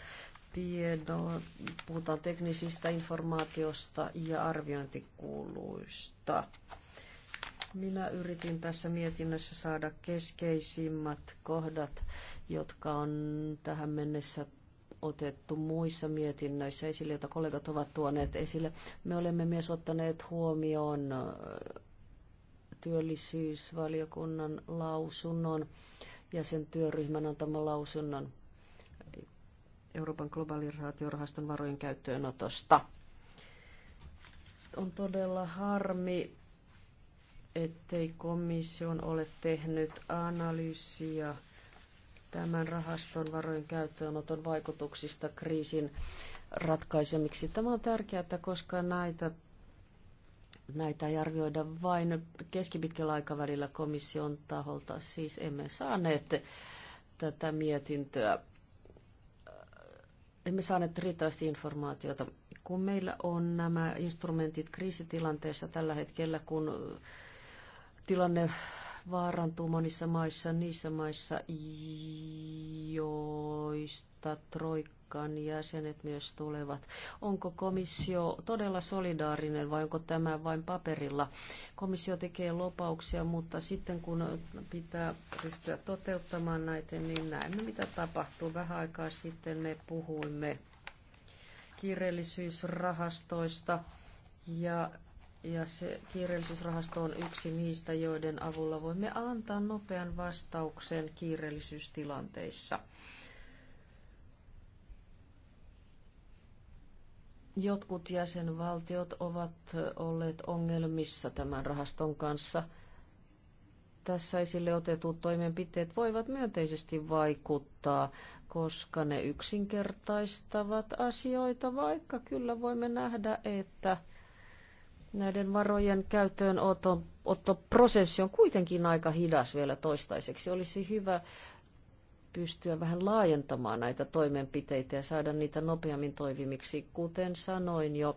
tiedon, puhutaan teknisistä informaatiosta ja arviointikuluista. Minä yritin tässä mietinnössä saada keskeisimmät kohdat, jotka on tähän mennessä otettu muissa mietinnöissä esille, joita kollegat ovat tuoneet esille. Me olemme myös ottaneet huomioon työllisyysvaliokunnan lausunnon ja sen työryhmän antaman lausunnon Euroopan globalisaatiorahaston varojen käyttöönotosta. On todella harmi, ettei komission ole tehnyt analyysiä tämän rahaston varojen käyttöönoton vaikutuksista kriisin ratkaisemiksi. Tämä on tärkeää, koska näitä, näitä ei arvioida vain keskipitkällä aikavälillä komission taholta. Siis emme saaneet tätä mietintöä emme saaneet riittävästi informaatiota. Kun meillä on nämä instrumentit kriisitilanteessa tällä hetkellä, kun tilanne vaarantuu monissa maissa, niissä maissa, joista troikka Troikan jäsenet myös tulevat. Onko komissio todella solidaarinen vai onko tämä vain paperilla? Komissio tekee lopauksia, mutta sitten kun pitää ryhtyä toteuttamaan näitä, niin näemme mitä tapahtuu. Vähän aikaa sitten me puhuimme kiireellisyysrahastoista ja ja se kiireellisyysrahasto on yksi niistä, joiden avulla voimme antaa nopean vastauksen kiireellisyystilanteissa. Jotkut jäsenvaltiot ovat olleet ongelmissa tämän rahaston kanssa. Tässä esille otetut toimenpiteet voivat myönteisesti vaikuttaa, koska ne yksinkertaistavat asioita, vaikka kyllä voimme nähdä, että näiden varojen käyttöönotto prosessi on kuitenkin aika hidas vielä toistaiseksi. Olisi hyvä pystyä vähän laajentamaan näitä toimenpiteitä ja saada niitä nopeammin toimimiksi. Kuten sanoin jo,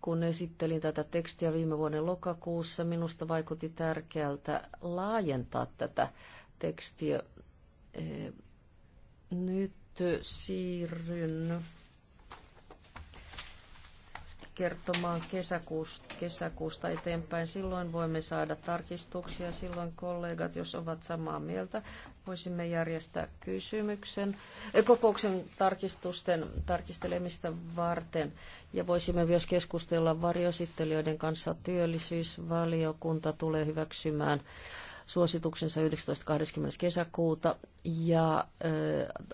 kun esittelin tätä tekstiä viime vuoden lokakuussa, minusta vaikutti tärkeältä laajentaa tätä tekstiä. Nyt siirryn kertomaan kesäkuusta, kesäkuusta eteenpäin. Silloin voimme saada tarkistuksia. Silloin kollegat, jos ovat samaa mieltä, voisimme järjestää kysymyksen, eh, kokouksen tarkistusten tarkistelemista varten. Ja voisimme myös keskustella varjosittelijoiden kanssa. Työllisyysvaliokunta tulee hyväksymään suosituksensa 19.20. kesäkuuta ja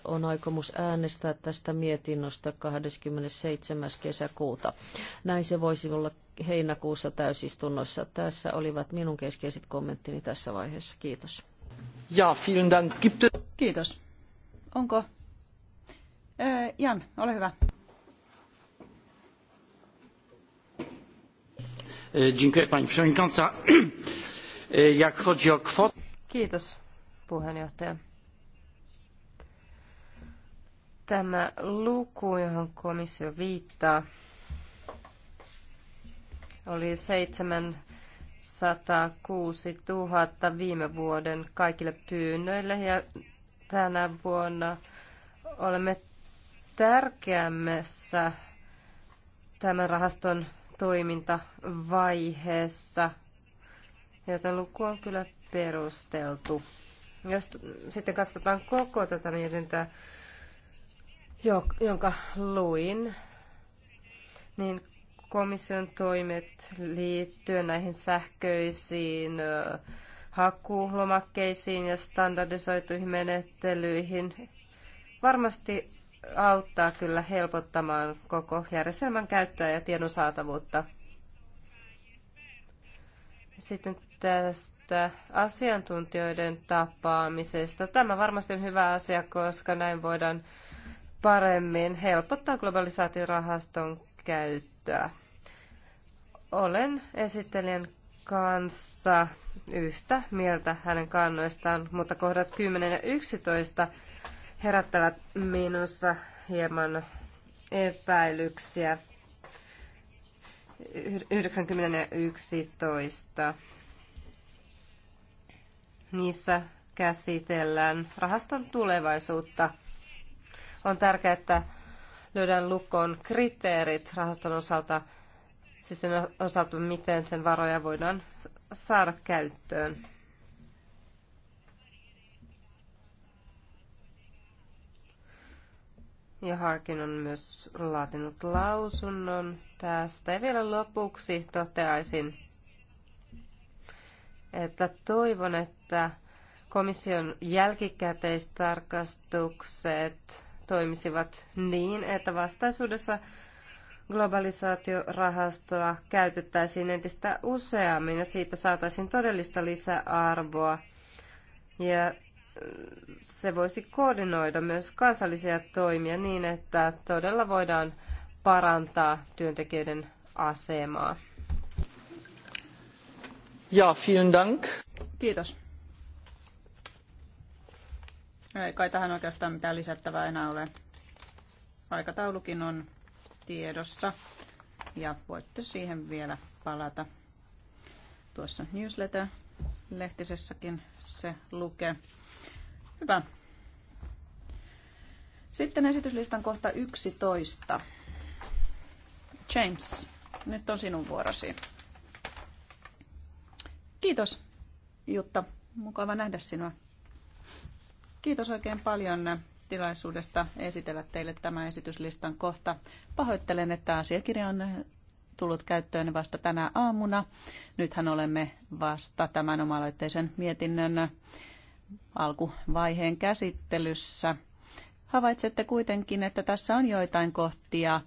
on aikomus äänestää tästä mietinnöstä 27. kesäkuuta. Näin se voisi olla heinäkuussa täysistunnossa. Tässä olivat minun keskeiset kommenttini tässä vaiheessa. Kiitos. Ja, vielen dank. Kiitos. Onko? Jan, ole hyvä. E, dziękuję pani przewodnicząca! <clears throat> Jak chodzi o Kiitos, puheenjohtaja. Tämä luku, johon komissio viittaa, oli 706 000 viime vuoden kaikille pyynnöille ja tänä vuonna olemme tärkeämmässä tämän rahaston toimintavaiheessa – joten luku on kyllä perusteltu. Jos sitten katsotaan koko tätä mietintöä, jonka luin, niin komission toimet liittyen näihin sähköisiin hakulomakkeisiin ja standardisoituihin menettelyihin varmasti auttaa kyllä helpottamaan koko järjestelmän käyttöä ja tiedon saatavuutta. Sitten tästä asiantuntijoiden tapaamisesta. Tämä varmasti on hyvä asia, koska näin voidaan paremmin helpottaa globalisaatiorahaston käyttöä. Olen esittelijän kanssa yhtä mieltä hänen kannoistaan, mutta kohdat 10 ja 11 herättävät minussa hieman epäilyksiä. 90 ja 11. Niissä käsitellään rahaston tulevaisuutta. On tärkeää, että löydän lukkoon kriteerit rahaston osalta, siis sen osalta, miten sen varoja voidaan saada käyttöön. Ja Harkin on myös laatinut lausunnon tästä. Ja vielä lopuksi toteaisin, että toivon, että että komission jälkikäteistarkastukset toimisivat niin, että vastaisuudessa globalisaatiorahastoa käytettäisiin entistä useammin ja siitä saataisiin todellista lisäarvoa. Ja se voisi koordinoida myös kansallisia toimia niin, että todella voidaan parantaa työntekijöiden asemaa. Ja, vielen dank. Kiitos. Ei kai tähän oikeastaan mitään lisättävää enää ole. Aikataulukin on tiedossa ja voitte siihen vielä palata. Tuossa newsletter-lehtisessäkin se lukee. Hyvä. Sitten esityslistan kohta 11. James, nyt on sinun vuorosi. Kiitos, Jutta. Mukava nähdä sinua. Kiitos oikein paljon tilaisuudesta esitellä teille tämä esityslistan kohta. Pahoittelen, että asiakirja on tullut käyttöön vasta tänä aamuna. Nythän olemme vasta tämän oma mietinnön alkuvaiheen käsittelyssä. Havaitsette kuitenkin, että tässä on joitain kohtia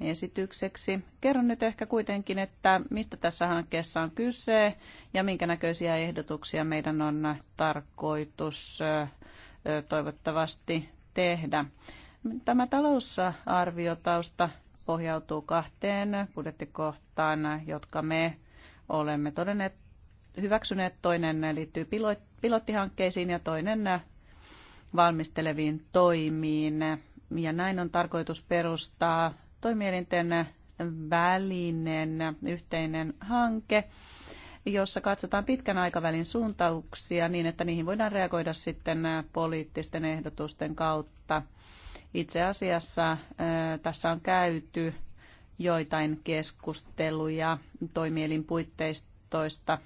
esitykseksi. Kerron nyt ehkä kuitenkin, että mistä tässä hankkeessa on kyse ja minkä näköisiä ehdotuksia meidän on tarkoitus toivottavasti tehdä. Tämä talousarviotausta pohjautuu kahteen budjettikohtaan, jotka me olemme todenneet hyväksyneet. Toinen liittyy pilottihankkeisiin ja toinen valmisteleviin toimiin. Ja näin on tarkoitus perustaa toimielinten välinen yhteinen hanke, jossa katsotaan pitkän aikavälin suuntauksia niin, että niihin voidaan reagoida sitten poliittisten ehdotusten kautta. Itse asiassa tässä on käyty joitain keskusteluja toimielin puitteista 2016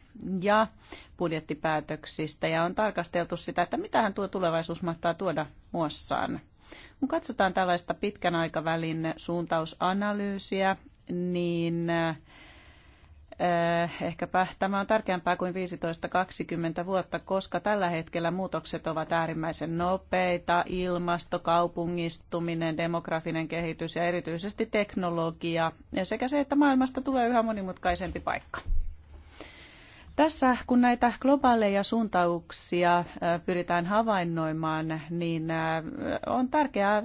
ja budjettipäätöksistä ja on tarkasteltu sitä, että mitähän tuo tulevaisuus mahtaa tuoda muassaan. Kun katsotaan tällaista pitkän aikavälin suuntausanalyysiä, niin äh, ehkäpä tämä on tärkeämpää kuin 15-20 vuotta, koska tällä hetkellä muutokset ovat äärimmäisen nopeita. Ilmasto, kaupungistuminen, demografinen kehitys ja erityisesti teknologia sekä se, että maailmasta tulee yhä monimutkaisempi paikka. Tässä kun näitä globaaleja suuntauksia äh, pyritään havainnoimaan, niin äh, on tärkeää äh,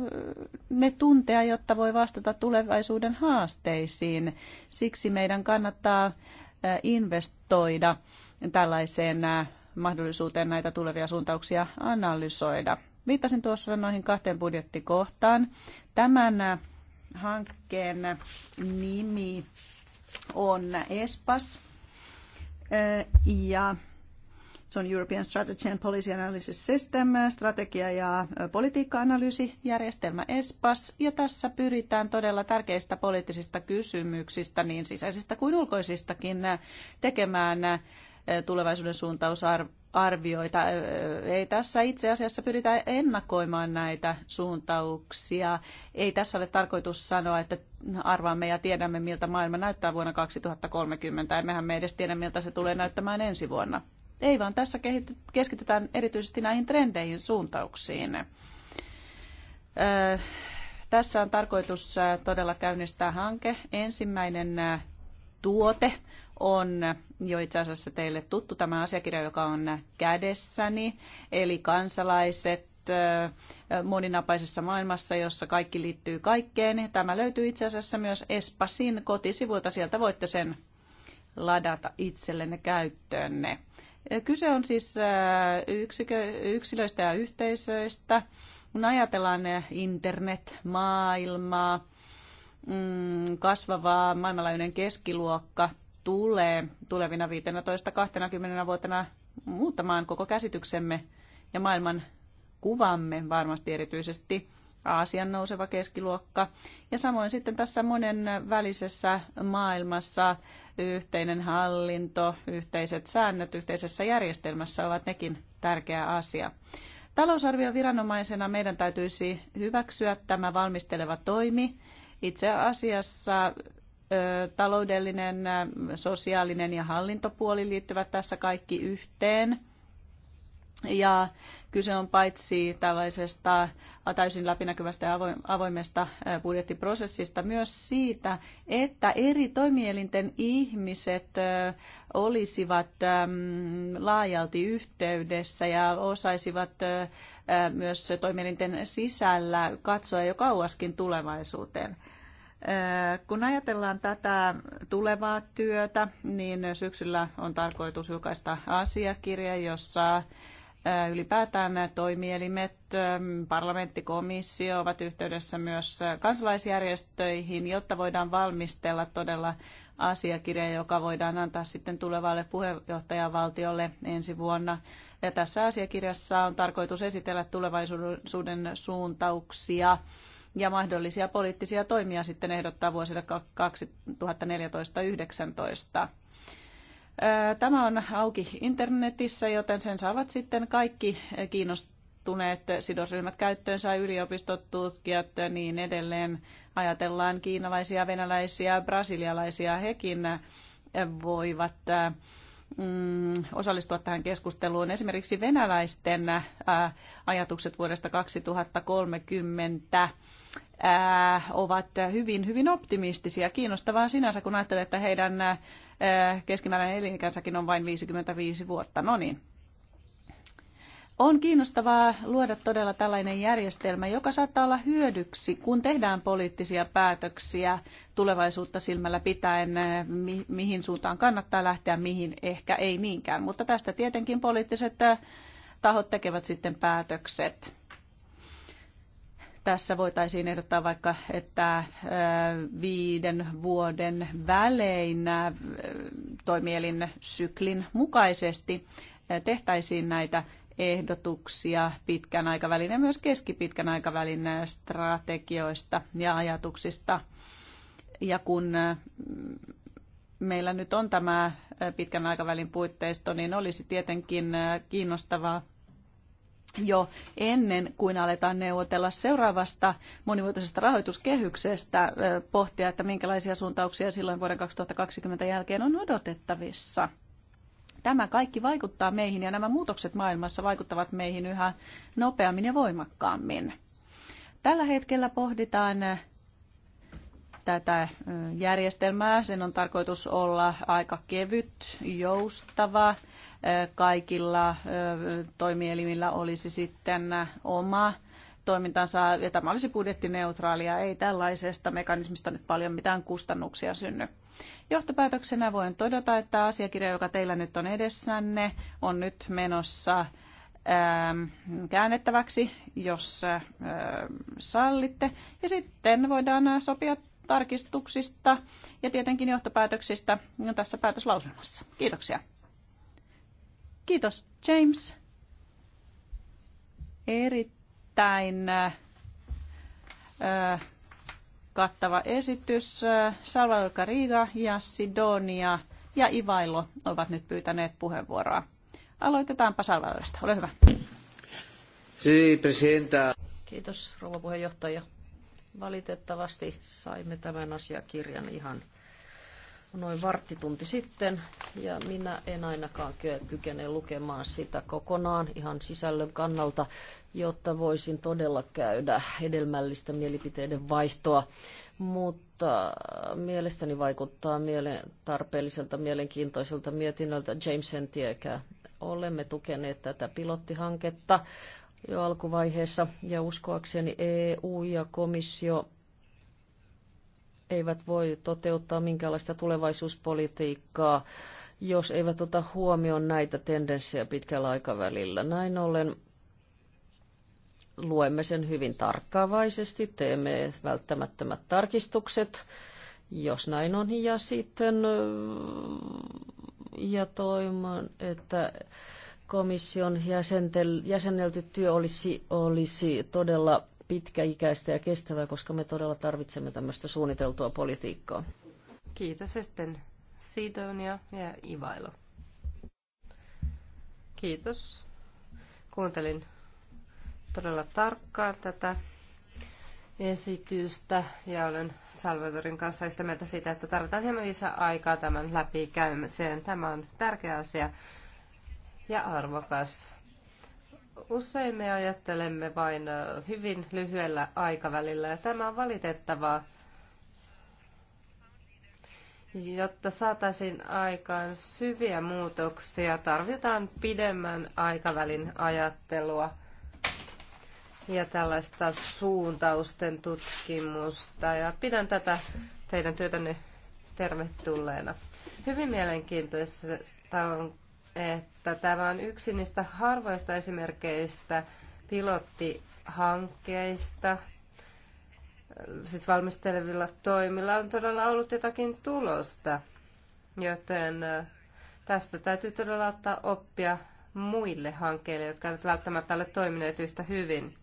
ne tuntea, jotta voi vastata tulevaisuuden haasteisiin. Siksi meidän kannattaa investoida tällaiseen mahdollisuuteen näitä tulevia suuntauksia analysoida. Viittasin tuossa noihin kahteen budjettikohtaan. Tämän hankkeen nimi on ESPAS ja se on European Strategy and Policy Analysis System, strategia- ja politiikka-analyysijärjestelmä ESPAS. Ja tässä pyritään todella tärkeistä poliittisista kysymyksistä, niin sisäisistä kuin ulkoisistakin, tekemään tulevaisuuden suuntausarvioita arvioita. Ei tässä itse asiassa pyritä ennakoimaan näitä suuntauksia. Ei tässä ole tarkoitus sanoa, että arvaamme ja tiedämme, miltä maailma näyttää vuonna 2030. Emmehän me edes tiedä, miltä se tulee näyttämään ensi vuonna. Ei vaan tässä keskitytään erityisesti näihin trendeihin suuntauksiin. Tässä on tarkoitus todella käynnistää hanke. Ensimmäinen tuote on jo itse asiassa teille tuttu tämä asiakirja, joka on kädessäni, eli kansalaiset moninapaisessa maailmassa, jossa kaikki liittyy kaikkeen. Tämä löytyy itse asiassa myös Espasin kotisivuilta, sieltä voitte sen ladata itsellenne käyttöönne. Kyse on siis yksikö, yksilöistä ja yhteisöistä. Kun ajatellaan internet-maailmaa, mm, kasvava maailmanlaajuinen keskiluokka, tulee tulevina 15-20 vuotena muuttamaan koko käsityksemme ja maailman kuvamme varmasti erityisesti Aasian nouseva keskiluokka. Ja samoin sitten tässä monen välisessä maailmassa yhteinen hallinto, yhteiset säännöt yhteisessä järjestelmässä ovat nekin tärkeä asia. Talousarvioviranomaisena meidän täytyisi hyväksyä tämä valmisteleva toimi. Itse asiassa taloudellinen, sosiaalinen ja hallintopuoli liittyvät tässä kaikki yhteen. Ja kyse on paitsi tällaisesta täysin läpinäkyvästä ja avoimesta budjettiprosessista myös siitä, että eri toimielinten ihmiset olisivat laajalti yhteydessä ja osaisivat myös toimielinten sisällä katsoa jo kauaskin tulevaisuuteen. Äh, kun ajatellaan tätä tulevaa työtä, niin syksyllä on tarkoitus julkaista asiakirja, jossa äh, ylipäätään toimielimet, ähm, parlamenttikomissio ovat yhteydessä myös kansalaisjärjestöihin, jotta voidaan valmistella todella asiakirja, joka voidaan antaa sitten tulevalle puheenjohtajavaltiolle ensi vuonna. Ja tässä asiakirjassa on tarkoitus esitellä tulevaisuuden suuntauksia ja mahdollisia poliittisia toimia sitten ehdottaa vuosille 2014-2019. Tämä on auki internetissä, joten sen saavat sitten kaikki kiinnostuneet sidosryhmät käyttöönsä, yliopistot, tutkijat ja niin edelleen. Ajatellaan kiinalaisia, venäläisiä, brasilialaisia, hekin voivat Mm, osallistua tähän keskusteluun. Esimerkiksi venäläisten äh, ajatukset vuodesta 2030 äh, ovat hyvin, hyvin optimistisia. Kiinnostavaa sinänsä, kun ajattelee, että heidän äh, keskimääräinen elinikänsäkin on vain 55 vuotta. No niin, on kiinnostavaa luoda todella tällainen järjestelmä, joka saattaa olla hyödyksi, kun tehdään poliittisia päätöksiä tulevaisuutta silmällä pitäen, mi- mihin suuntaan kannattaa lähteä, mihin ehkä ei niinkään. Mutta tästä tietenkin poliittiset äh, tahot tekevät sitten päätökset. Tässä voitaisiin ehdottaa vaikka, että äh, viiden vuoden välein äh, toimielin syklin mukaisesti tehtäisiin näitä ehdotuksia pitkän aikavälin ja myös keskipitkän aikavälin strategioista ja ajatuksista. Ja kun äh, meillä nyt on tämä äh, pitkän aikavälin puitteisto, niin olisi tietenkin äh, kiinnostavaa jo ennen kuin aletaan neuvotella seuraavasta monivuotisesta rahoituskehyksestä pohtia, että minkälaisia suuntauksia silloin vuoden 2020 jälkeen on odotettavissa. Tämä kaikki vaikuttaa meihin ja nämä muutokset maailmassa vaikuttavat meihin yhä nopeammin ja voimakkaammin. Tällä hetkellä pohditaan eh, tätä eh, järjestelmää. Sen on tarkoitus olla aika kevyt, joustava. Eh, kaikilla toimielimillä olisi sitten oma toimintansa, ja tämä olisi budjettineutraalia, ei tällaisesta mekanismista nyt paljon mitään kustannuksia synny. Johtopäätöksenä voin todeta, että asiakirja, joka teillä nyt on edessänne, on nyt menossa ähm, käännettäväksi, jos äh, sallitte. Ja sitten voidaan sopia tarkistuksista ja tietenkin johtopäätöksistä tässä päätöslauselmassa. Kiitoksia. Kiitos James. Erittäin erittäin äh, äh, kattava esitys. Salvador Cariga ja Sidonia ja Ivailo ovat nyt pyytäneet puheenvuoroa. Aloitetaanpa Salvadorista. Ole hyvä. Kiitos, rouva puheenjohtaja. Valitettavasti saimme tämän asiakirjan ihan noin varttitunti sitten, ja minä en ainakaan kykene lukemaan sitä kokonaan ihan sisällön kannalta, jotta voisin todella käydä hedelmällistä mielipiteiden vaihtoa. Mutta mielestäni vaikuttaa mielen, tarpeelliselta, mielenkiintoiselta mietinnöltä James Entiekä. Olemme tukeneet tätä pilottihanketta jo alkuvaiheessa, ja uskoakseni EU ja komissio eivät voi toteuttaa minkäänlaista tulevaisuuspolitiikkaa, jos eivät ota huomioon näitä tendenssejä pitkällä aikavälillä. Näin ollen luemme sen hyvin tarkkaavaisesti, teemme välttämättömät tarkistukset, jos näin on, ja sitten ja toivon, että komission jäsentel, jäsenelty työ olisi, olisi todella pitkäikäistä ja kestävää, koska me todella tarvitsemme tämmöistä suunniteltua politiikkaa. Kiitos ja sitten Sidonia ja Ivailo. Kiitos. Kuuntelin todella tarkkaan tätä esitystä ja olen Salvatorin kanssa yhtä mieltä siitä, että tarvitaan hieman lisää aikaa tämän läpikäymiseen. Tämä on tärkeä asia ja arvokas. Usein me ajattelemme vain hyvin lyhyellä aikavälillä ja tämä on valitettavaa. Jotta saataisiin aikaan syviä muutoksia, tarvitaan pidemmän aikavälin ajattelua ja tällaista suuntausten tutkimusta. Ja pidän tätä teidän työtänne tervetulleena. Hyvin mielenkiintoista on että tämä on yksi niistä harvoista esimerkkeistä pilottihankkeista, siis valmistelevilla toimilla on todella ollut jotakin tulosta, joten tästä täytyy todella ottaa oppia muille hankkeille, jotka eivät välttämättä ole toimineet yhtä hyvin.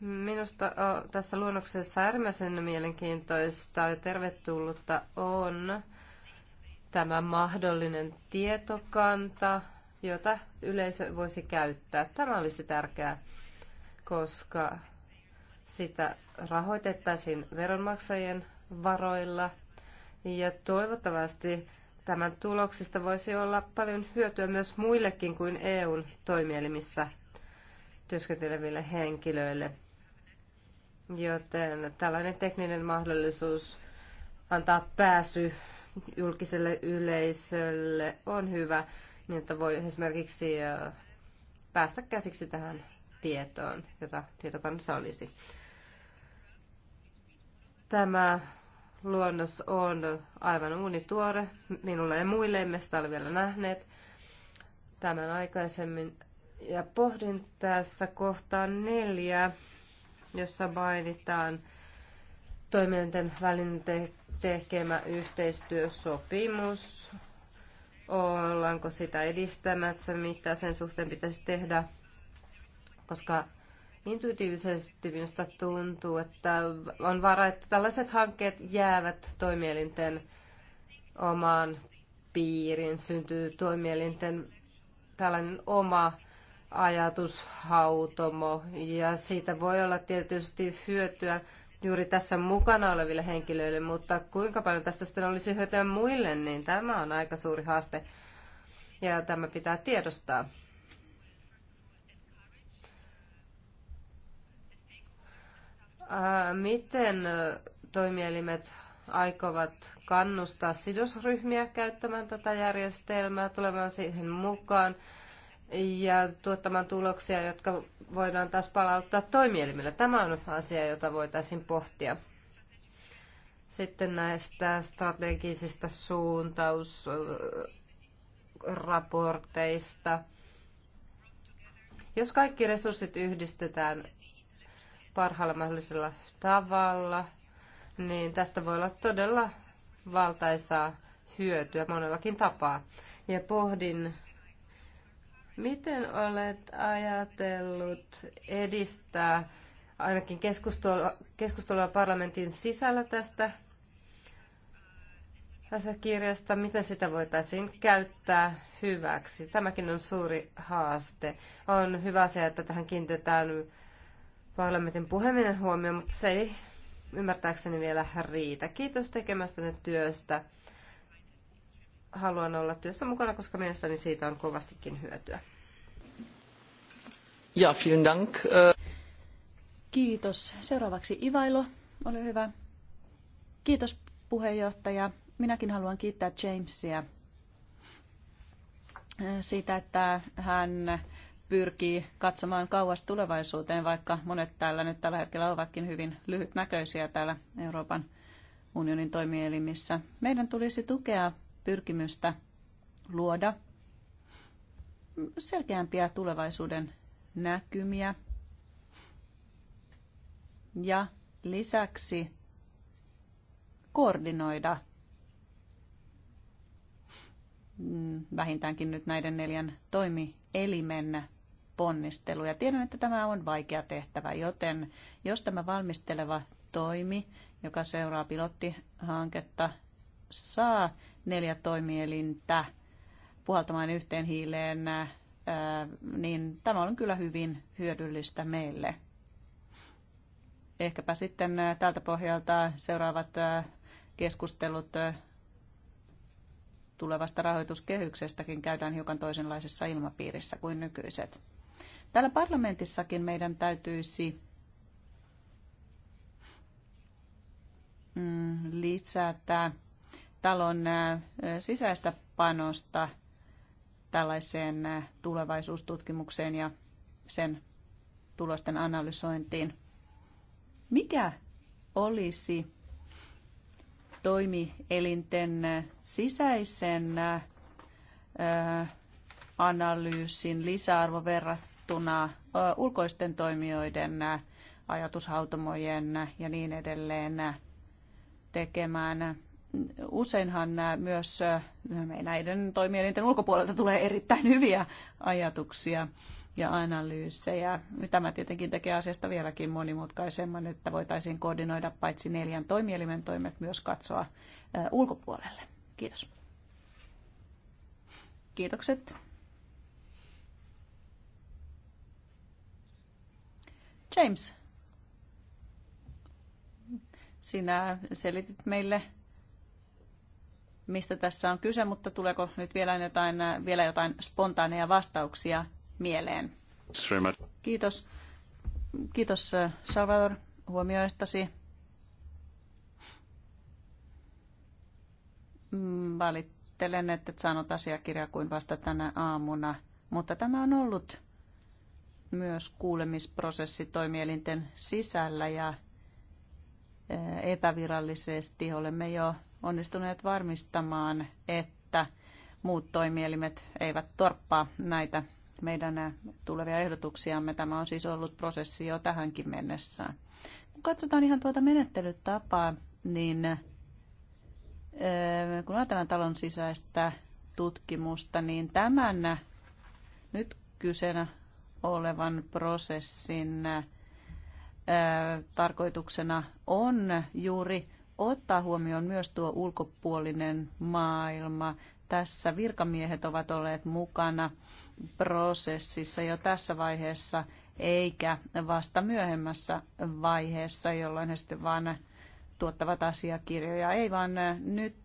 Minusta tässä luonnoksessa äärimmäisen mielenkiintoista ja tervetullutta on, tämä mahdollinen tietokanta, jota yleisö voisi käyttää. Tämä olisi tärkeää, koska sitä rahoitettaisiin veronmaksajien varoilla ja toivottavasti tämän tuloksista voisi olla paljon hyötyä myös muillekin kuin EUn toimielimissä työskenteleville henkilöille. Joten tällainen tekninen mahdollisuus antaa pääsy julkiselle yleisölle on hyvä, niin että voi esimerkiksi päästä käsiksi tähän tietoon, jota tietokannassa olisi. Tämä luonnos on aivan uunituore. Minulle ja muille emme sitä ole vielä nähneet tämän aikaisemmin. Ja pohdin tässä kohtaan neljä, jossa mainitaan toimijoiden välinen tekemä yhteistyösopimus. Ollaanko sitä edistämässä, mitä sen suhteen pitäisi tehdä? Koska intuitiivisesti minusta tuntuu, että on vara, että tällaiset hankkeet jäävät toimielinten omaan piiriin, syntyy toimielinten tällainen oma ajatushautomo ja siitä voi olla tietysti hyötyä juuri tässä mukana oleville henkilöille, mutta kuinka paljon tästä sitten olisi hyötyä muille, niin tämä on aika suuri haaste ja tämä pitää tiedostaa. Miten toimielimet aikovat kannustaa sidosryhmiä käyttämään tätä järjestelmää, tulemaan siihen mukaan? ja tuottamaan tuloksia, jotka voidaan taas palauttaa toimielimille. Tämä on asia, jota voitaisiin pohtia. Sitten näistä strategisista suuntausraporteista. Jos kaikki resurssit yhdistetään parhaalla mahdollisella tavalla, niin tästä voi olla todella valtaisaa hyötyä monellakin tapaa. Ja pohdin Miten olet ajatellut edistää ainakin keskustelua, keskustelua parlamentin sisällä tästä kirjasta? miten sitä voitaisiin käyttää hyväksi. Tämäkin on suuri haaste. On hyvä asia, että tähän kiinnitetään parlamentin puheminen huomioon, mutta se ei ymmärtääkseni vielä riitä. Kiitos tekemästäne työstä haluan olla työssä mukana, koska mielestäni siitä on kovastikin hyötyä. Ja, vielen dank. Kiitos. Seuraavaksi Ivailo, ole hyvä. Kiitos puheenjohtaja. Minäkin haluan kiittää Jamesia siitä, että hän pyrkii katsomaan kauas tulevaisuuteen, vaikka monet täällä nyt tällä hetkellä ovatkin hyvin lyhytnäköisiä täällä Euroopan unionin toimielimissä. Meidän tulisi tukea pyrkimystä luoda selkeämpiä tulevaisuuden näkymiä. Ja lisäksi koordinoida mm, vähintäänkin nyt näiden neljän toimielimen ponnisteluja. Tiedän, että tämä on vaikea tehtävä, joten jos tämä valmisteleva toimi, joka seuraa pilottihanketta, saa neljä toimielintä puhaltamaan yhteen hiileen, äh, niin tämä on kyllä hyvin hyödyllistä meille. Ehkäpä sitten äh, tältä pohjalta seuraavat äh, keskustelut tulevasta rahoituskehyksestäkin käydään hiukan toisenlaisessa ilmapiirissä kuin nykyiset. Täällä parlamentissakin meidän täytyisi mm, lisätä talon sisäistä panosta tällaiseen tulevaisuustutkimukseen ja sen tulosten analysointiin. Mikä olisi toimielinten sisäisen analyysin lisäarvo verrattuna ulkoisten toimijoiden, ajatushautomojen ja niin edelleen tekemään useinhan nämä myös näiden toimielinten ulkopuolelta tulee erittäin hyviä ajatuksia ja analyysejä. Tämä tietenkin tekee asiasta vieläkin monimutkaisemman, että voitaisiin koordinoida paitsi neljän toimielimen toimet myös katsoa ulkopuolelle. Kiitos. Kiitokset. James, sinä selitit meille mistä tässä on kyse, mutta tuleeko nyt vielä jotain, vielä jotain spontaaneja vastauksia mieleen? Kiitos. Kiitos äh, Salvador huomioistasi. Mm, valittelen, että et saanut asiakirjaa kuin vasta tänä aamuna, mutta tämä on ollut myös kuulemisprosessi toimielinten sisällä ja äh, epävirallisesti olemme jo onnistuneet varmistamaan, että muut toimielimet eivät torppaa näitä meidän tulevia ehdotuksiamme. Tämä on siis ollut prosessi jo tähänkin mennessä. Kun katsotaan ihan tuota menettelytapaa, niin kun ajatellaan talon sisäistä tutkimusta, niin tämän nyt kyseenä olevan prosessin tarkoituksena on juuri ottaa huomioon myös tuo ulkopuolinen maailma. Tässä virkamiehet ovat olleet mukana prosessissa jo tässä vaiheessa, eikä vasta myöhemmässä vaiheessa, jolloin he sitten vaan tuottavat asiakirjoja. Ei vaan nyt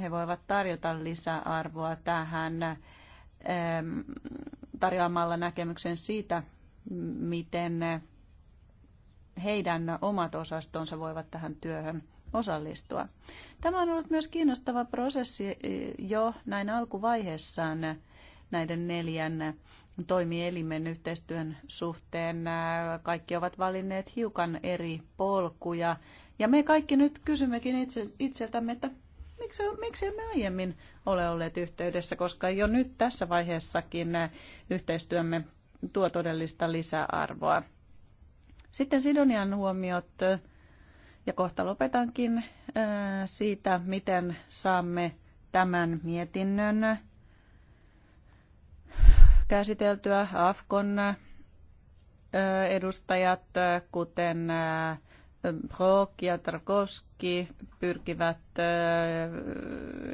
he voivat tarjota lisäarvoa tähän ähm, tarjoamalla näkemyksen siitä, miten heidän omat osastonsa voivat tähän työhön osallistua. Tämä on ollut myös kiinnostava prosessi eh, jo näin alkuvaiheessaan näiden neljän toimielimen yhteistyön suhteen. Kaikki ovat valinneet hiukan eri polkuja. Ja me kaikki nyt kysymmekin itse, itseltämme, että miksi, miksi emme aiemmin ole olleet yhteydessä, koska jo nyt tässä vaiheessakin yhteistyömme tuo todellista lisäarvoa. Sitten Sidonian huomiot ja kohta lopetankin äh, siitä, miten saamme tämän mietinnön käsiteltyä AFKon äh, edustajat, äh, kuten Brok ja Tarkovski pyrkivät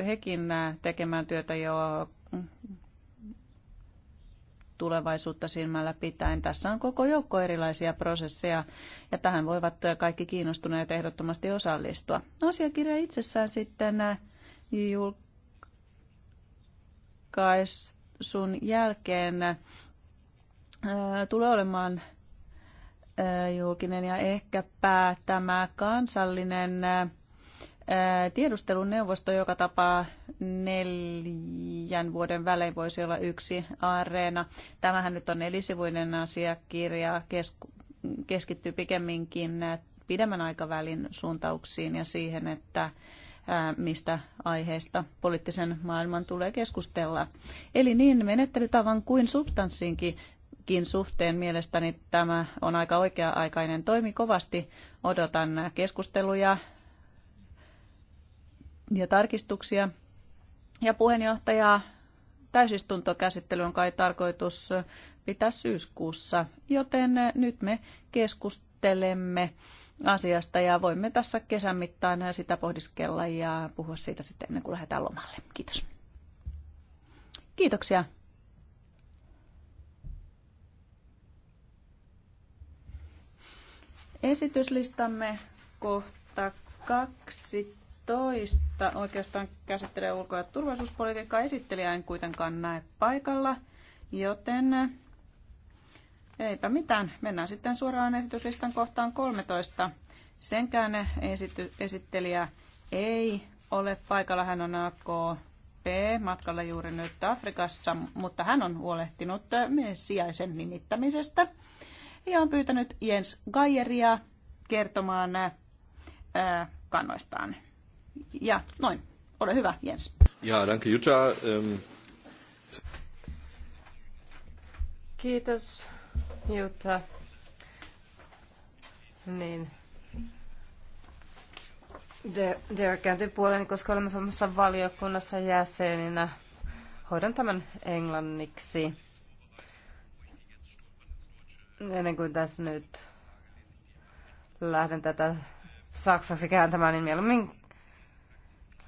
hekin tekemään työtä jo tulevaisuutta silmällä pitäen. Tässä on koko joukko erilaisia prosesseja ja tähän voivat kaikki kiinnostuneet ehdottomasti osallistua. Asiakirja itsessään sitten äh, julkaisun jälkeen äh, tulee olemaan äh, julkinen ja ehkäpä tämä kansallinen Tiedusteluneuvosto, joka tapaa neljän vuoden välein, voisi olla yksi areena. Tämähän nyt on nelisivuinen asiakirja, keskittyy pikemminkin pidemmän aikavälin suuntauksiin ja siihen, että mistä aiheesta poliittisen maailman tulee keskustella. Eli niin menettelytavan kuin substanssiinkin suhteen mielestäni tämä on aika oikea-aikainen toimi. Kovasti odotan keskusteluja ja tarkistuksia. Ja puheenjohtaja täysistuntokäsittely on kai tarkoitus pitää syyskuussa, joten nyt me keskustelemme asiasta ja voimme tässä kesän mittaan sitä pohdiskella ja puhua siitä sitten ennen kuin lähdetään lomalle. Kiitos. Kiitoksia. Esityslistamme kohta kaksi toista oikeastaan käsittelee ulko- ja turvallisuuspolitiikkaa. Esittelijä en kuitenkaan näe paikalla, joten eipä mitään. Mennään sitten suoraan esityslistan kohtaan 13. Senkään esity- esittelijä ei ole paikalla. Hän on AKP matkalla juuri nyt Afrikassa, mutta hän on huolehtinut äh, myös sijaisen nimittämisestä ja on pyytänyt Jens Gajeria kertomaan äh, kannoistaan. Ja noin, ole hyvä Jens. Ja, danke Jutta. Ähm. Kiitos Jutta. Niin. Derek kääntyi puoleeni, koska olemme samassa valiokunnassa jäseninä. Hoidan tämän englanniksi. Ennen kuin tässä nyt lähden tätä saksaksi kääntämään, niin mieluummin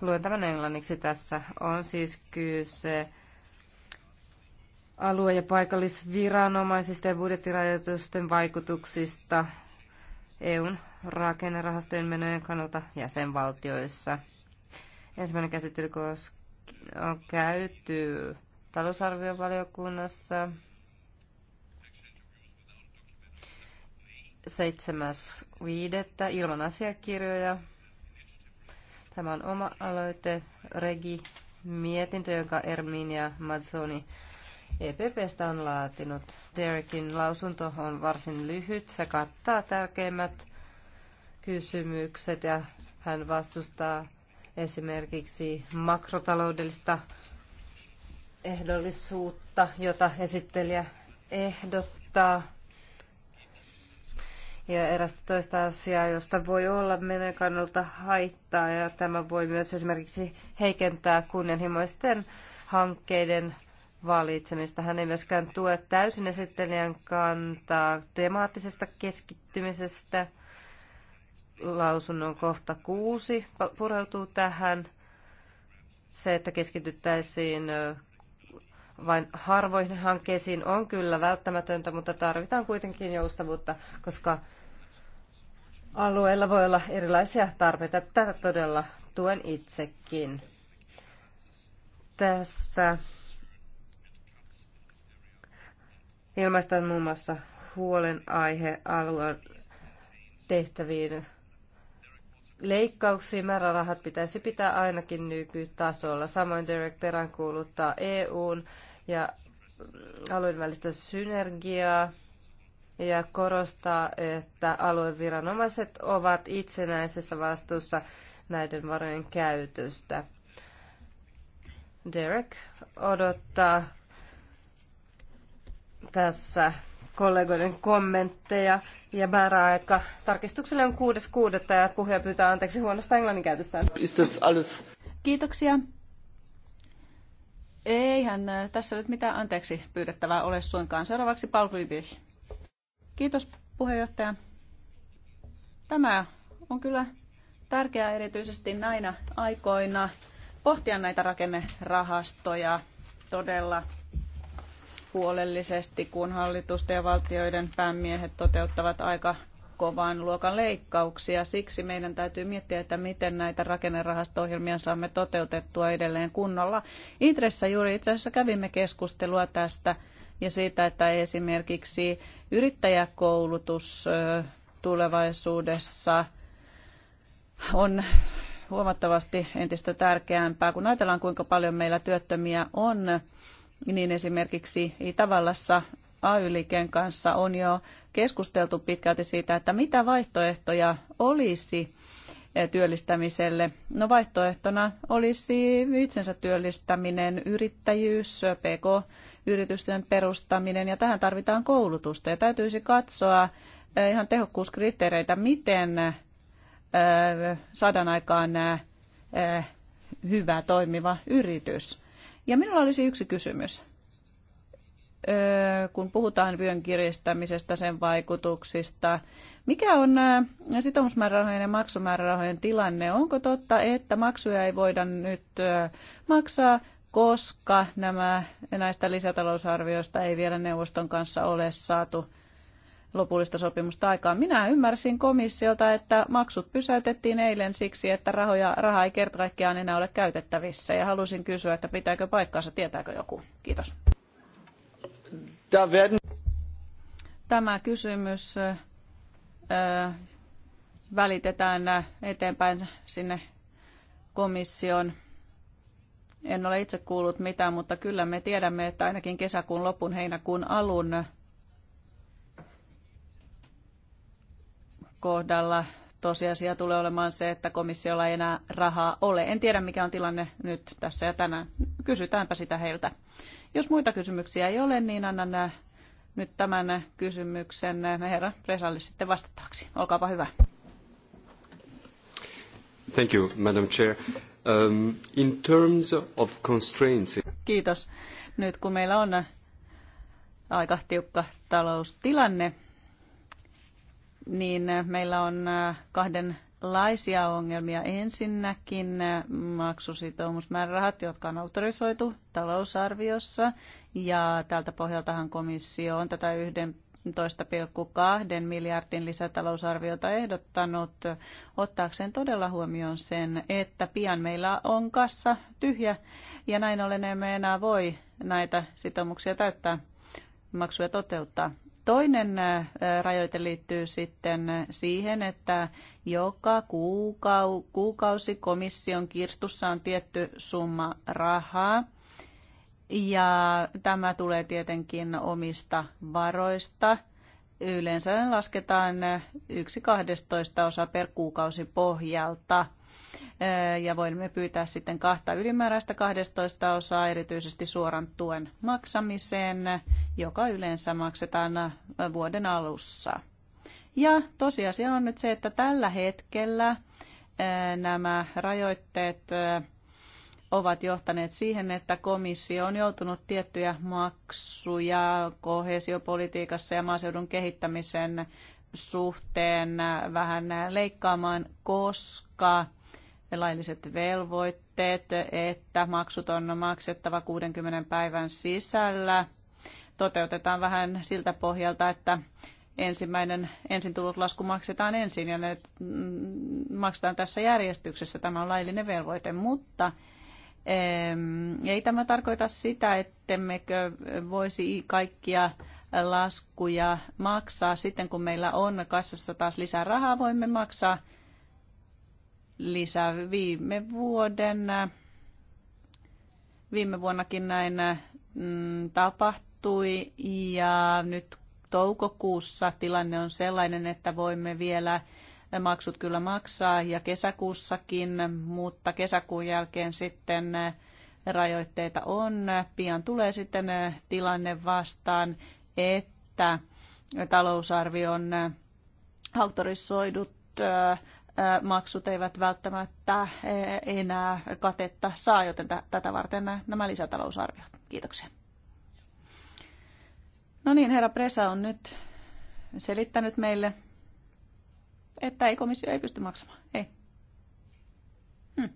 Luen tämän englanniksi tässä. On siis kyse alue- ja paikallisviranomaisista ja budjettirajoitusten vaikutuksista EUn rakennerahastojen menojen kannalta jäsenvaltioissa. Ensimmäinen käsittely on käyty talousarviovaliokunnassa 7.5. ilman asiakirjoja. Tämä on oma aloite, regi, mietintö, jonka Erminia Mazzoni EPPstä on laatinut. Derekin lausunto on varsin lyhyt. Se kattaa tärkeimmät kysymykset ja hän vastustaa esimerkiksi makrotaloudellista ehdollisuutta, jota esittelijä ehdottaa ja eräs toista asiaa, josta voi olla meidän kannalta haittaa, ja tämä voi myös esimerkiksi heikentää kunnianhimoisten hankkeiden valitsemista. Hän ei myöskään tue täysin esittelijän kantaa temaattisesta keskittymisestä. Lausunnon kohta kuusi pureutuu tähän. Se, että keskityttäisiin vain harvoihin hankkeisiin on kyllä välttämätöntä, mutta tarvitaan kuitenkin joustavuutta, koska alueella voi olla erilaisia tarpeita. Tätä todella tuen itsekin. Tässä ilmaistaan muun muassa huolenaihe alueen tehtäviin leikkauksiin. Määrärahat pitäisi pitää ainakin nykytasolla. Samoin Derek peräänkuuluttaa EUn ja alueen välistä synergiaa ja korostaa, että alueviranomaiset ovat itsenäisessä vastuussa näiden varojen käytöstä. Derek odottaa tässä kollegoiden kommentteja. Ja määräaika tarkistukselle on 6.6. ja puhuja pyytää anteeksi huonosta käytöstä. Kiitoksia. Eihän äh, tässä nyt mitään anteeksi pyydettävää ole suinkaan. Seuraavaksi Paul Rübich. Kiitos puheenjohtaja. Tämä on kyllä tärkeää erityisesti näinä aikoina pohtia näitä rakennerahastoja todella huolellisesti, kun hallitusten ja valtioiden päämiehet toteuttavat aika kovan luokan leikkauksia. Siksi meidän täytyy miettiä, että miten näitä rakennerahasto-ohjelmia saamme toteutettua edelleen kunnolla. Intressä juuri itse asiassa kävimme keskustelua tästä ja siitä, että esimerkiksi yrittäjäkoulutus tulevaisuudessa on huomattavasti entistä tärkeämpää. Kun ajatellaan, kuinka paljon meillä työttömiä on, niin esimerkiksi Itävallassa AY-liikkeen kanssa on jo keskusteltu pitkälti siitä, että mitä vaihtoehtoja olisi työllistämiselle. No vaihtoehtona olisi itsensä työllistäminen, yrittäjyys, PK yritysten perustaminen ja tähän tarvitaan koulutusta ja täytyisi katsoa eh, ihan tehokkuuskriteereitä, miten eh, saadaan aikaan eh, hyvä toimiva yritys. Ja minulla olisi yksi kysymys. Kun puhutaan vyön kiristämisestä, sen vaikutuksista, mikä on sitoumusmäärärahojen ja maksumäärärahojen tilanne? Onko totta, että maksuja ei voida nyt maksaa koska nämä, näistä lisätalousarvioista ei vielä neuvoston kanssa ole saatu lopullista sopimusta aikaan. Minä ymmärsin komissiolta, että maksut pysäytettiin eilen siksi, että rahoja, raha ei kerta kaikkiaan enää ole käytettävissä. Ja halusin kysyä, että pitääkö paikkaansa, tietääkö joku? Kiitos. Tämä kysymys ö, äh, välitetään äh, eteenpäin sinne komission en ole itse kuullut mitään, mutta kyllä me tiedämme, että ainakin kesäkuun lopun, heinäkuun alun kohdalla tosiasia tulee olemaan se, että komissiolla ei enää rahaa ole. En tiedä, mikä on tilanne nyt tässä ja tänään. Kysytäänpä sitä heiltä. Jos muita kysymyksiä ei ole, niin annan äh, nyt tämän kysymyksen äh, herra Presalle sitten vastattavaksi. Olkaapa hyvä. Thank you, Madam Chair. Um, in terms of constraints. Kiitos. Nyt kun meillä on aika tiukka taloustilanne, niin meillä on äh, kahdenlaisia ongelmia. Ensinnäkin äh, maksusitoumusmäärärahat, jotka on autorisoitu talousarviossa, ja tältä pohjaltahan komissio on tätä yhden 12,2 miljardin lisätalousarviota ehdottanut, ottaakseen todella huomioon sen, että pian meillä on kassa tyhjä ja näin ollen emme enää voi näitä sitoumuksia täyttää, maksuja toteuttaa. Toinen rajoite liittyy sitten siihen, että joka kuukausi komission kirstussa on tietty summa rahaa – ja tämä tulee tietenkin omista varoista. Yleensä lasketaan 1 12 osa per kuukausi pohjalta. Ja voimme pyytää sitten kahta ylimääräistä 12 osaa erityisesti suoran tuen maksamiseen, joka yleensä maksetaan vuoden alussa. Ja tosiasia on nyt se, että tällä hetkellä nämä rajoitteet ovat johtaneet siihen, että komissio on joutunut tiettyjä maksuja kohesiopolitiikassa ja maaseudun kehittämisen suhteen vähän leikkaamaan, koska lailliset velvoitteet, että maksut on maksettava 60 päivän sisällä, toteutetaan vähän siltä pohjalta, että ensimmäinen ensin tullut lasku maksetaan ensin ja ne mm, maksetaan tässä järjestyksessä. Tämä on laillinen velvoite, mutta ei tämä tarkoita sitä, ettemmekö voisi kaikkia laskuja maksaa. Sitten kun meillä on kassassa taas lisää rahaa, voimme maksaa lisää viime vuoden. Viime vuonnakin näin mm, tapahtui ja nyt toukokuussa tilanne on sellainen, että voimme vielä maksut kyllä maksaa ja kesäkuussakin, mutta kesäkuun jälkeen sitten rajoitteita on. Pian tulee sitten tilanne vastaan, että talousarvion autorisoidut maksut eivät välttämättä enää katetta saa, joten tätä varten nämä lisätalousarviot. Kiitoksia. No niin, herra Presa on nyt selittänyt meille että ei komissio ei pysty maksamaan. Ei. Hmm.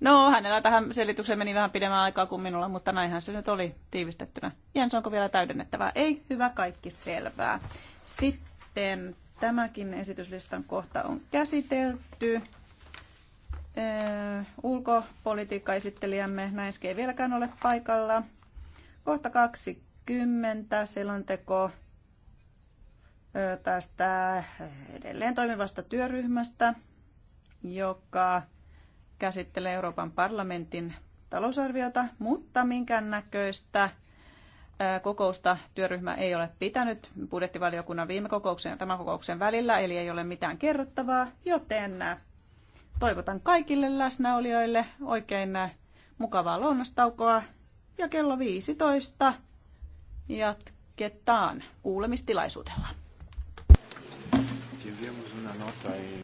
No, hänellä tähän selitykseen meni vähän pidemmän aikaa kuin minulla, mutta näinhän se nyt oli tiivistettynä. Jens, onko vielä täydennettävää? Ei, hyvä, kaikki selvää. Sitten tämäkin esityslistan kohta on käsitelty. Öö, ulkopolitiikka-esittelijämme Näiske no ei vieläkään ole paikalla. Kohta 20, selonteko tästä edelleen toimivasta työryhmästä, joka käsittelee Euroopan parlamentin talousarviota, mutta minkään näköistä kokousta työryhmä ei ole pitänyt budjettivaliokunnan viime kokouksen ja tämän kokouksen välillä, eli ei ole mitään kerrottavaa, joten toivotan kaikille läsnäolijoille oikein mukavaa lounastaukoa ja kello 15 jatketaan kuulemistilaisuudella. Gli inviamos una nota e